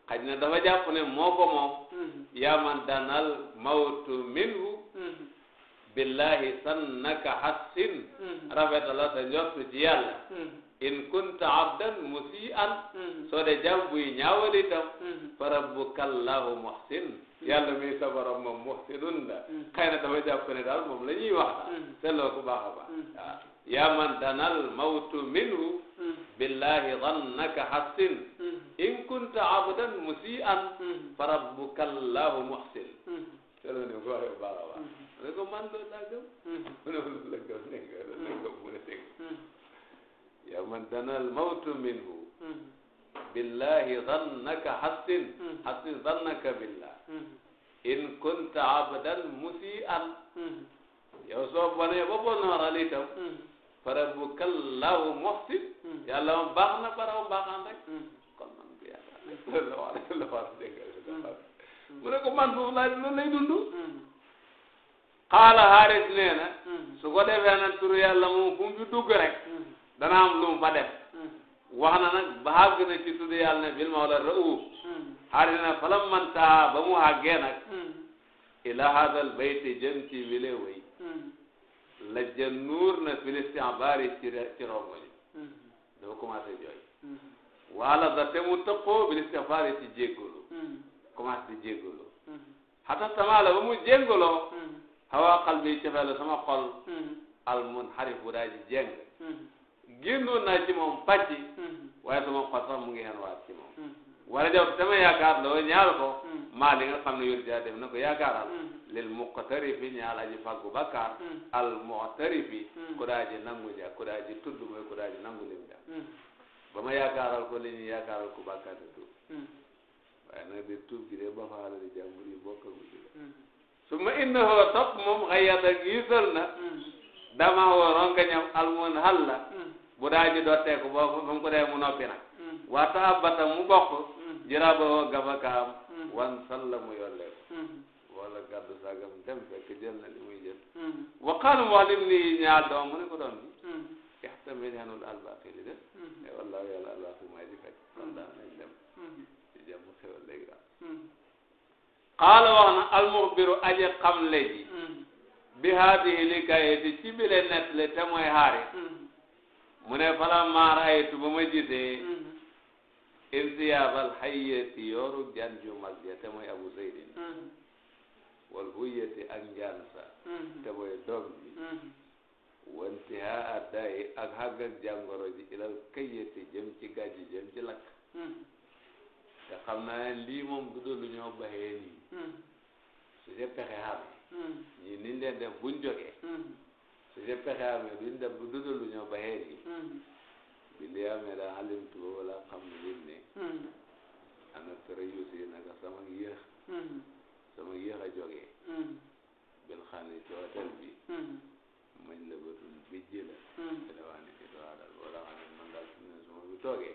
xaj na dafa jàpp ne moo ko moom yaman danal mawtu minhu billahi sannaka hassin rafetala sa njortu ci yàlla in kunta abdan musian mm-hmm. soo de jàm buy ñaawal itam mm-hmm. fa rabbuka allahu muhsin mm-hmm. yàlla mi sa borom moom muhsinun la xëy na dafa jàpp ne daal moom la ñuy wax a setloo ko baax a baax waaw yaa man danal mawtu minhu billahi dannaka hassin in kunta abdan musian fa rabbuka allahu muhsin baax a baax ne ko man (laughs) la yow man danal mawtu minhu billahi zannaka hassin hassin zannaka billah in kunta abdan musian yow soo bonee ba bonooral itam fa rabbuka llahu muhsin yàlla moom baax na baraw mbaaxaan rek kon man bi yàlla la war la war dégg mu ne ko man foofu laa loolu lay dund xaala xaarit nee na su ko defee nag turu yàlla moom fu mu fi dugg rek dana lu mu fa def hmm. wax na nag ba àgg na ci tudde yàlla ne bil mawla rauf hmm. xaari na falam man taa ba mu àggee hmm. ila hadal bayti jëm ci wile la jën nuur na filistin baari ci ci rongoñ dafa commencé jooy wala da te mu tëqoo filistin baari ci jéggulu commencé di jéggulu sama la ba mu jénguloo hawa xal bi sama xol al mun xarif bu daa ji génnoon naa ci moom pàcc mm-hmm. waaye sama xol sax mu ngi xen waat ci moom mm-hmm. wala def sama yaakaar loo ñaal ko mm-hmm. maa li nga xam ne yóru jaa def na ko yaakaaral lil muqtarifi ñaal aji fàggu bakkaar al muqtarifi ku daa ji nangu ja ku daa ji tudd mooy ku daa ji nangu lim ja ba ma yaakaaral ko li ñuy yaakaaral ko bàkkaar di tuub waaye di tuub gi de ba faala di jàmbur yi bokkagu ci la su ma innahoo topp moom giisal na dama woo rongañam almun halla bu daa ji dotteeku boo ko ba ko dee mu noppi nag mm. waxta mu bokk mm. jëraba woo gabakaam mm. wan salla mu yolleeku wala gàddu sagam dem fekk jël na li muy mu wax lim ni ñaar doom mu ne ko doon bi yaxtamil henul albaqi li def e eh, wallaahu yàlla albaqi may di fekk kon daal nañ dem ci jàmm xewal bi haadihi li kaye di ci bile nett le te mooy mu ne fala maar ay tu ba ma gisee mm-hmm. intiyaabal xayyati yooru jaan ju mag ja te mooy abu zaydin mm-hmm. wal huyati ak njaan sa mm-hmm. te mooy doom ji wantihaa addayi ak xàggal jàngoro ji ilal kayyati jëm ci gàjji jëm ci lakk te xam naa ne lii moom du lu ñoo baxee nii su ca pexe xam ñii niñ leen def buñ jógee su ci pexe amee duñ def lu dudul lu ñoo baxee ji bi li amee daa alim tuba wala xam lim ne hmm. na tara yuus yi naka sama yéex hmm. sama yéex a jógee hmm. bil xaani ci hôtel bi mañ la batul bijji la te dawaa ne ci doxadal wala xam ne man daal su ne suma bi toogee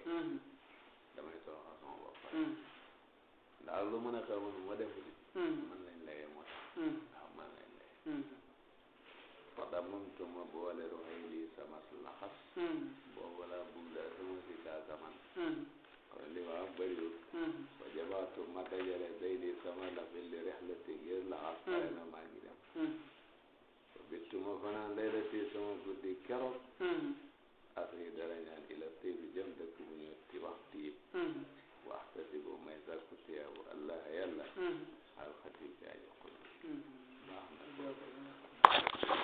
damay toroxa sama bopp ndax lu mën a xew man ma def li man lañ layee moo tax waaw man lañ layee fadamam tuma boole ruhayli sama laxas boobu laa bugg la sama hmm. hmm. si kaa zaman kon li ma bëriwul ba jabaatu ma dajale day ni sama lafi li rexlati ngir laxas pare na maa ngi dem ba bittuma fanaan laylati sama guddi keroog asri dara ñaan ila tibi jëm dëkk bu ñu ti wax tiib waxta si bu may sàkku tiyaabu allah yàlla alxati kaa jox ko baax na